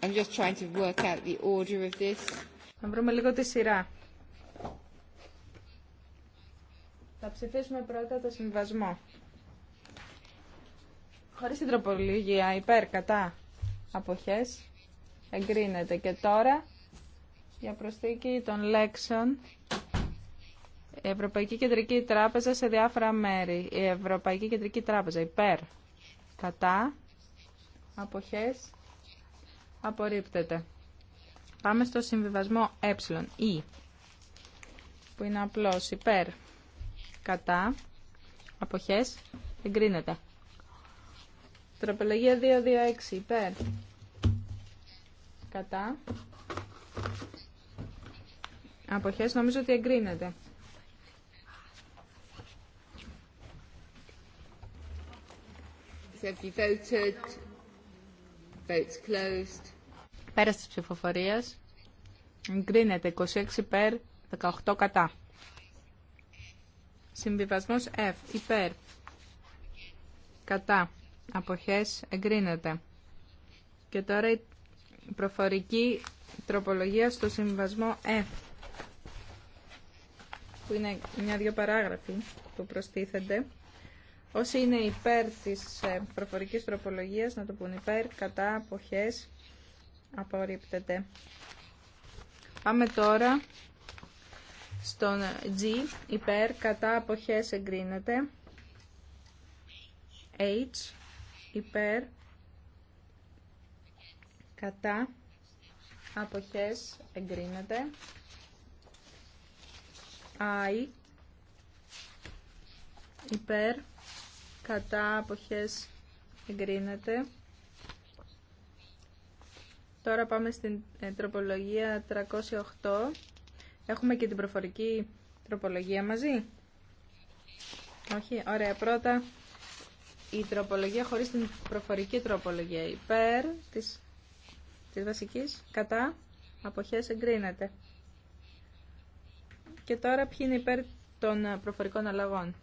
I'm just Να βρούμε λίγο τη σειρά. Θα ψηφίσουμε πρώτα το συμβασμό. Χωρίς την τροπολογία υπέρ κατά αποχές εγκρίνεται. Και τώρα για προσθήκη των λέξεων η Ευρωπαϊκή Κεντρική Τράπεζα σε διάφορα μέρη. Η Ευρωπαϊκή Κεντρική Τράπεζα υπέρ κατά αποχές απορρίπτεται. Πάμε στο συμβιβασμό ε, που είναι απλώς υπέρ, κατά, αποχές, εγκρίνεται. 2 2 6 υπέρ. Κατά. Αποχές νομίζω ότι εγκρίνεται. Πέρα της ψηφοφορίας εγκρίνεται 26 υπέρ 18 κατά. Συμβιβασμός F υπέρ κατά αποχές εγκρίνεται. Και τώρα η προφορική τροπολογία στο συμβασμό Ε που είναι μια-δυο παράγραφοι που προστίθενται. Όσοι είναι υπέρ της ε, προφορικής τροπολογίας, να το πούν υπέρ, κατά, αποχές, απορρίπτεται. Πάμε τώρα στον G, υπέρ, κατά, αποχές, εγκρίνεται. H, υπέρ κατά αποχές εγκρίνεται Άι υπέρ κατά αποχές εγκρίνεται Τώρα πάμε στην ε, τροπολογία 308. Έχουμε και την προφορική τροπολογία μαζί. Όχι, ωραία. Πρώτα η τροπολογία χωρίς την προφορική τροπολογία. Υπέρ της, της βασικής, κατά, αποχές εγκρίνεται. Και τώρα ποιοι είναι υπέρ των προφορικών αλλαγών.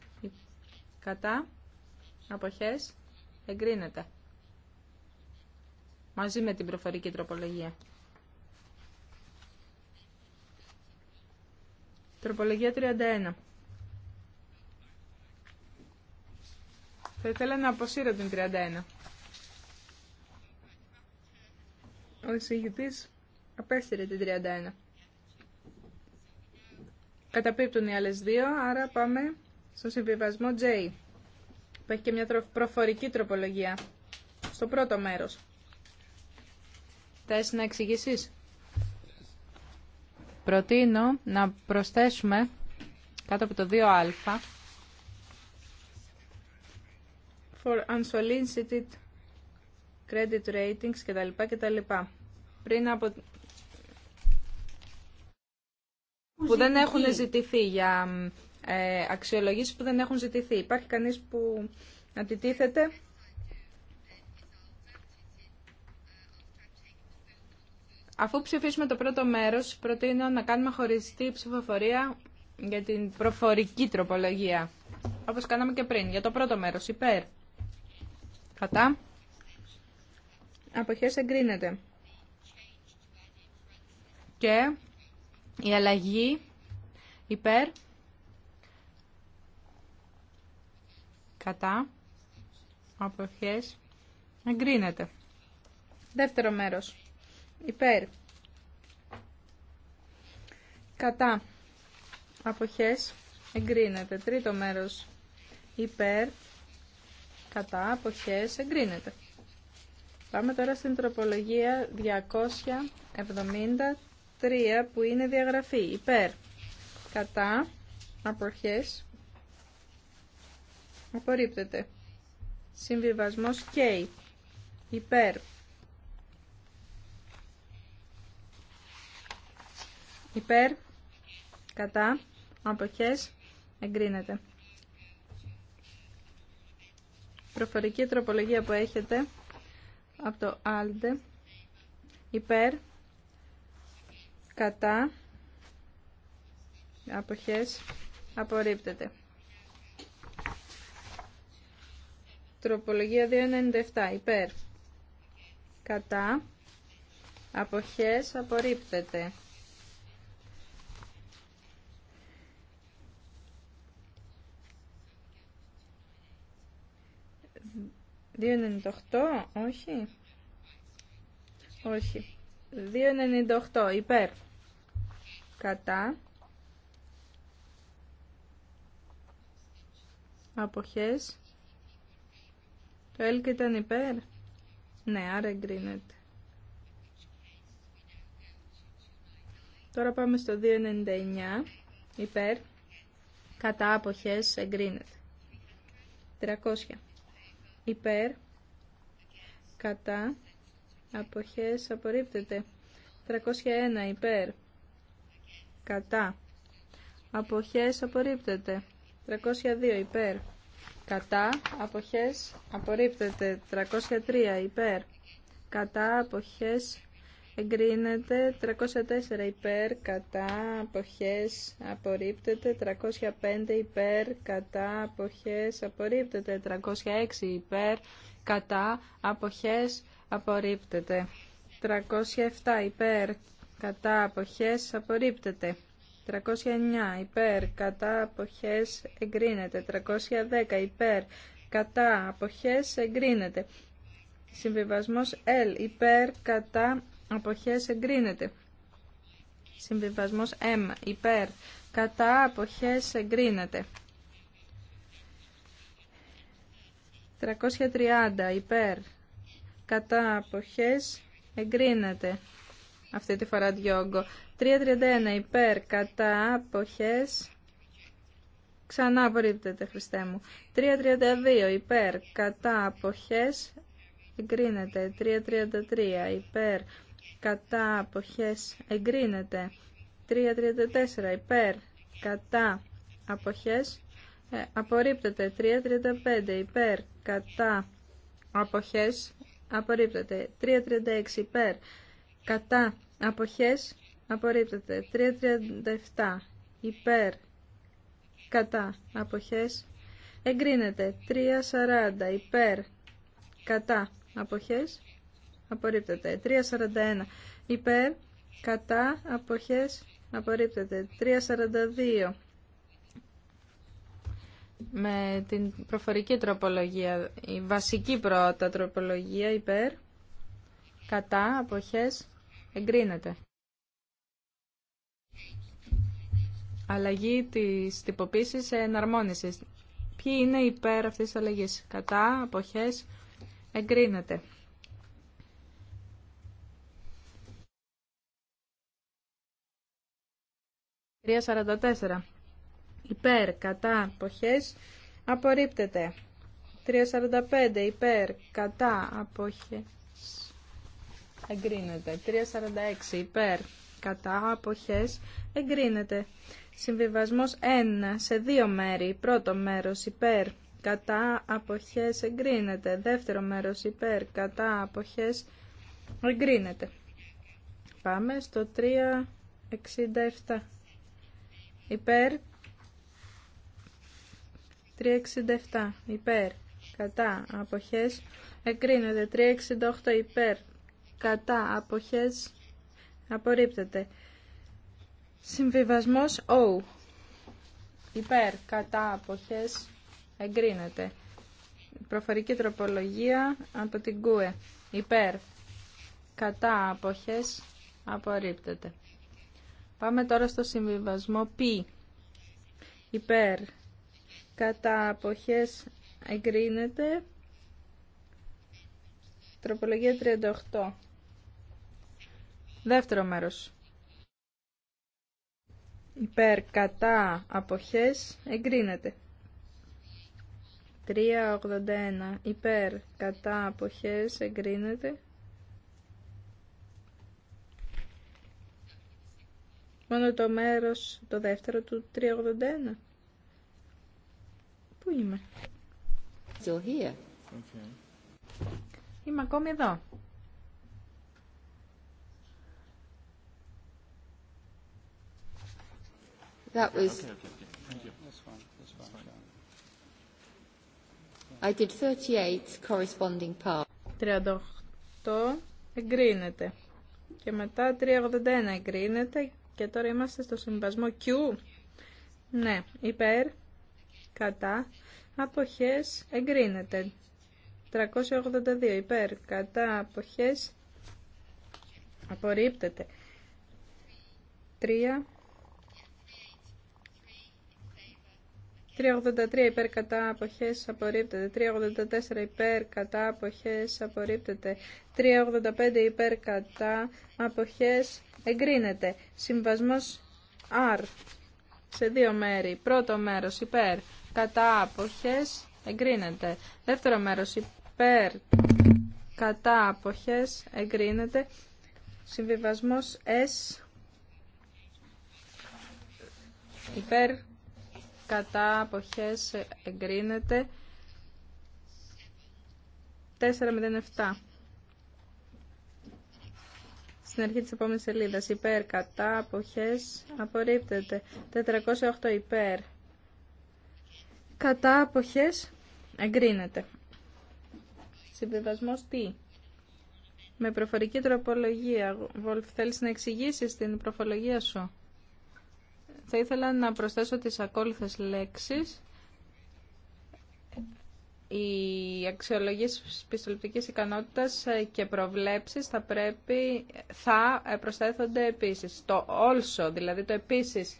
Κατά, αποχές εγκρίνεται. Μαζί με την προφορική τροπολογία. Τροπολογία 31. Θα να αποσύρω την 31. Ο εισηγητής απέστειλε την 31. Καταπίπτουν οι άλλες δύο, άρα πάμε στο συμβιβασμό J. Που έχει και μια προφορική τροπολογία. Στο πρώτο μέρος. Θες να εξηγήσεις. Προτείνω να προσθέσουμε κάτω από το 2α for unsolicited credit ratings κτλ. κτλ. Πριν από... που δεν έχουν ζητηθεί για ε, αξιολογήσεις που δεν έχουν ζητηθεί. Υπάρχει κανείς που αντιτίθεται. Αφού ψηφίσουμε το πρώτο μέρος, προτείνω να κάνουμε χωριστή ψηφοφορία για την προφορική τροπολογία. Όπως κάναμε και πριν, για το πρώτο μέρος, υπέρ. Κατά. Αποχές εγκρίνεται. Και η αλλαγή υπέρ. Κατά. Αποχές εγκρίνεται. Δεύτερο μέρος. Υπέρ. Κατά. Αποχές εγκρίνεται. Τρίτο μέρος. Υπέρ κατά αποχές εγκρίνεται. Πάμε τώρα στην τροπολογία 273 που είναι διαγραφή. Υπέρ, κατά, αποχές, απορρίπτεται. Συμβιβασμός K, υπέρ. Υπέρ, κατά, αποχές, εγκρίνεται προφορική τροπολογία που έχετε από το άλτε υπέρ κατά αποχές απορρίπτεται. Τροπολογία 297 υπέρ κατά αποχές απορρίπτεται. 2,98, όχι. Όχι. 2,98 υπέρ. Κατά. Αποχές. Το έλκ ήταν υπέρ. Ναι, άρα εγκρίνεται. Τώρα πάμε στο 2,99 υπέρ. Κατά αποχές εγκρίνεται. 300 υπέρ, κατά, αποχές απορρίπτεται. 301 υπέρ, κατά, αποχές απορρίπτεται. 302 υπέρ, κατά, αποχές απορρίπτεται. 303 υπέρ, κατά, αποχές εγκρίνεται 304 υπέρ κατά αποχές απορρίπτεται 305 υπέρ κατά αποχές απορρίπτεται 306 υπέρ κατά αποχές απορρίπτεται 307 υπέρ κατά αποχές απορρίπτεται 309 υπέρ κατά αποχές εγκρίνεται 310 υπέρ κατά αποχές εγκρίνεται Συμβιβασμός L υπέρ κατά αποχές εγκρίνεται. Συμβιβασμός M υπέρ κατά αποχές εγκρίνεται. 330 υπέρ κατά αποχές εγκρίνεται. Αυτή τη φορά διόγκο. 331 υπέρ κατά αποχές Ξανά απορρίπτεται, Χριστέ μου. 3.32 υπέρ, κατά, αποχές, εγκρίνεται. 3.33 υπέρ, κατά αποχές εγκρίνεται 3.34 υπέρ κατά αποχές ε, απορρίπτεται 3.35 υπέρ κατά αποχές απορρίπτεται 3.36 υπέρ κατά αποχές απορρίπτεται 3.37 υπέρ κατά αποχές εγκρίνεται 3.40 υπέρ κατά αποχές απορρίπτεται. 3.41 υπέρ, κατά, αποχές, απορρίπτεται. 3.42 με την προφορική τροπολογία, η βασική πρώτα τροπολογία υπέρ, κατά, αποχές, εγκρίνεται. Αλλαγή της τυποποίησης σε εναρμόνιση. Ποιοι είναι υπέρ αυτής της αλλαγής. Κατά, αποχές, εγκρίνεται. 344. Υπέρ, κατά, αποχές, απορρίπτεται. 345. Υπέρ, κατά, αποχές, εγκρίνεται. 346. Υπέρ, κατά, αποχές, εγκρίνεται. Συμβιβασμός 1 σε δύο μέρη. Πρώτο μέρος υπέρ, κατά, αποχές, εγκρίνεται. Δεύτερο μέρος υπέρ, κατά, αποχές, εγκρίνεται. Πάμε στο 367 υπέρ 367 υπέρ κατά αποχές εγκρίνεται 368 υπέρ κατά αποχές απορρίπτεται συμβιβασμός O υπέρ κατά αποχές εγκρίνεται προφορική τροπολογία από την ΚΟΕ υπέρ κατά αποχές απορρίπτεται Πάμε τώρα στο συμβιβασμό π. Υπέρ. Κατά αποχές εγκρίνεται. Τροπολογία 38. Δεύτερο μέρος. Υπέρ κατά αποχές εγκρίνεται. 381. Υπέρ κατά αποχές εγκρίνεται. Μόνο το μέρος το δεύτερο του 381. Πού είμαι. Είμαι ακόμη εδώ. 38 corresponding 38 εγκρίνεται. Και μετά 381 εγκρίνεται και τώρα είμαστε στο συμβασμό Q. Ναι, υπέρ, κατά, αποχές, εγκρίνεται. 382 υπέρ, κατά, αποχές, απορρίπτεται. 3. 383 υπέρ κατά αποχές απορρίπτεται, 384 υπέρ κατά αποχές απορρίπτεται, 385 υπέρ κατά αποχές εγκρίνεται. Συμβασμός R σε δύο μέρη. Πρώτο μέρος υπέρ κατά αποχές εγκρίνεται. Δεύτερο μέρος υπέρ κατά αποχές εγκρίνεται. Συμβιβασμός S υπέρ κατά αποχές εγκρίνεται. 407 στην αρχή της επόμενης σελίδας. Υπέρ, κατά, αποχές, απορρίπτεται. 408 υπέρ. Κατά, αποχές, εγκρίνεται. Συμβιβασμός τι. Με προφορική τροπολογία. Βολφ, θέλεις να εξηγήσεις την προφολογία σου. Θα ήθελα να προσθέσω τις ακόλουθες λέξεις οι αξιολογίες πιστοληπτικής ικανότητας και προβλέψεις θα πρέπει, θα προσθέτονται επίσης. Το also, δηλαδή το επίσης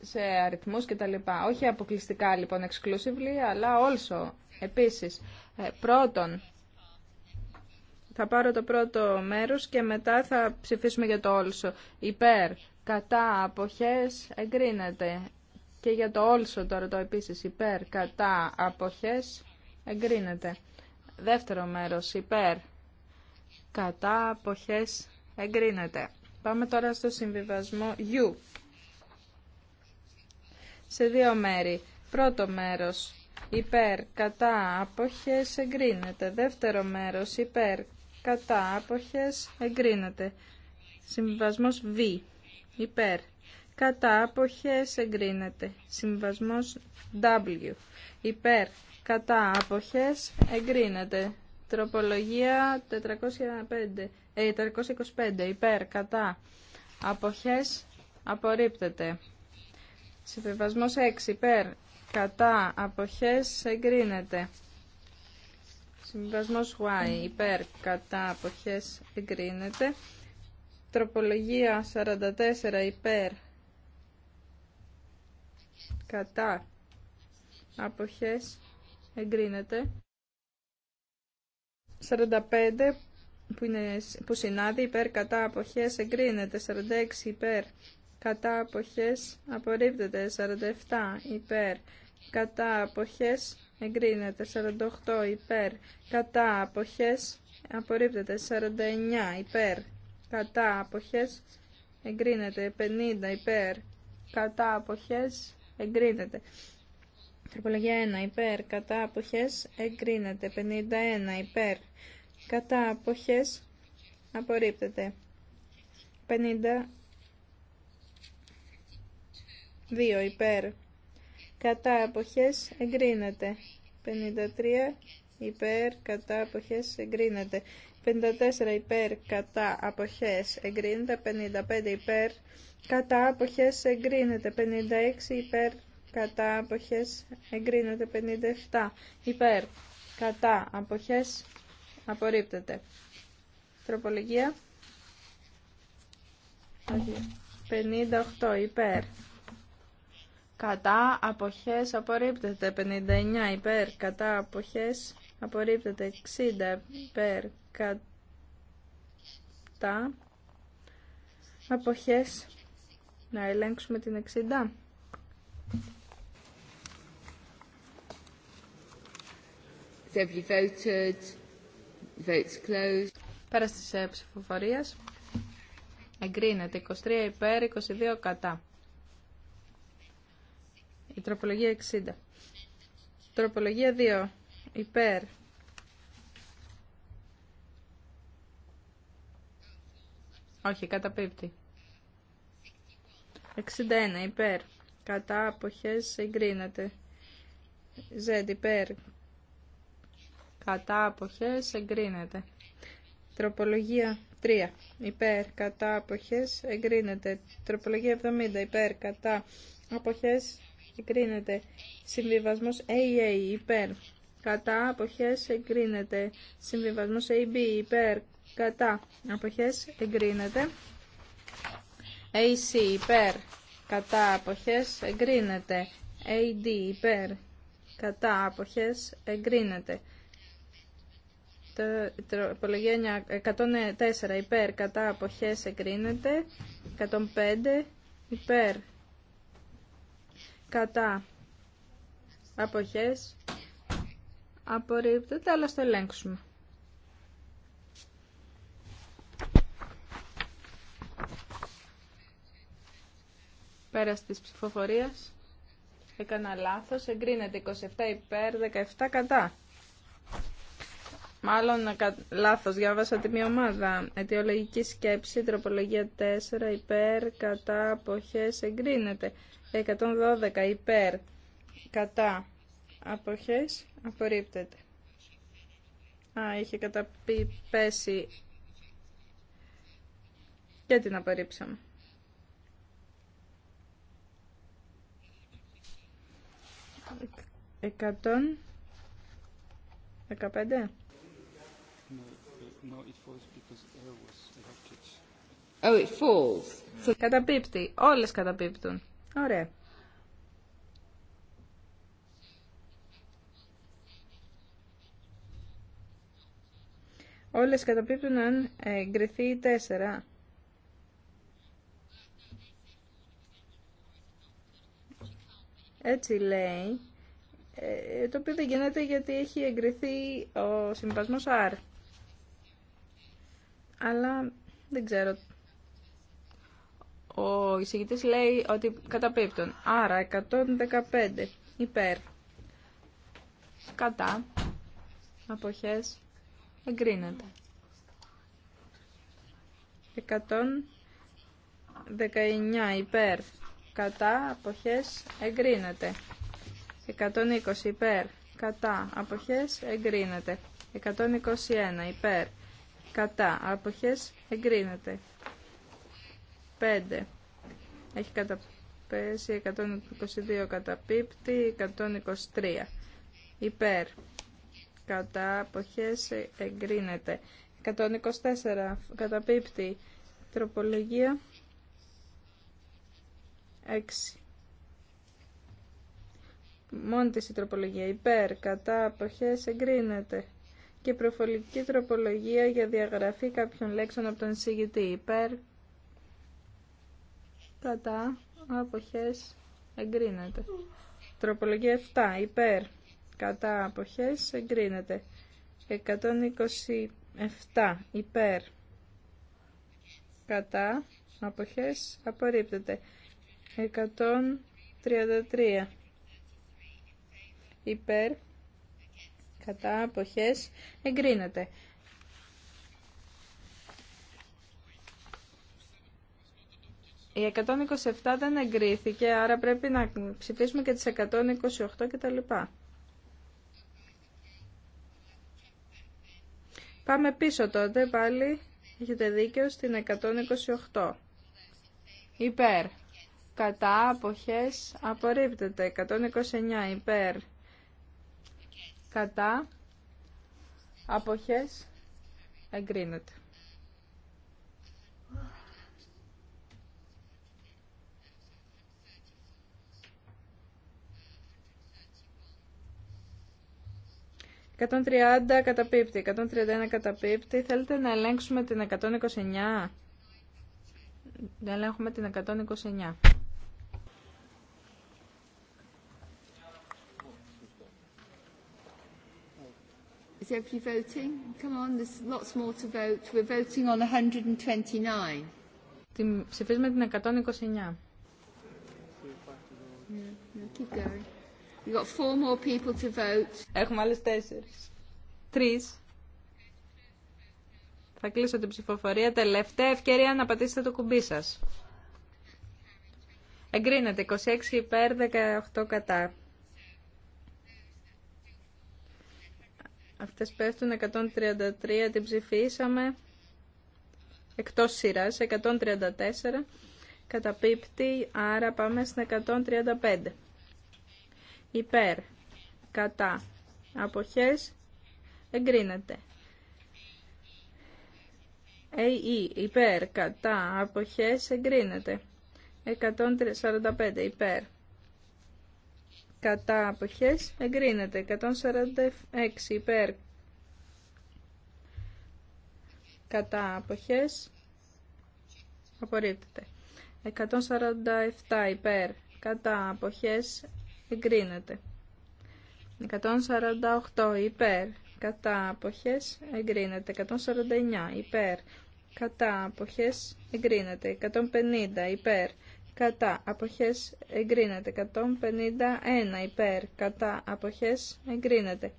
σε αριθμούς και τα λοιπά. Όχι αποκλειστικά λοιπόν exclusively, αλλά also επίσης. Ε, πρώτον, θα πάρω το πρώτο μέρος και μετά θα ψηφίσουμε για το also. Υπέρ, κατά, αποχές, εγκρίνεται. Και για το όλσο τώρα το επίσης υπέρ κατά αποχές εγκρίνεται. Δεύτερο μέρος υπέρ κατά αποχές εγκρίνεται. Πάμε τώρα στο συμβιβασμό U. Σε δύο μέρη. Πρώτο μέρος υπέρ κατά αποχές εγκρίνεται. Δεύτερο μέρος υπέρ κατά αποχές εγκρίνεται. Συμβιβασμός V. Υπέρ κατά άποχες εγκρίνεται. Συμβασμός W. Υπέρ κατά άποχες εγκρίνεται. Τροπολογία 405, ε, 425. Υπέρ κατά άποχες απορρίπτεται. Συμβασμός 6. Υπέρ κατά άποχες εγκρίνεται. Συμβασμός Y. Υπέρ κατά άποχες εγκρίνεται. Τροπολογία 44 υπέρ κατά αποχές εγκρίνεται 45 που, είναι, που συνάδει υπέρ κατά αποχές εγκρίνεται 46 υπέρ κατά αποχές απορρίπτεται 47 υπέρ κατά αποχές εγκρίνεται 48 υπέρ κατά αποχές απορρίπτεται 49 υπέρ κατά αποχές εγκρίνεται 50 υπέρ κατά αποχές εγκρίνεται. Τροπολογία 1 υπέρ κατά αποχές εγκρίνεται. 51 υπέρ κατά αποχές απορρίπτεται. 52 υπέρ κατά αποχές εγκρίνεται. 53 υπέρ κατά αποχές εγκρίνεται. 54 υπέρ κατά αποχές εγκρίνεται, 55 υπέρ κατά αποχές εγκρίνεται, 56 υπέρ κατά αποχές εγκρίνεται, 57 υπέρ κατά αποχές απορρίπτεται. Τροπολογία. 58 υπέρ. Κατά αποχές απορρίπτεται. 59 υπέρ. Κατά αποχές απορρίπτεται 60 περ κατά αποχές να ελέγξουμε την 60 voted? Votes closed. Πέρα στις ψηφοφορίες. Εγκρίνεται 23 υπέρ, 22 κατά. Η τροπολογία 60. Τροπολογία 2 υπέρ όχι καταπίπτει 61 υπέρ κατά αποχές εγκρίνεται Z υπέρ κατά αποχές εγκρίνεται τροπολογία 3 υπέρ κατά αποχές εγκρίνεται τροπολογία 70 υπέρ κατά αποχές εγκρίνεται συμβιβασμός AA υπέρ κατά αποχές εγκρίνεται. Συμβιβασμός AB υπέρ κατά αποχές εγκρίνεται. AC υπέρ κατά αποχές εγκρίνεται. AD υπέρ κατά αποχές εγκρίνεται. Τροπολογία 104 ε, υπέρ κατά αποχές εγκρίνεται. 105 υπέρ κατά αποχές απορρίπτεται, αλλά στο ελέγξουμε. Πέρας της ψηφοφορίας, έκανα λάθος, εγκρίνεται 27 υπέρ, 17 κατά. Μάλλον λάθος, διάβασα τη μία ομάδα. Αιτιολογική σκέψη, τροπολογία 4, υπέρ, κατά, αποχές, εγκρίνεται. 112, υπέρ, κατά, αποχές απορρίπτεται. Α, είχε καταπεί πέσει και την απορρίψαμε. Εκατόν δεκαπέντε. Oh, it Καταπίπτει. Όλες καταπίπτουν. Ωραία. Όλες καταπίπτουν αν εγκριθεί η 4. Έτσι λέει, ε, το οποίο δεν γίνεται γιατί έχει εγκριθεί ο συμπασμός R. Αλλά δεν ξέρω. Ο εισηγητής λέει ότι καταπίπτουν. Άρα 115 υπέρ. Κατά. Αποχές. Εγκρίνεται. 119 υπέρ. Κατά αποχές εγκρίνεται. 120 υπέρ. Κατά αποχές εγκρίνεται. 121 υπέρ. Κατά αποχές εγκρίνεται. 5. Έχει καταπέσει 122 καταπίπτει 123. Υπέρ κατά αποχές εγκρίνεται 124 καταπίπτει τροπολογία 6 μόνη τροπολογία υπέρ κατά αποχές εγκρίνεται και προφορική τροπολογία για διαγραφή κάποιων λέξεων από τον εισηγητή υπέρ κατά αποχές εγκρίνεται τροπολογία 7 υπέρ κατά αποχές εγκρίνεται 127 υπέρ κατά αποχές απορρίπτεται 133 υπέρ κατά αποχές εγκρίνεται η 127 δεν εγκρίθηκε άρα πρέπει να ψηφίσουμε και τις 128 κτλ. Πάμε πίσω τότε πάλι. Έχετε δίκιο στην 128. Υπέρ. Κατά αποχές απορρίπτεται. 129 υπέρ. Κατά αποχές εγκρίνεται. 130 καταπίπτει, 131 καταπίπτει. Θέλετε να ελέγξουμε την 129. Να ελέγχουμε την 129. Την ψηφίζουμε την 129. Yeah, Έχουμε άλλες τέσσερις. Τρεις. Θα κλείσω την ψηφοφορία. Τελευταία ευκαιρία να πατήσετε το κουμπί σας. Εγκρίνεται 26 υπέρ 18 κατά. Αυτές πέφτουν 133, την ψηφίσαμε. Εκτός σειράς, 134. Καταπίπτει, άρα πάμε στην 135 υπέρ, κατά, αποχές, εγκρίνεται. ΑΕ, υπέρ, κατά, αποχές, εγκρίνεται. 145, υπέρ, κατά, αποχές, εγκρίνεται. 146, υπέρ, κατά, αποχές, απορρίπτεται. 147, υπέρ, κατά, αποχές, εγκρίνεται. 148 υπέρ κατά αποχές εγκρίνεται. 149 υπέρ κατά αποχές εγκρίνεται. 150 υπέρ κατά αποχές εγκρίνεται. 151 υπέρ κατά αποχές εγκρίνεται.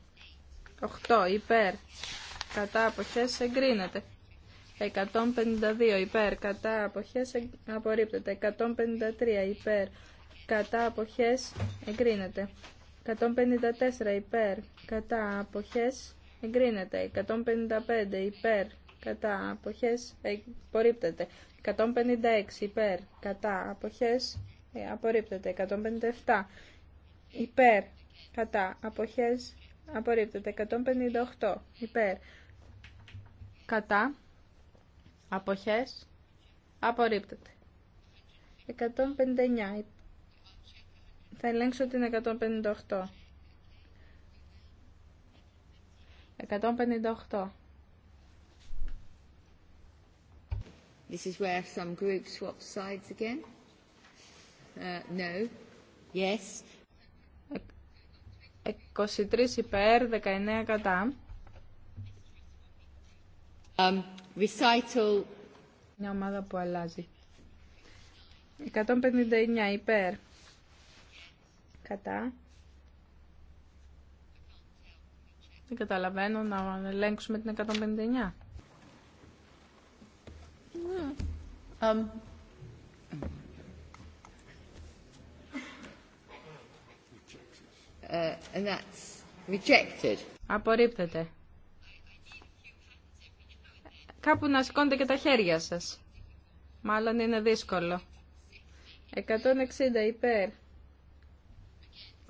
8 υπέρ κατά αποχές εγκρίνεται. 152 υπέρ κατά αποχές απορρίπτεται. 153 υπέρ κατά αποχές εγκρίνεται 154 υπέρ κατά αποχές εγκρίνεται 155 ε, ε, υπέρ κατά αποχές απορρίπτεται 156 υπέρ κατά αποχές απορρίπτεται 157 υπέρ κατά αποχές απορρίπτεται 158 υπέρ κατά αποχές απορρίπτεται 159 θα ελέγξω την 158. 158. This is where some groups swap sides again. Uh, no. Yes. 23 υπέρ, 19 κατά. Um, recital. Μια ομάδα που αλλάζει. 159 υπέρ. Κατά. Δεν καταλαβαίνω να ελέγξουμε την 159. Um. and that's rejected. Απορρίπτεται. Κάπου να σηκώνετε και τα χέρια σας. Μάλλον είναι δύσκολο. 160 υπέρ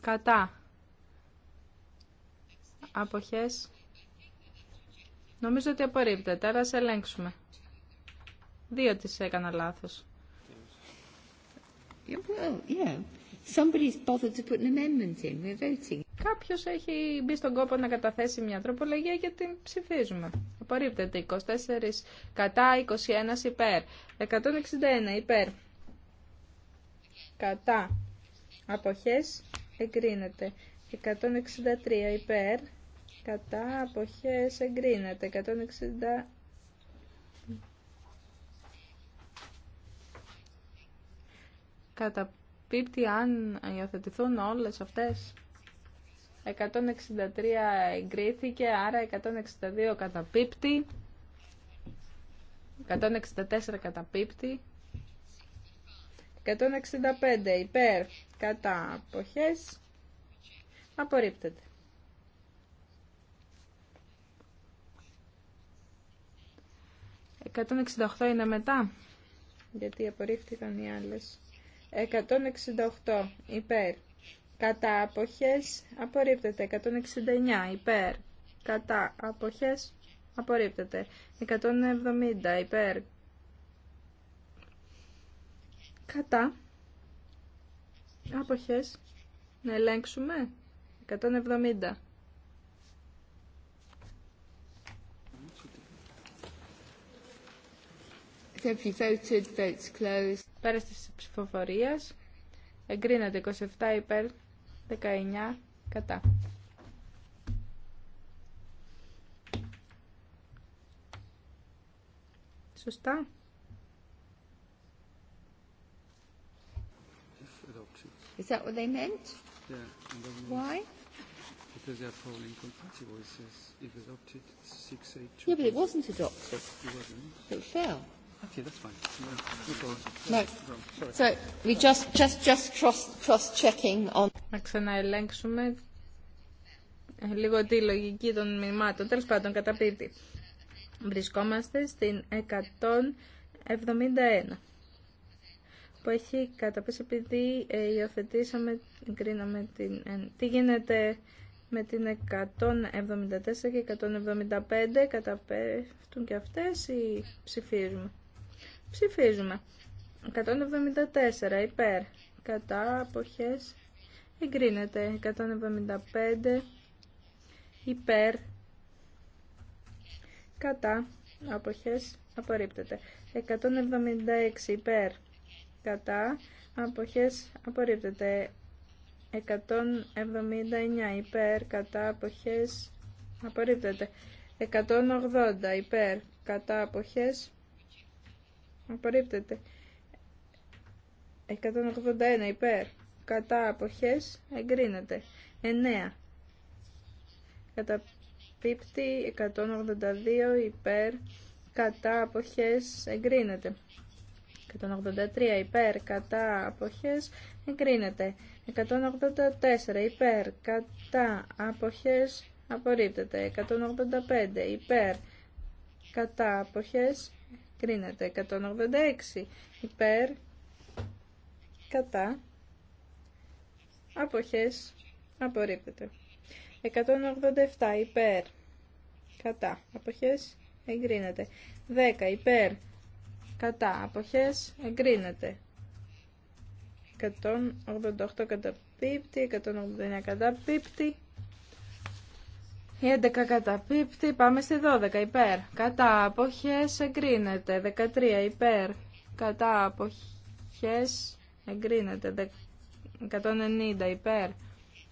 κατά αποχές νομίζω ότι απορρίπτεται άρα σε ελέγξουμε δύο τις έκανα λάθος Κάποιος έχει μπει στον κόπο να καταθέσει μια τροπολογία και την ψηφίζουμε. Απορρίπτεται 24 κατά, 21 υπέρ, 161 υπέρ, κατά, αποχές, εγκρίνεται. 163 υπέρ, κατά αποχές εγκρίνεται. 160 καταπίπτει αν υιοθετηθούν όλες αυτές. 163 εγκρίθηκε, άρα 162 καταπίπτει. 164 καταπίπτει. 165 υπέρ κατά αποχές απορρίπτεται. 168 είναι μετά, γιατί απορρίφθηκαν οι άλλες. 168 υπέρ. Κατά αποχές απορρίπτεται. 169 υπέρ. Κατά αποχές απορρίπτεται. 170 υπέρ. Κατά. Άποχες. Να ελέγξουμε. 170. Πέρα τη ψηφοφορία εγκρίνεται 27 υπέρ 19 κατά. Σωστά. Is that what they meant? Yeah. Why? Because they are probably incompatible. It says if adopted, 682. Yeah, but it wasn't adopted. It wasn't. It fell. Okay, that's fine. No, no, Sorry. So we just just just cross cross checking on. Να ξαναελέγξουμε λίγο τη λογική των μηνυμάτων. Τέλο πάντων, καταπίτη. Βρισκόμαστε στην 171 που έχει καταπέσει επειδή ε, υιοθετήσαμε, εγκρίναμε την... Τι γίνεται με την 174 και 175 καταπέφτουν και αυτές ή ψηφίζουμε. Ψηφίζουμε. 174 υπέρ. Κατά αποχές εγκρίνεται. 175 υπέρ. Κατά αποχές απορρίπτεται. 176 υπέρ κατά αποχές απορρίπτεται 179 υπέρ κατά αποχές απορρίπτεται 180 υπέρ κατά αποχές απορρίπτεται 181 υπέρ κατά αποχές εγκρίνεται 9 κατά πίπτη 182 υπέρ κατά αποχές εγκρίνεται 183 υπέρ κατά αποχές εγκρίνεται. 184 υπέρ κατά αποχές απορρίπτεται. 185 υπέρ κατά αποχές εγκρίνεται. 186 υπέρ κατά αποχές απορρίπτεται. 187 υπέρ κατά αποχές εγκρίνεται. 10 υπέρ κατά αποχές εγκρίνεται 188 καταπίπτει 189 καταπίπτει 11 καταπίπτει πάμε στη 12 υπέρ κατά αποχές εγκρίνεται 13 υπέρ κατά αποχές εγκρίνεται 190 υπέρ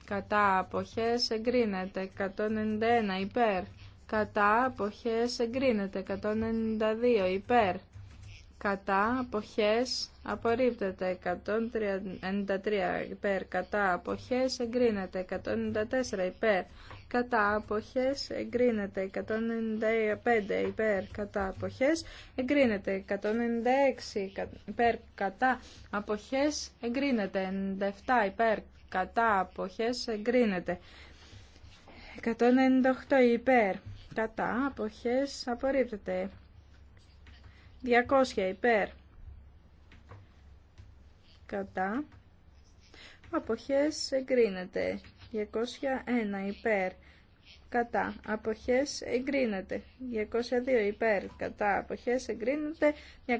κατά αποχές εγκρίνεται 191 υπέρ κατά αποχές εγκρίνεται 192 υπέρ κατά αποχές απορρίπτεται 193 υπέρ κατά αποχές εγκρίνεται 194 υπέρ κατά αποχές εγκρίνεται 195 υπέρ κατά αποχές εγκρίνεται 196 υπέρ κατά αποχές εγκρίνεται 97 υπέρ κατά αποχές εγκρίνεται 198 υπέρ κατά αποχές απορρίπτεται 200 υπέρ κατά αποχές εγκρίνεται 201 υπέρ κατά αποχές εγκρίνεται 202 υπέρ κατά αποχές εγκρίνεται 203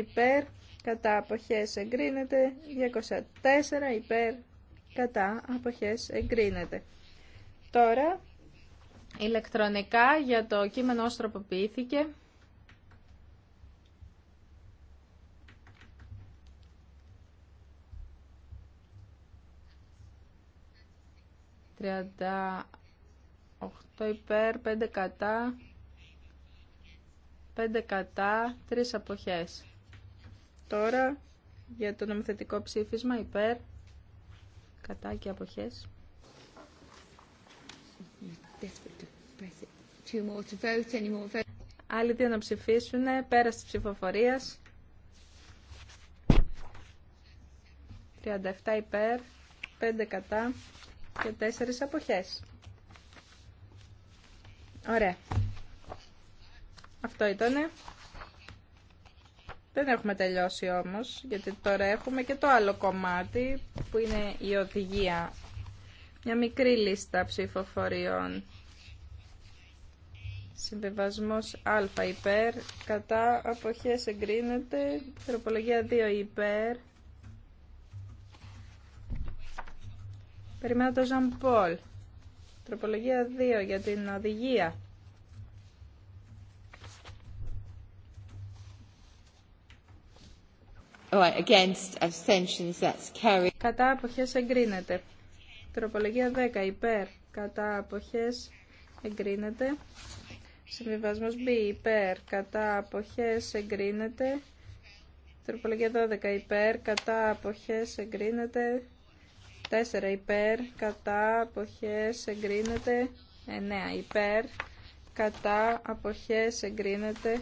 υπέρ κατά αποχές εγκρίνεται 204 υπέρ κατά αποχές εγκρίνεται τώρα ηλεκτρονικά για το κείμενο όσο τροποποιήθηκε 38 υπέρ, 5 κατά, 5 κατά, 3 αποχές. Τώρα για το νομοθετικό ψήφισμα υπέρ, κατά και αποχές. Άλλοι δύο να ψηφίσουν, πέρα της ψηφοφορίας. 37 υπέρ, 5 κατά, και τέσσερις αποχές. Ωραία. Αυτό ήτανε. Δεν έχουμε τελειώσει όμως, γιατί τώρα έχουμε και το άλλο κομμάτι που είναι η οδηγία. Μια μικρή λίστα ψηφοφοριών. Συμβιβασμός α υπέρ, κατά αποχές εγκρίνεται, τροπολογία 2 υπέρ, Περιμένω το Ζαν Πολ. Τροπολογία 2 για την οδηγία. Κατά αποχές εγκρίνεται. Τροπολογία 10 υπέρ. Κατά αποχές εγκρίνεται. Συμβιβασμός B υπέρ. Κατά αποχές εγκρίνεται. Τροπολογία 12 υπέρ. Κατά αποχές εγκρίνεται. 4 υπέρ, κατά, αποχές, εγκρίνεται. 9 υπέρ, κατά, αποχές, εγκρίνεται.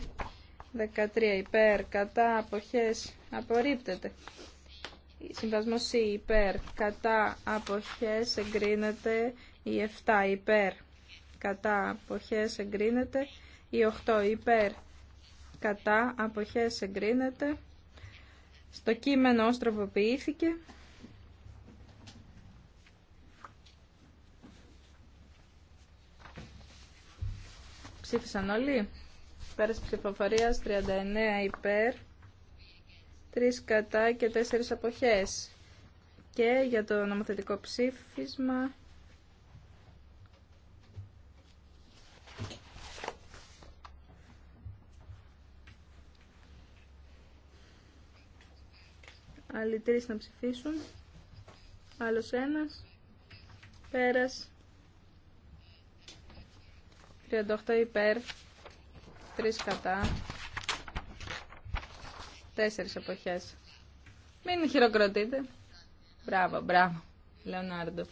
13 υπέρ, κατά, αποχές, απορρίπτεται. Συμβασμό C υπέρ, κατά, αποχές, εγκρίνεται. Η 7 υπέρ, κατά, αποχές, εγκρίνεται. Η 8 υπέρ, κατά, αποχές, εγκρίνεται. Στο κείμενο ως τροποποιήθηκε. Ψήφισαν όλοι. Πέρας ψηφοφορία 39 υπέρ, 3 κατά και 4 αποχές. Και για το νομοθετικό ψήφισμα... Άλλοι τρεις να ψηφίσουν. Άλλος ένας. Πέρας. 38 υπέρ, 3 κατά, 4 εποχές. Μην χειροκροτείτε. Μπράβο, μπράβο, Λεωνάρντο.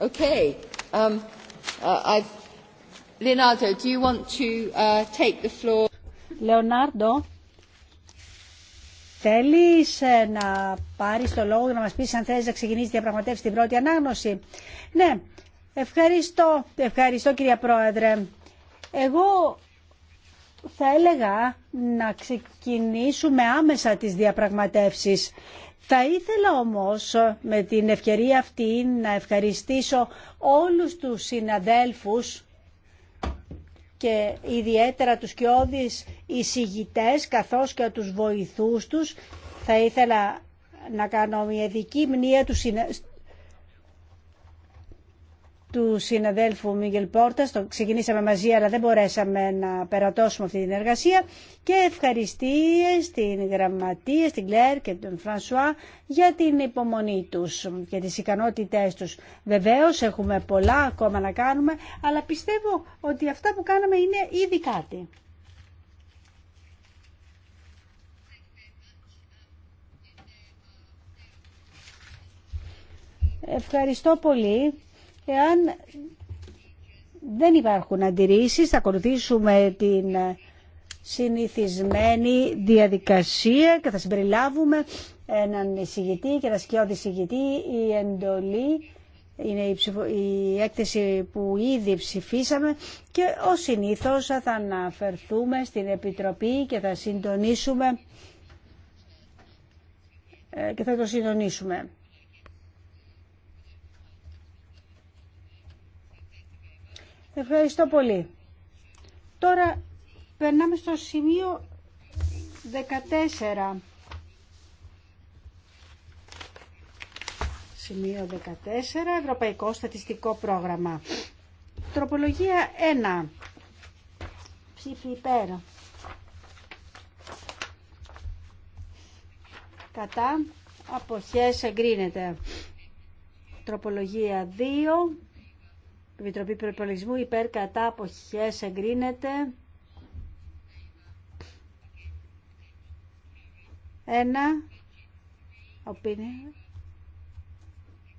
Okay. Um, uh, I've... Leonardo, do you want to uh, take the floor? Leonardo, Θέλεις ε, να πάρεις το λόγο για να μας πεις αν θέλεις να ξεκινήσεις διαπραγματεύσεις την πρώτη ανάγνωση. Ναι, Ευχαριστώ, ευχαριστώ κυρία Πρόεδρε. Εγώ θα έλεγα να ξεκινήσουμε άμεσα τις διαπραγματεύσεις. Θα ήθελα όμως με την ευκαιρία αυτή να ευχαριστήσω όλους τους συναδέλφους και ιδιαίτερα τους κοιόδης εισηγητές καθώς και τους βοηθούς τους. Θα ήθελα να κάνω μια δική μνήμα του συναδέλφου Μίγκελ Πόρτα. Το ξεκινήσαμε μαζί, αλλά δεν μπορέσαμε να περατώσουμε αυτή την εργασία. Και ευχαριστίε στην Γραμματεία, στην Κλέρ και τον Φρανσουά για την υπομονή τους και τι ικανότητε του. Βεβαίω, έχουμε πολλά ακόμα να κάνουμε, αλλά πιστεύω ότι αυτά που κάναμε είναι ήδη κάτι. Ευχαριστώ πολύ. Εάν δεν υπάρχουν αντιρρήσεις, θα ακολουθήσουμε την συνηθισμένη διαδικασία και θα συμπεριλάβουμε έναν εισηγητή και ένα σκιώδη εισηγητή. Η εντολή είναι η, η έκθεση που ήδη ψηφίσαμε και ο συνήθως θα αναφερθούμε στην Επιτροπή και θα συντονίσουμε ε, και θα το συντονίσουμε. Ευχαριστώ πολύ. Τώρα περνάμε στο σημείο 14. Σημείο 14, Ευρωπαϊκό Στατιστικό Πρόγραμμα. Τροπολογία 1. Ψήφι υπέρ. Κατά. Αποχές εγκρίνεται. Τροπολογία 2. Επιτροπή Προπολογισμού υπέρ κατά αποχές εγκρίνεται. Ένα. Οπίνε.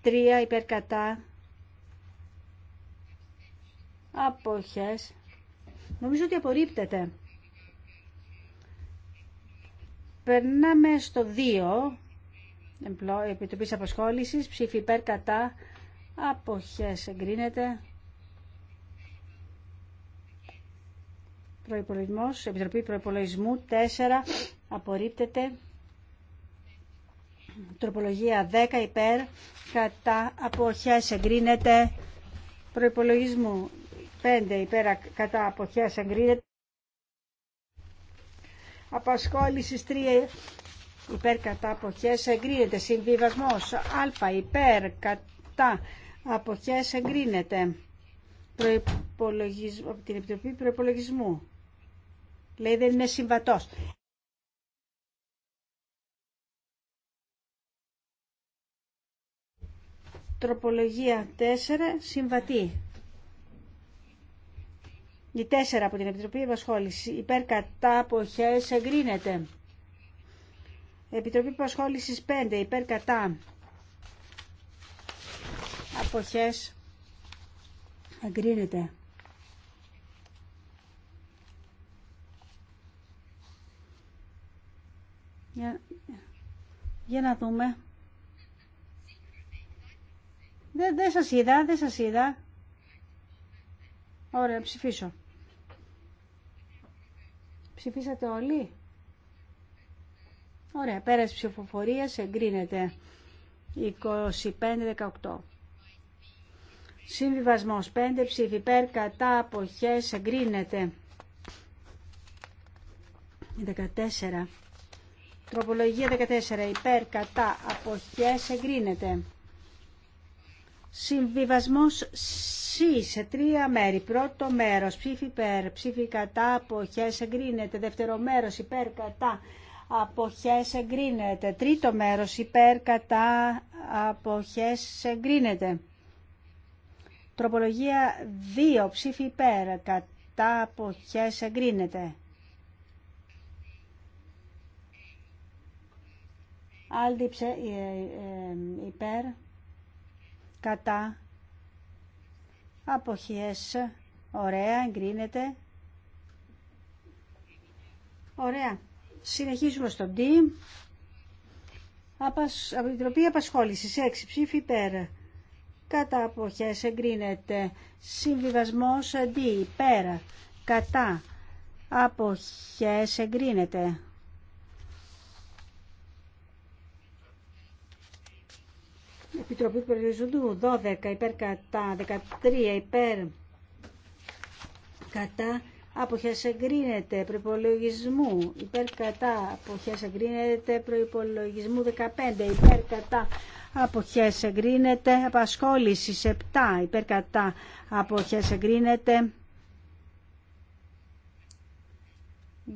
Τρία υπέρ κατά αποχές. Νομίζω ότι απορρίπτεται. Περνάμε στο 2. επιτροπή Απασχόλησης. Ψήφι υπέρ κατά αποχές εγκρίνεται. Προϋπολογισμός, Επιτροπή Προϋπολογισμού 4 απορρίπτεται. Τροπολογία 10 υπέρ κατά αποχές εγκρίνεται. Προϋπολογισμού 5 υπέρ κατά αποχές εγκρίνεται. απασχόληση 3 υπέρ κατά αποχές εγκρίνεται. Συμβιβασμός α υπέρ κατά αποχές εγκρίνεται. Προϋπολογισμ... Από την Επιτροπή Προϋπολογισμού. Λέει δεν είναι συμβατός. Τροπολογία 4, συμβατή. Η 4 από την Επιτροπή Επασχόληση. Υπέρ κατά αποχές εγκρίνεται. Επιτροπή επασχόληση 5. Υπέρ κατά αποχές εγκρίνεται. Για, να δούμε. Δεν δε σας είδα, δεν σας είδα. Ωραία, ψηφίσω. Ψηφίσατε όλοι. Ωραία, πέρας ψηφοφορίας εγκρίνεται 25-18. Συμβιβασμός 5 ψήφι υπέρ κατά αποχές εγκρίνεται 14. Τροπολογία 14. Υπέρ, κατά, αποχές, εγκρίνεται. Συμβιβασμός C σε τρία μέρη. Πρώτο μέρος, ψήφι υπέρ, ψήφι κατά, αποχές, εγκρίνεται. Δεύτερο μέρος, υπέρ, κατά, αποχές, εγκρίνεται. Τρίτο μέρος, υπέρ, κατά, αποχές, εγκρίνεται. Τροπολογία 2. Ψήφι υπέρ, κατά, αποχές, εγκρίνεται. άλδιψε ε, ε, υπέρ, κατά, αποχιές ωραία, εγκρίνεται. Ωραία. Συνεχίζουμε στο D. Από την τροπή απασχόληση 6 ψήφι υπέρ. Κατά αποχές εγκρίνεται. Συμβιβασμός ε, D υπέρ. Κατά αποχές εγκρίνεται. Επιτροπή Περιορισμού 12 υπέρ κατά 13 υπέρ κατά αποχές εγκρίνεται προϋπολογισμού υπέρ κατά αποχές εγκρίνεται προϋπολογισμού 15 υπέρ κατά αποχές εγκρίνεται απασχόληση 7 υπέρ κατά αποχές εγκρίνεται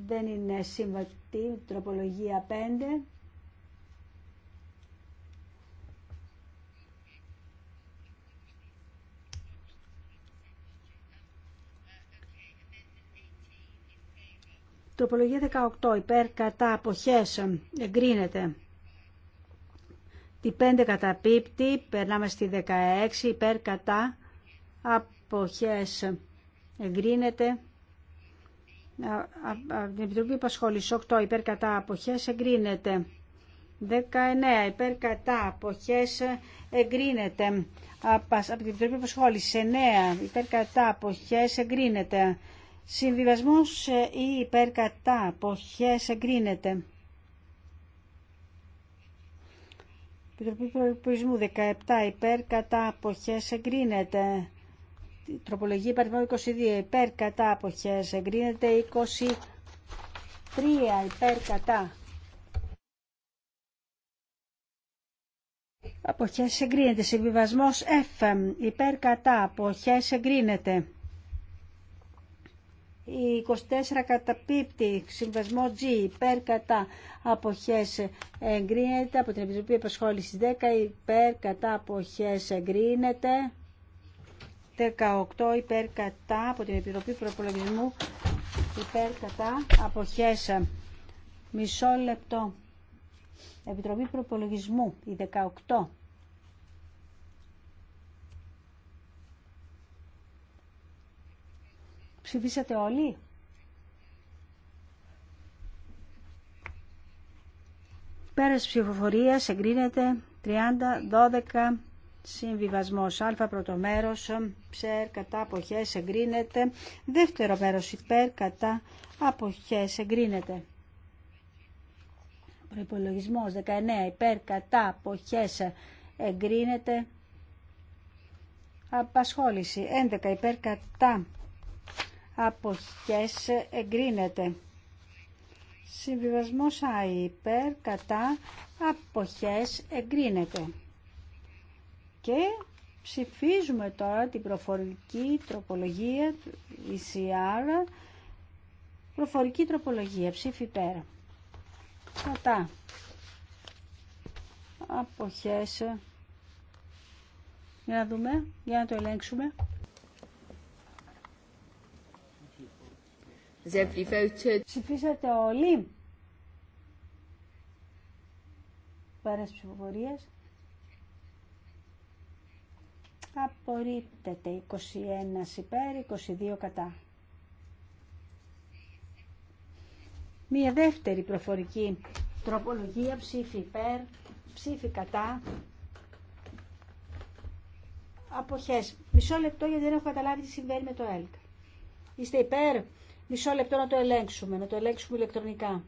δεν είναι συμβατή τροπολογία 5 Τροπολογία 18 υπέρ κατά αποχές εγκρίνεται. Τη 5 καταπίπτει, περνάμε στη 16 υπέρ κατά αποχές εγκρίνεται. Από την Επιτροπή Πασχόλης 8 υπέρ κατά αποχές εγκρίνεται. 19 υπέρ κατά αποχές εγκρίνεται. Από την Επιτροπή Πασχόλης 9 υπέρ κατά αποχές εγκρίνεται. Συμβιβασμός ε, ή υπερκατά, αποχές εγκρίνεται. Επιτροπή 17 υπέρ κατά αποχές εγκρίνεται. Τροπολογία 22 Υπέρκατα κατά αποχές εγκρίνεται. 23 υπέρ Αποχές εγκρίνεται. Συμβιβασμός F υπέρ αποχές εγκρίνεται η 24 καταπίπτει, συμβασμό G, υπέρ κατά αποχές εγκρίνεται, από την Επιτροπή Επασχόλησης 10, υπέρ κατά αποχές εγκρίνεται, 18 υπέρ κατά, από την Επιτροπή Προπολογισμού υπέρ κατά αποχές μισό λεπτό. Επιτροπή Προπολογισμού, η 18. Ψηφίσατε όλοι. Πέρας ψηφοφορίας εγκρίνεται 30, 12, συμβιβασμός α πρώτο μέρος, ψερ κατά αποχές εγκρίνεται, δεύτερο μέρος υπέρ κατά αποχές εγκρίνεται. Προϋπολογισμός 19 υπέρ κατά αποχές εγκρίνεται. Απασχόληση 11 υπέρ κατά αποχές εγκρίνεται. Συμβιβασμός ΆΙΠΕΡ κατά αποχές εγκρίνεται. Και ψηφίζουμε τώρα την προφορική τροπολογία του e προφορική τροπολογία ψήφι πέρα κατά αποχές για να δούμε, για να το ελέγξουμε Ψηφίσατε όλοι. Πέρας ψηφοφορίες Απορρίπτεται 21 υπέρ, 22 κατά. Μία δεύτερη προφορική τροπολογία ψήφι υπέρ, ψήφι κατά. Αποχές. Μισό λεπτό γιατί δεν έχω καταλάβει τι συμβαίνει με το ΕΛΚ. Είστε υπέρ. Μισό λεπτό να το ελέγξουμε, να το ελέγξουμε ηλεκτρονικά.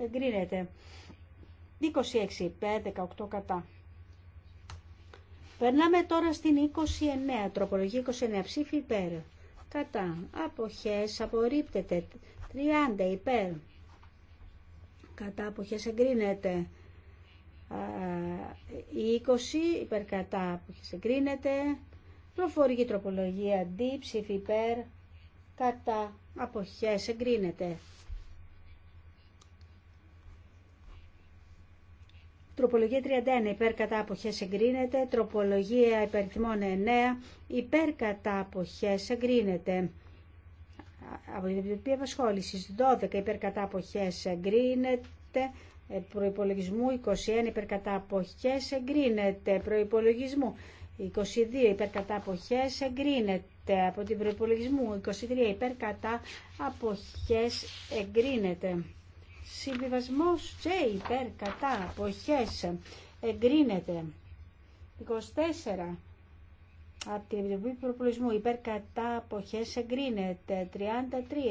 Εγκρίνεται. 26 υπέρ, 18 κατά. Περνάμε τώρα στην 29, τροπολογία 29, ψήφι υπέρ. Κατά. Αποχές απορρίπτεται. 30 υπέρ. Κατά αποχές εγκρίνεται. Ε, η 20 υπερκατά που συγκρίνεται, προφορική τροπολογία D, ψήφι υπέρ, κατά, αποχές, εγκρίνεται. Τροπολογία 31 υπέρ κατά αποχές εγκρίνεται. Τροπολογία υπερθυμών 9 υπέρ κατά αποχές εγκρίνεται. Από την Επιτροπή απασχόληση 12 υπέρ κατά αποχές εγκρίνεται. Ε, προϋπολογισμού 21 υπερκαταποχές εγκρίνεται προϋπολογισμού 22 υπερκαταποχές εγκρίνεται από την προϋπολογισμού 23 υπερκαταποχές εγκρίνεται συμβιβασμός J υπερκαταποχές εγκρίνεται 24 από την προϋπολογισμού Προπολογισμού εγκρίνεται 33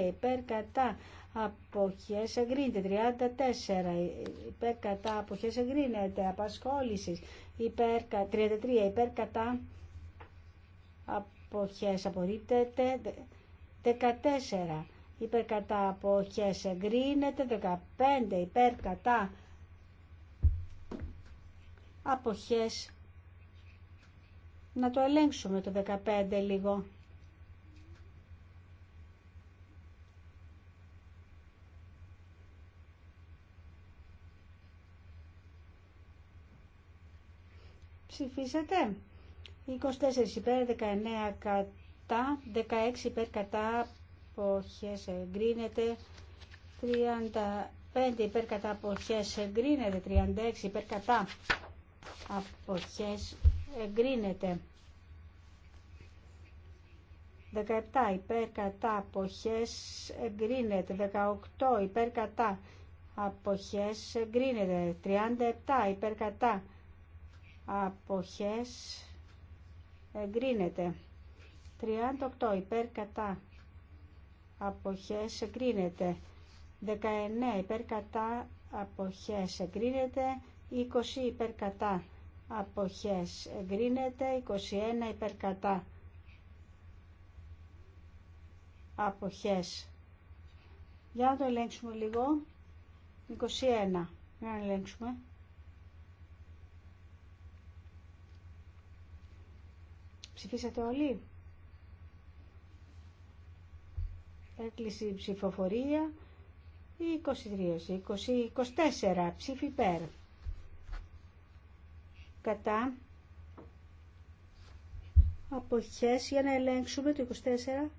υπέρ αποχές εγκρίνεται 34 υπέρ κατά αποχές εγκρίνεται απασχόληση υπέρ, 33 υπέρ κατά αποχές απορρίπτεται 14 υπέρ κατά αποχές εγκρίνεται 15 υπέρ κατά αποχές να το ελέγξουμε το 15 λίγο ψηφίσετε. 24 υπέρ, 19 κατά, 16 υπέρ κατά, αποχές εγκρίνεται. 35 υπέρ κατά, αποχές εγκρίνεται. 36 υπέρ κατά, αποχές εγκρίνεται. 17 υπέρ κατά αποχές εγκρίνεται 18 υπέρ κατά αποχές εγκρίνεται 37 υπέρ κατά αποχές εγκρίνεται 38 υπέρ κατά αποχές εγκρίνεται 19 υπέρ κατά αποχές εγκρίνεται 20 υπέρ κατά αποχές εγκρίνεται 21 υπέρ κατά αποχές για να το ελέγξουμε λίγο 21 για να ελέγξουμε Ψηφίσατε όλοι. Έκλεισε η ψηφοφορία. 23, 24 ψήφι υπέρ. Κατά. Αποχές για να ελέγξουμε το 24.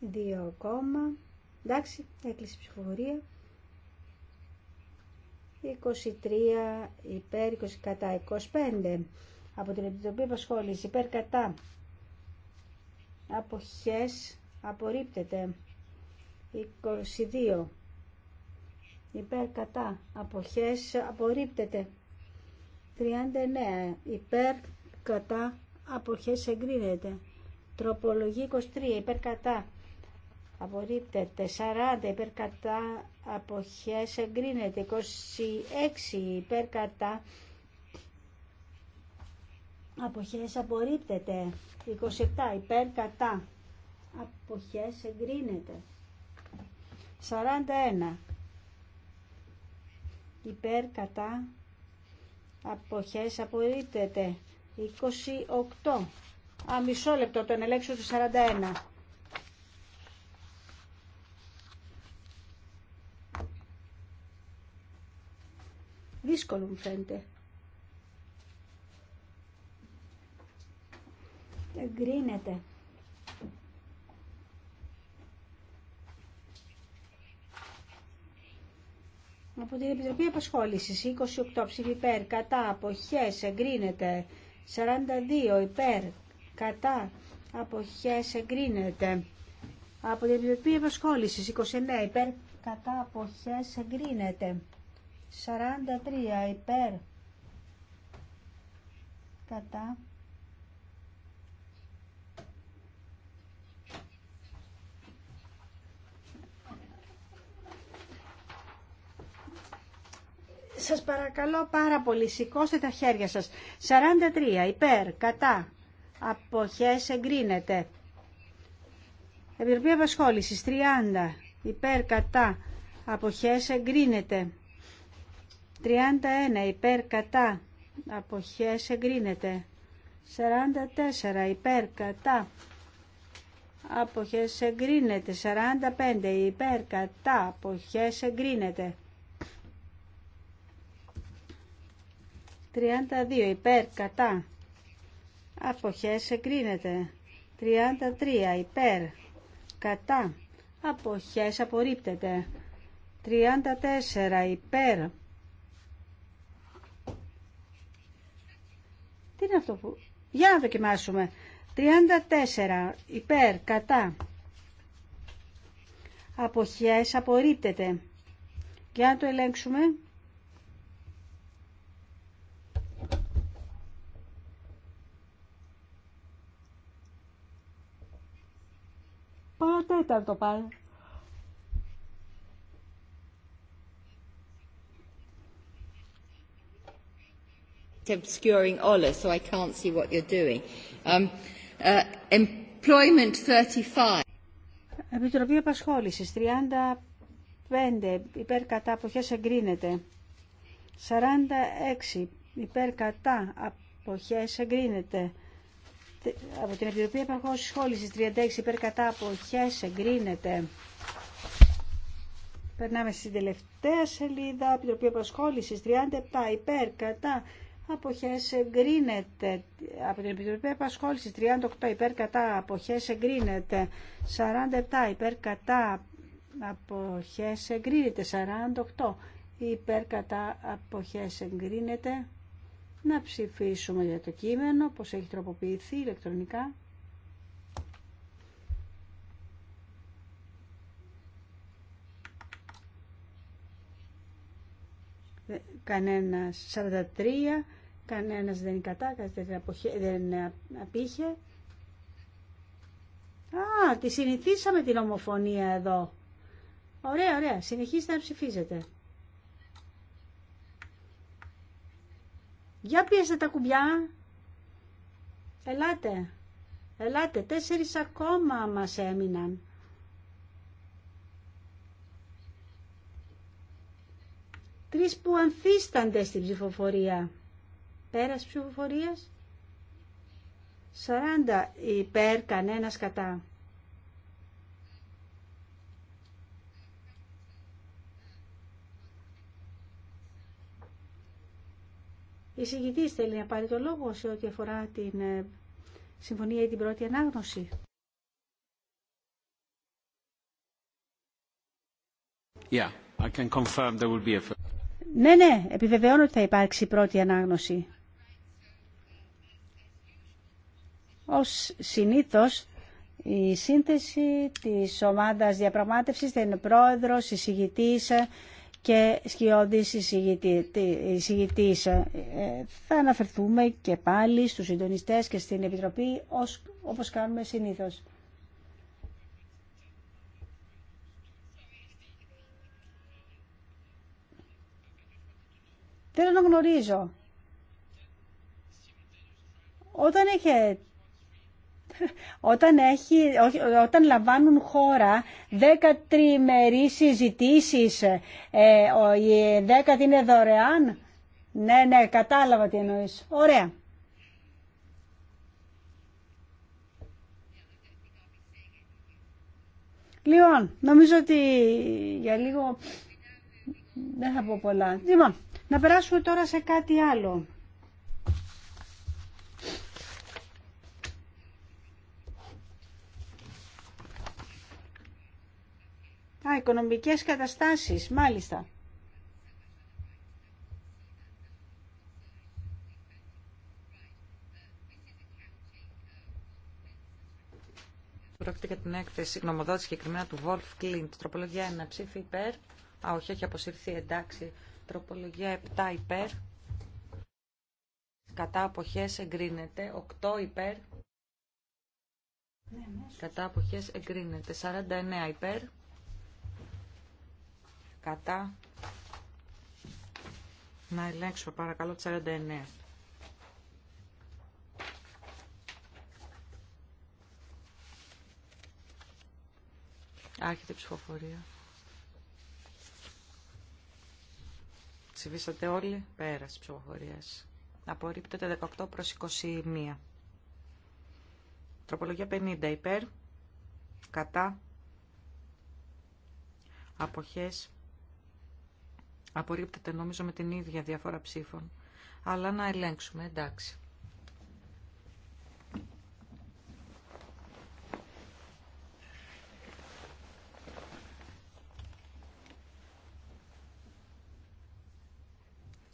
Δύο ακόμα. Εντάξει, έκλεισε η ψηφοφορία. 23 υπέρ 20 κατά 25 από την Επιτροπή Επασχόληση υπέρ κατά αποχές απορρίπτεται 22 υπέρ κατά αποχές απορρίπτεται 39 υπέρ κατά αποχές εγκρίνεται τροπολογή 23 υπέρ κατά απορρίπτεται 40 υπέρκατα, κατά αποχές εγκρίνεται 26 υπέρ κατά αποχές απορρίπτεται 27 υπέρ κατά αποχές εγκρίνεται 41 υπέρ κατά αποχές απορρίπτεται 28 αμισό λεπτό, τον ελέγξω του 41. δύσκολο μου φαίνεται. Εγκρίνεται. Από την Επιτροπή επασχόληση 28 ψήφι υπέρ, κατά, αποχές, εγκρίνεται. 42 υπέρ, κατά, αποχές, εγκρίνεται. Από την Επιτροπή επασχόληση, 29 υπέρ, κατά, αποχές, εγκρίνεται. 43 υπέρ κατά Σας παρακαλώ πάρα πολύ, σηκώστε τα χέρια σας. 43 υπέρ, κατά, αποχές εγκρίνεται. Επιτροπή Απασχόλησης 30 υπέρ, κατά, αποχές εγκρίνεται. 31 υπέρ κατά αποχές εγκρίνεται 44 υπέρ κατά αποχές εγκρίνεται 45 υπέρ κατά αποχές εγκρίνεται 32 υπέρ κατά αποχές εγκρίνεται 33 υπέρ κατά αποχές απορρίπτεται 34 υπέρ Τι είναι αυτό που... Για να δοκιμάσουμε. 34 υπέρ, κατά. αποχίες απορρίπτεται. Για να το ελέγξουμε. τέταρτο πάλι. obscuring Ola, so I can't see what you're doing. Um, uh, employment 35. Επιτροπή Απασχόληση 35 υπέρ κατά αποχές εγκρίνεται. 46 υπέρ κατά αποχές εγκρίνεται. Από την Επιτροπή Απασχόλησης 36 υπέρ κατά αποχές εγκρίνεται. Περνάμε στην τελευταία σελίδα. Επιτροπή απασχόληση, 37 υπέρ κατά αποχές εγκρίνεται από την Επιτροπή Επασχόλησης 38 υπέρ κατά αποχές εγκρίνεται 47 υπέρ κατά αποχές εγκρίνεται 48 υπέρ κατά αποχές εγκρίνεται να ψηφίσουμε για το κείμενο πως έχει τροποποιηθεί ηλεκτρονικά κανένας 43 Κανένας δεν δεν κατά, δεν απήχε. Α, τη συνηθίσαμε την ομοφωνία εδώ. Ωραία, ωραία. Συνεχίστε να ψηφίζετε. Για πιέστε τα κουμπιά. Ελάτε. Ελάτε. Τέσσερις ακόμα μας έμειναν. Τρεις που ανθίστανται στην ψηφοφορία. Πέρας ψηφοφορία. 40 υπέρ, κανένας κατά. Η συγκητή θέλει να πάρει το λόγο σε ό,τι αφορά την ε, συμφωνία ή την πρώτη ανάγνωση. Yeah, I can there will be a... Ναι, ναι, επιβεβαιώνω ότι θα υπάρξει πρώτη ανάγνωση. Ως συνήθως η σύνθεση της ομάδας διαπραγμάτευσης θα είναι πρόεδρος, εισηγητής και σκιώδης εισηγητής. Ε, θα αναφερθούμε και πάλι στους συντονιστές και στην Επιτροπή όπως κάνουμε συνήθως. Θέλω να γνωρίζω. Όταν είχε όταν, έχει, όταν λαμβάνουν χώρα δέκα τριμερεί συζητήσει ε, οι δέκα είναι δωρεάν. Ναι, ναι, κατάλαβα τι εννοείς. Ωραία. Λοιπόν, νομίζω ότι για λίγο δεν θα πω πολλά. Λοιπόν, να περάσουμε τώρα σε κάτι άλλο. Α, οικονομικές καταστάσεις, μάλιστα. Πρόκειται για την έκθεση γνωμοδότηση συγκεκριμένα του Βολφ Κλίντ. Τροπολογία 1 ψήφι υπέρ. Α, όχι, έχει αποσυρθεί, εντάξει. Τροπολογία 7 υπέρ. Κατά αποχές εγκρίνεται. 8 υπέρ. Ναι, Κατά αποχές εγκρίνεται. 49 υπέρ κατά. Να ελέγξω παρακαλώ 49. Άρχεται η ψηφοφορία. Ψηφίσατε όλοι. στις ψηφοφορίες. Απορρίπτεται 18 προς 21. Τροπολογία 50 υπέρ. Κατά. Αποχές Απορρίπτεται νομίζω με την ίδια διαφορά ψήφων. Αλλά να ελέγξουμε, εντάξει.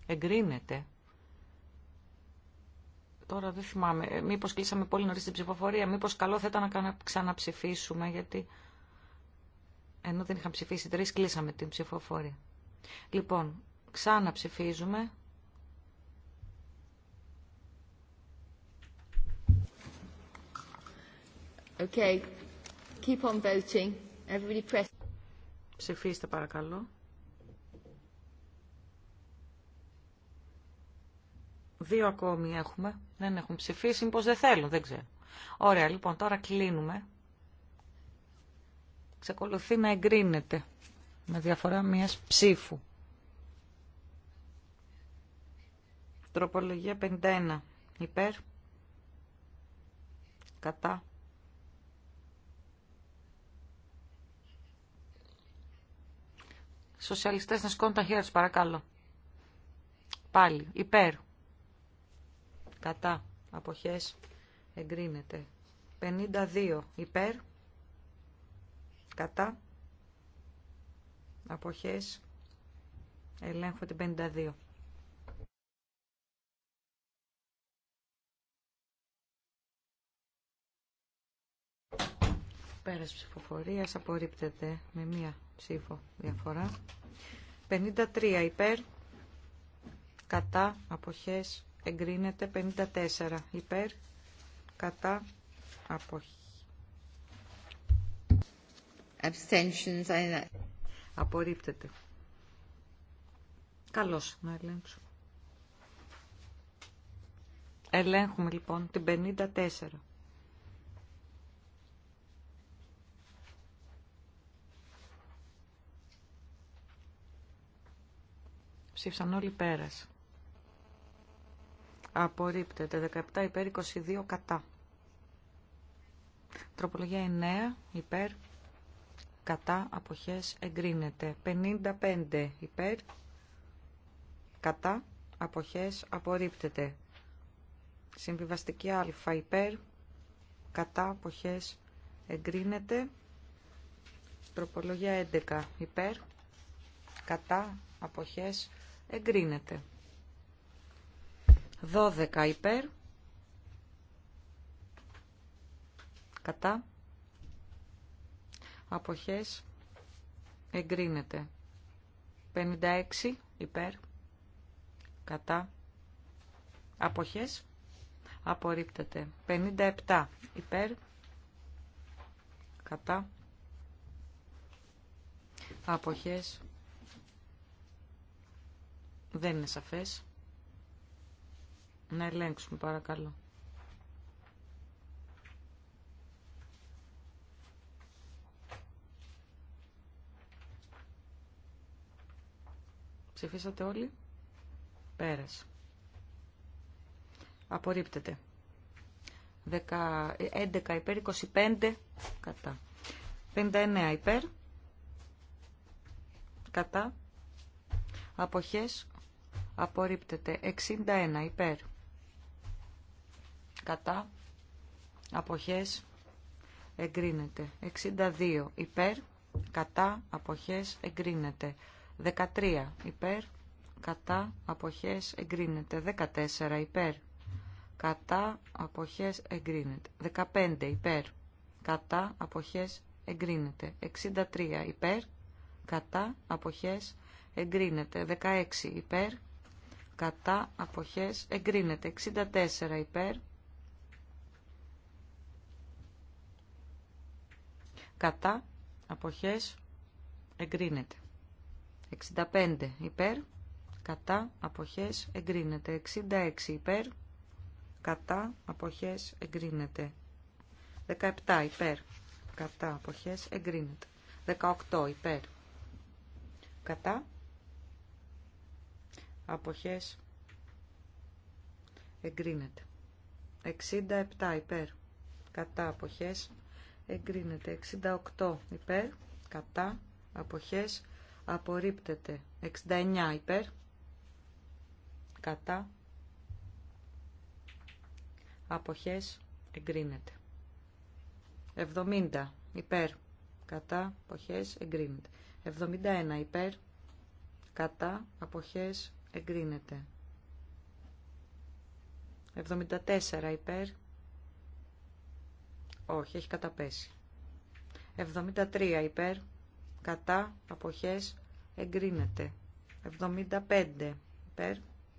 Εγκρίνεται. Τώρα δεν θυμάμαι. Ε, μήπως κλείσαμε πολύ νωρίς την ψηφοφορία. Μήπως καλό θα ήταν να ξαναψηφίσουμε γιατί ενώ δεν είχαν ψηφίσει τρεις κλείσαμε την ψηφοφορία. Λοιπόν, ξαναψηφίζουμε. Okay. Keep on voting. Everybody press. Ψηφίστε παρακαλώ. Δύο ακόμη έχουμε. Δεν έχουν ψηφίσει, μήπως δεν θέλουν, δεν ξέρω. Ωραία, λοιπόν, τώρα κλείνουμε. Ξεκολουθεί να εγκρίνεται με διαφορά μιας ψήφου. Τροπολογία 51. Υπέρ. Κατά. Σοσιαλιστές να σκόνουν τα χέρια τους παρακαλώ. Πάλι. Υπέρ. Κατά. Αποχές. Εγκρίνεται. 52. Υπέρ. Κατά. Αποχές. Ελέγχω την 52. Πέρας ψηφοφορίας απορρίπτεται με μία ψήφο διαφορά. 53 υπέρ, κατά, αποχές, εγκρίνεται. 54 υπέρ, κατά, αποχές. Abstentions. Απορρίπτεται. Καλώς να ελέγξω. Ελέγχουμε λοιπόν την 54. Ψήφισαν όλοι πέρας. Απορρίπτεται 17 υπέρ 22 κατά. Τροπολογία 9 υπέρ κατά αποχές εγκρίνεται. 55 υπέρ, κατά αποχές απορρίπτεται. Συμβιβαστική α υπέρ, κατά αποχές εγκρίνεται. Τροπολογία 11 υπέρ, κατά αποχές εγκρίνεται. 12 υπέρ, κατά αποχές εγκρίνεται. 56 υπέρ κατά αποχές απορρίπτεται. 57 υπέρ κατά αποχές δεν είναι σαφές. Να ελέγξουμε παρακαλώ. Ψηφίσατε όλοι. Πέρασε. Απορρίπτεται. 11 υπέρ, 25 κατά. 59 υπέρ, κατά. Αποχές, απορρίπτεται. 61 υπέρ, κατά. Αποχές, εγκρίνεται. 62 υπέρ, κατά. Αποχές, εγκρίνεται. 13 υπέρ, κατά, αποχές, εγκρίνεται. 14 υπέρ, κατά, αποχές, εγκρίνεται. 15 υπέρ, κατά, αποχές, εγκρίνεται. 63 υπέρ, κατά, αποχές, εγκρίνεται. 16 υπέρ, κατά, αποχές, εγκρίνεται. 64 υπέρ, κατά, αποχές, εγκρίνεται. 65 υπέρ, κατά, αποχές, εγκρίνεται. 66 υπέρ, κατά, αποχές, εγκρίνεται. 17 υπέρ, κατά, αποχές, εγκρίνεται. 18 υπέρ, κατά, αποχές, εγκρίνεται. 67 υπέρ, κατά, αποχές, εγκρίνεται. 68 υπέρ, κατά, αποχές, εγκρίνεται απορρίπτεται 69 υπέρ κατά αποχές εγκρίνεται 70 υπέρ κατά αποχές εγκρίνεται 71 υπέρ κατά αποχές εγκρίνεται 74 υπέρ όχι έχει καταπέσει 73 υπέρ κατά αποχές εγκρίνεται. 75 υπέρ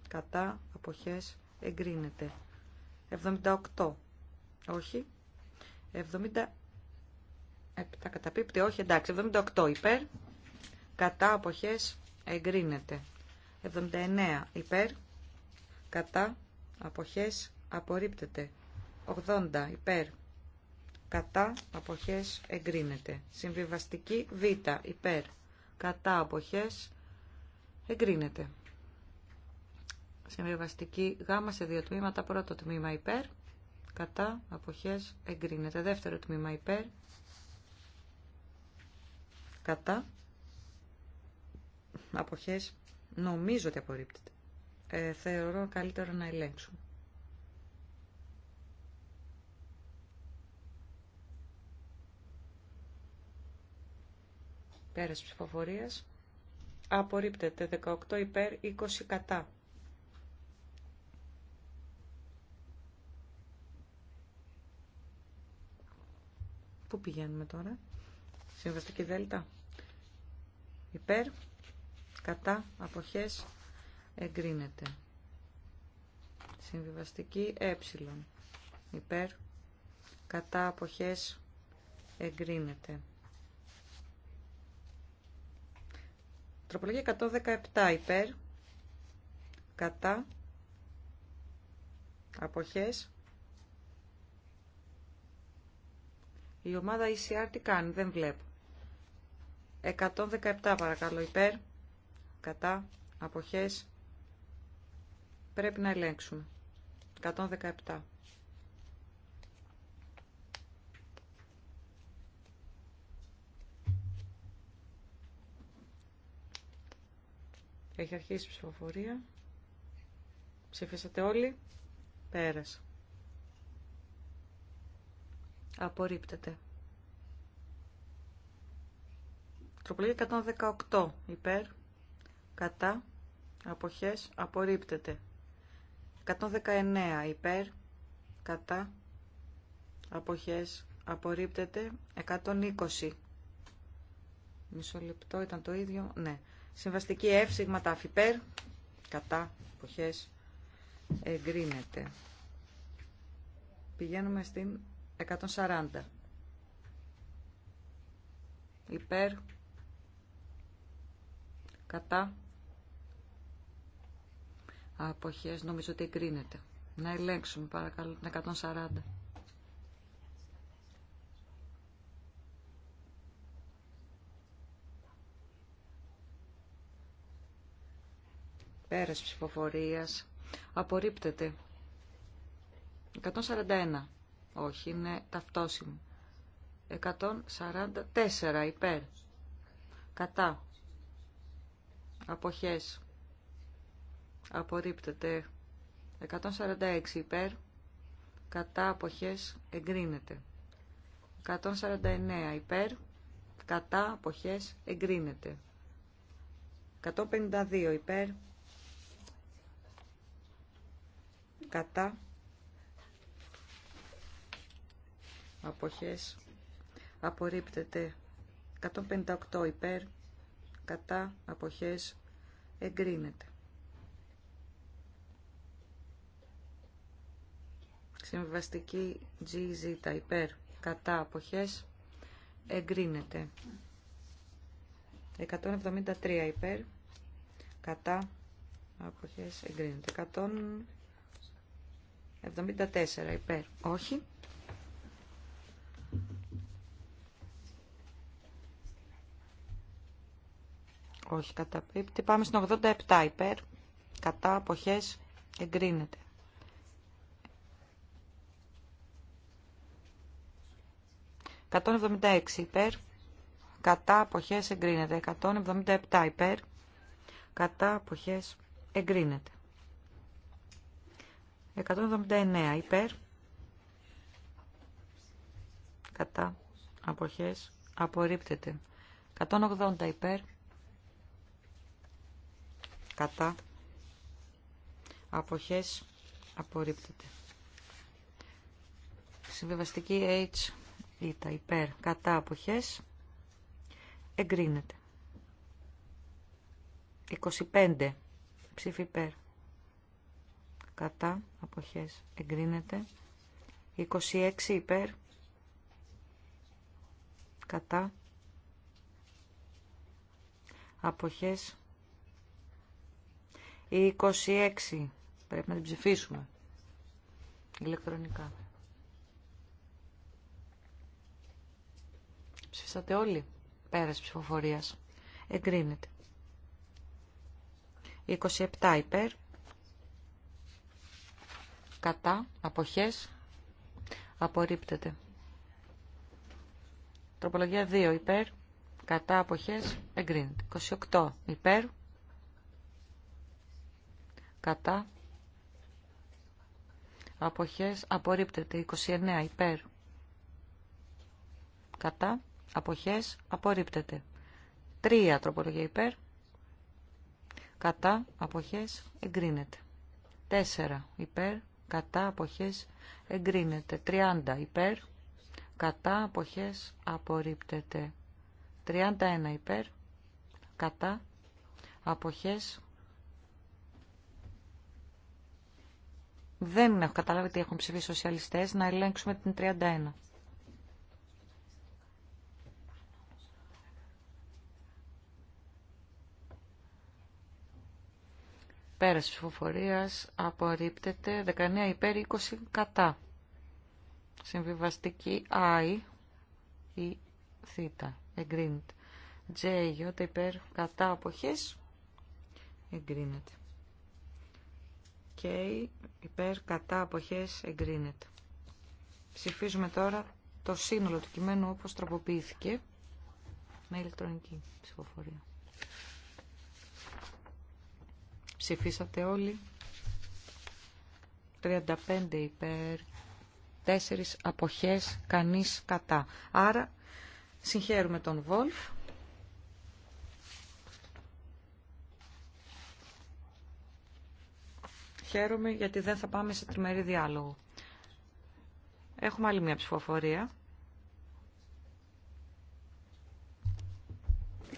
κατά αποχές εγκρίνεται. 78 όχι. 77 καταπίπτει όχι εντάξει. 78 υπέρ κατά αποχές εγκρίνεται. 79 υπέρ κατά αποχές απορρίπτεται. 80 υπέρ κατά αποχές εγκρίνεται. Συμβιβαστική Β υπέρ κατά αποχές εγκρίνεται. Συμβιβαστική Γ σε δύο τμήματα. Πρώτο τμήμα υπέρ κατά αποχές εγκρίνεται. Δεύτερο τμήμα υπέρ κατά αποχές νομίζω ότι απορρίπτεται. Ε, θεωρώ καλύτερο να ελέγξουμε. Πέρας ψηφοφορίας. Απορρίπτεται 18 υπέρ 20 κατά. Πού πηγαίνουμε τώρα. Συμβαστική δέλτα. Υπέρ. Κατά. Αποχές. Εγκρίνεται. Συμβιβαστική ε. Υπέρ. Κατά. Αποχές. Εγκρίνεται. Τροπολογία 117 υπέρ, κατά, αποχές. Η ομάδα ECR τι κάνει, δεν βλέπω. 117 παρακαλώ υπέρ, κατά, αποχές. Πρέπει να ελέγξουμε. 117. Έχει αρχίσει η ψηφοφορία. Ψηφίσατε όλοι. Πέρασε. Απορρίπτεται. Τροπολογία 118 υπέρ, κατά, αποχές, απορρίπτεται. 119 υπέρ, κατά, αποχές, απορρίπτεται. 120. Μισό λεπτό ήταν το ίδιο, ναι. Συμβαστική εύσηγμα τα αφιπέρ, κατά, εποχές, εγκρίνεται. Πηγαίνουμε στην 140. Υπέρ, κατά, αποχές, νομίζω ότι εγκρίνεται. Να ελέγξουμε παρακαλώ την 140. Πέρας ψηφοφορίας. Απορρίπτεται. 141. Όχι, είναι ταυτόσιμο. 144 υπέρ. Κατά. Αποχές. Απορρίπτεται. 146 υπέρ. Κατά αποχές εγκρίνεται. 149 υπέρ. Κατά αποχές εγκρίνεται. 152 υπέρ. κατά αποχές απορρίπτεται 158 υπέρ κατά αποχές εγκρίνεται συμβαστική GZ υπέρ κατά αποχές εγκρίνεται 173 υπέρ κατά αποχές εγκρίνεται 74 υπέρ. Όχι. Όχι πίπτη. Πάμε στην 87 υπέρ. Κατά αποχές εγκρίνεται. «176 υπέρ, κατά αποχές εγκρίνεται. 177 υπέρ, κατά αποχές εγκρίνεται. 179 υπέρ. Κατά. Αποχές. Απορρίπτεται. 180 υπέρ. Κατά. Αποχές. Απορρίπτεται. Συμβεβαστική H. τα υπέρ. Κατά. Αποχές. Εγκρίνεται. 25. Ψήφι υπέρ κατά αποχές εγκρίνεται 26 υπέρ κατά αποχές 26 πρέπει να την ψηφίσουμε ηλεκτρονικά ψηφίσατε όλοι πέρας ψηφοφορίας εγκρίνεται 27 υπέρ κατά, αποχές, απορρίπτεται. Τροπολογία 2 υπέρ, κατά, αποχές, εγκρίνεται. 28 υπέρ, κατά, αποχές, απορρίπτεται. 29 υπέρ, κατά, αποχές, απορρίπτεται. 3 τροπολογία υπέρ, κατά, αποχές, εγκρίνεται. 4 υπέρ, κατά αποχές εγκρίνεται. 30 υπέρ, κατά αποχές απορρίπτεται. 31 υπέρ, κατά αποχές δεν έχω καταλάβει τι έχουν ψηφίσει οι σοσιαλιστές, να ελέγξουμε την 31. Πέρας ψηφοφορίας απορρίπτεται 19 υπέρ 20 κατά. Συμβιβαστική I ή θ. Εγκρίνεται. J, J υπέρ κατά αποχής Εγκρίνεται. K υπέρ κατά αποχές εγκρίνεται. Ψηφίζουμε τώρα το σύνολο του κειμένου όπως τροποποιήθηκε με ηλεκτρονική ψηφοφορία. Ψηφίσατε όλοι. 35 υπέρ, 4 αποχές, κανείς κατά. Άρα συγχαίρουμε τον Βόλφ. Χαίρομαι γιατί δεν θα πάμε σε τριμερή διάλογο. Έχουμε άλλη μια ψηφοφορία.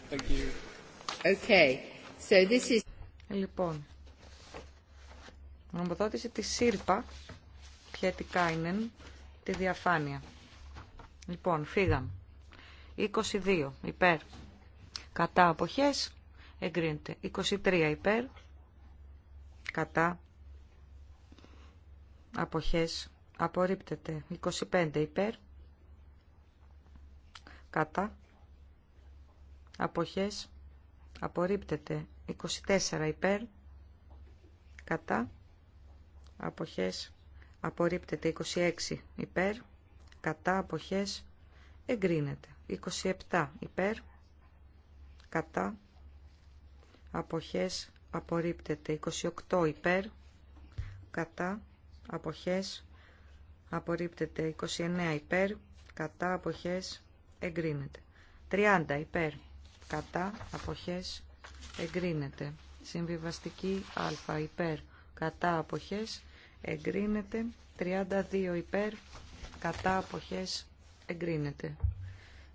Thank you. Okay. So this is... Λοιπόν, νομοδότηση τη ΣΥΡΠΑ, τι είναι, τη διαφάνεια. Λοιπόν, φύγαμε. 22 υπέρ. Κατά αποχές εγκρίνεται. 23 υπέρ. Κατά αποχές απορρίπτεται. 25 υπέρ. Κατά αποχές απορρίπτεται. 24 υπέρ, κατά, αποχές, απορρίπτεται 26 υπέρ, κατά, αποχές, εγκρίνεται 27 υπέρ, κατά, αποχές, απορρίπτεται 28 υπέρ, κατά, αποχές, απορρίπτεται 29 υπέρ, κατά, αποχές, εγκρίνεται 30 υπέρ, κατά, αποχές, εγκρίνεται. Συμβιβαστική α υπέρ κατά αποχές εγκρίνεται. 32 υπέρ κατά αποχές εγκρίνεται.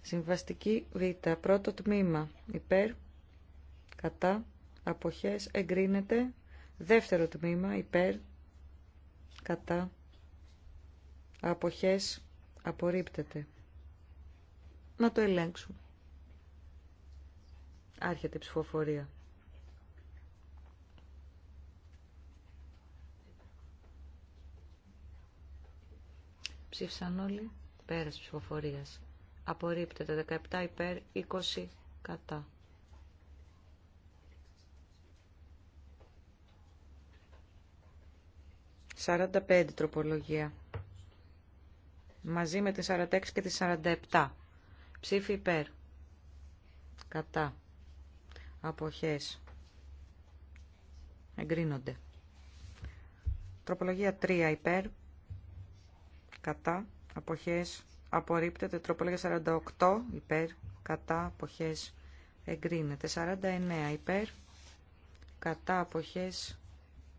Συμβαστική β πρώτο τμήμα υπέρ κατά αποχές εγκρίνεται. Δεύτερο τμήμα υπέρ κατά αποχές απορρίπτεται. Να το ελέγξουμε. Άρχεται η ψηφοφορία. Ψήφισαν όλοι πέρας ψηφοφορίας. Απορρίπτεται 17 υπέρ 20 κατά. 45 τροπολογία. Μαζί με τις 46 και τις 47. Ψήφι υπέρ. Κατά αποχές εγκρίνονται. Τροπολογία 3 υπέρ, κατά, αποχές, απορρίπτεται. Τροπολογία 48 υπέρ, κατά, αποχές, εγκρίνεται. 49 υπέρ, κατά, αποχές,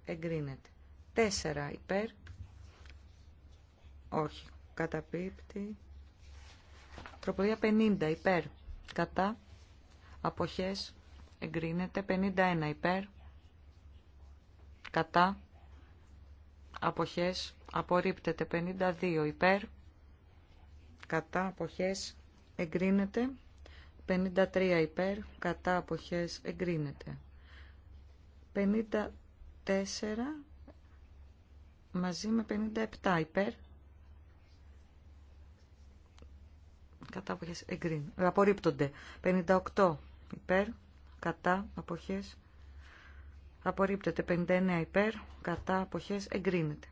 εγκρίνεται. 4 υπέρ, όχι, καταπίπτει. Τροπολογία 50 υπέρ, κατά, αποχές, εγκρίνεται 51 υπέρ κατά αποχές απορρίπτεται 52 υπέρ κατά αποχές εγκρίνεται 53 υπέρ κατά αποχές εγκρίνεται 54 μαζί με 57 υπέρ κατά αποχές εγκρίνεται απορρίπτονται 58 υπέρ κατά αποχές απορρίπτεται 59 υπέρ κατά αποχές εγκρίνεται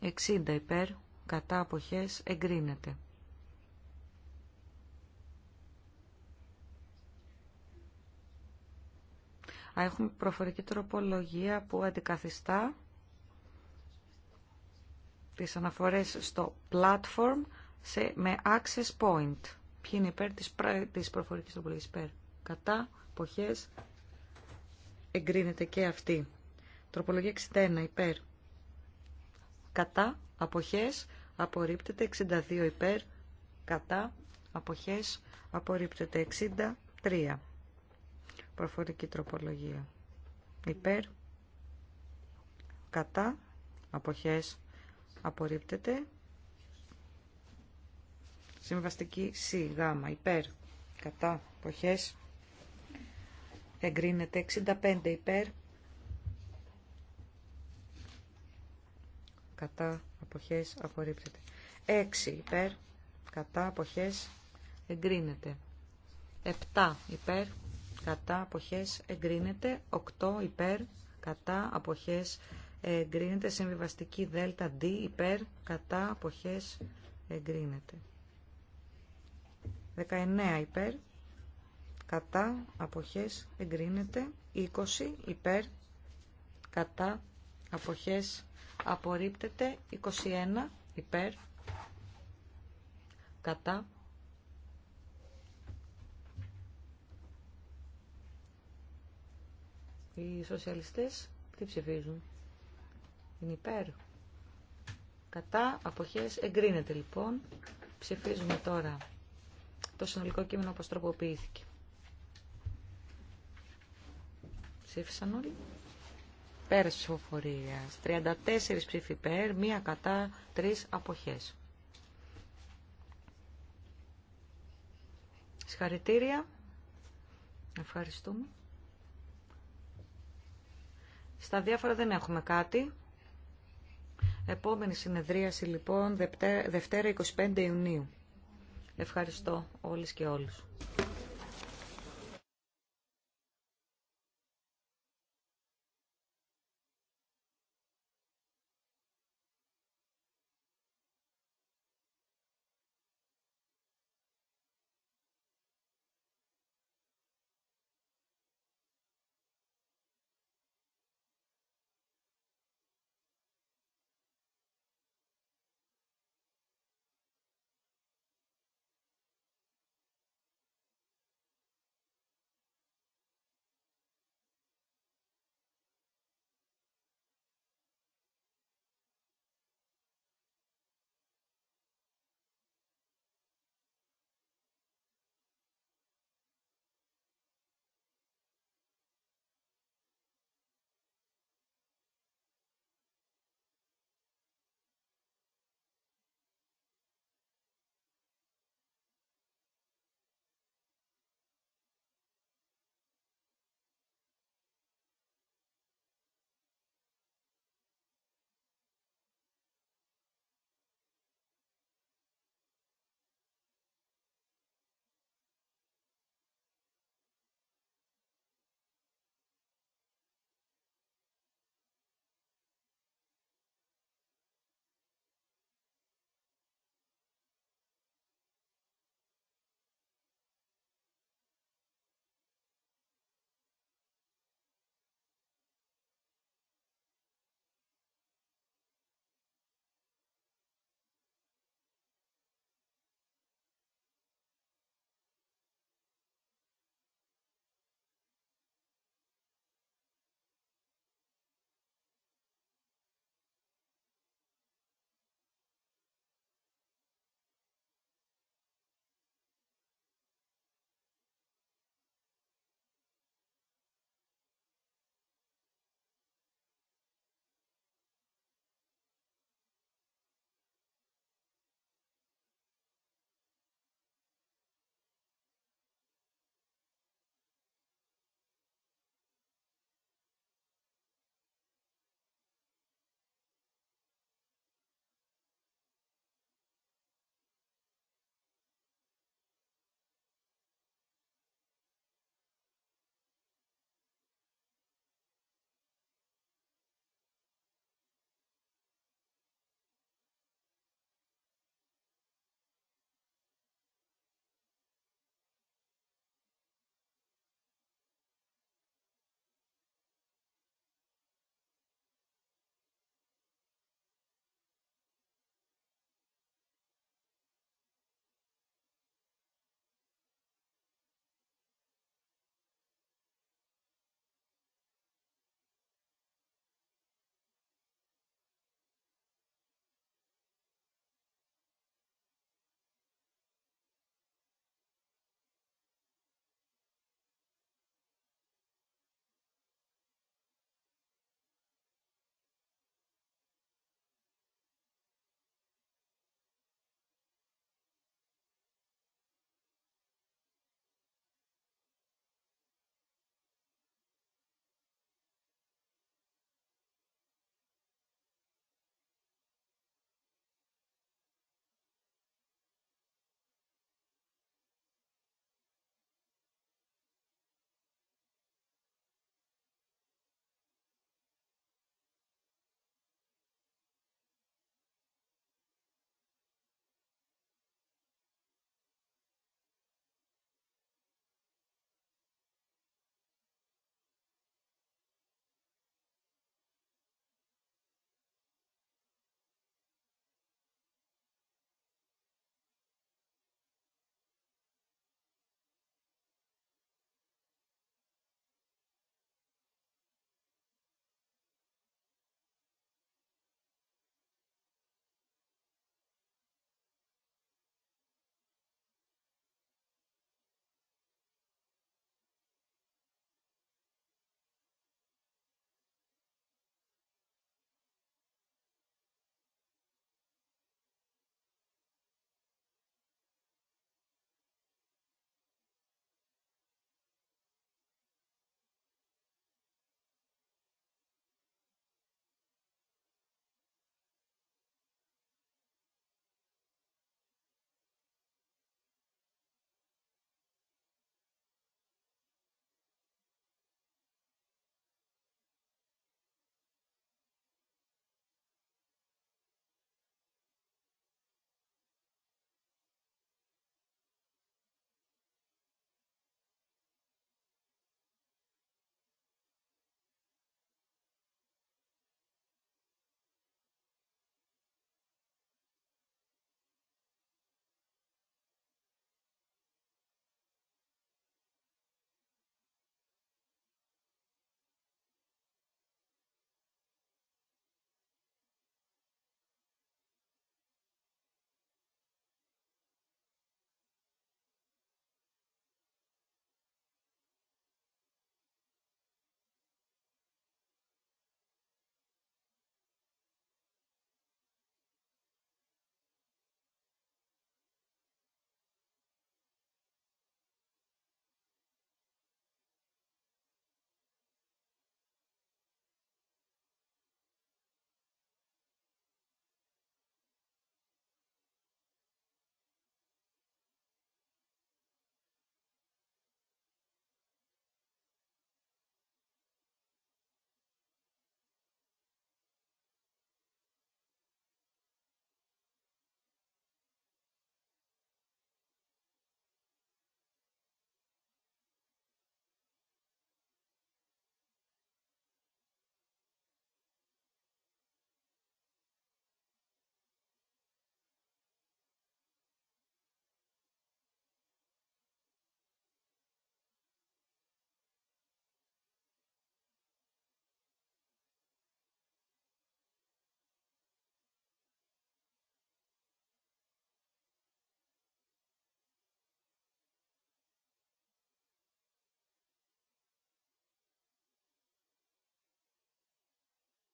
60 υπέρ κατά αποχές εγκρίνεται 60. Έχουμε προφορική τροπολογία που αντικαθιστά τις αναφορές στο platform σε, με access point. Ποιοι είναι υπέρ της, της προφορικής τροπολογίας υπέρ. Κατά, πόχες, εγκρίνεται και αυτή. Τροπολογία 61 υπέρ. Κατά, αποχές, απορρίπτεται 62 υπέρ. Κατά, αποχές, απορρίπτεται 63. Προφορική τροπολογία. Υπέρ. Κατά, αποχές, απορρίπτεται Συμβαστική Σ, Γ, υπέρ, κατά, εποχές, εγκρίνεται 65 υπέρ, κατά, αποχές, απορρίπτεται. 6 υπέρ, κατά, αποχές, εγκρίνεται. 7 υπέρ, κατά, αποχές, εγκρίνεται. 8 υπέρ, κατά, αποχές, εγκρίνεται. Συμβιβαστική δέλτα D υπέρ, κατά, αποχές, εγκρίνεται. 19 υπέρ, κατά, αποχές, εγκρίνεται. 20 υπέρ, κατά, αποχές, απορρίπτεται. 21 υπέρ, κατά, Οι σοσιαλιστές τι ψηφίζουν. Είναι υπέρ. Κατά αποχές εγκρίνεται λοιπόν. Ψηφίζουμε τώρα το συνολικό κείμενο όπως τροποποιήθηκε. Ψήφισαν όλοι. Πέρας ψηφοφορίας. 34 ψήφοι πέρ, μία κατά, τρεις αποχές. Συγχαρητήρια. Ευχαριστούμε. Στα διάφορα δεν έχουμε κάτι. Επόμενη συνεδρίαση λοιπόν Δευτέρα 25 Ιουνίου. Ευχαριστώ όλες και όλους.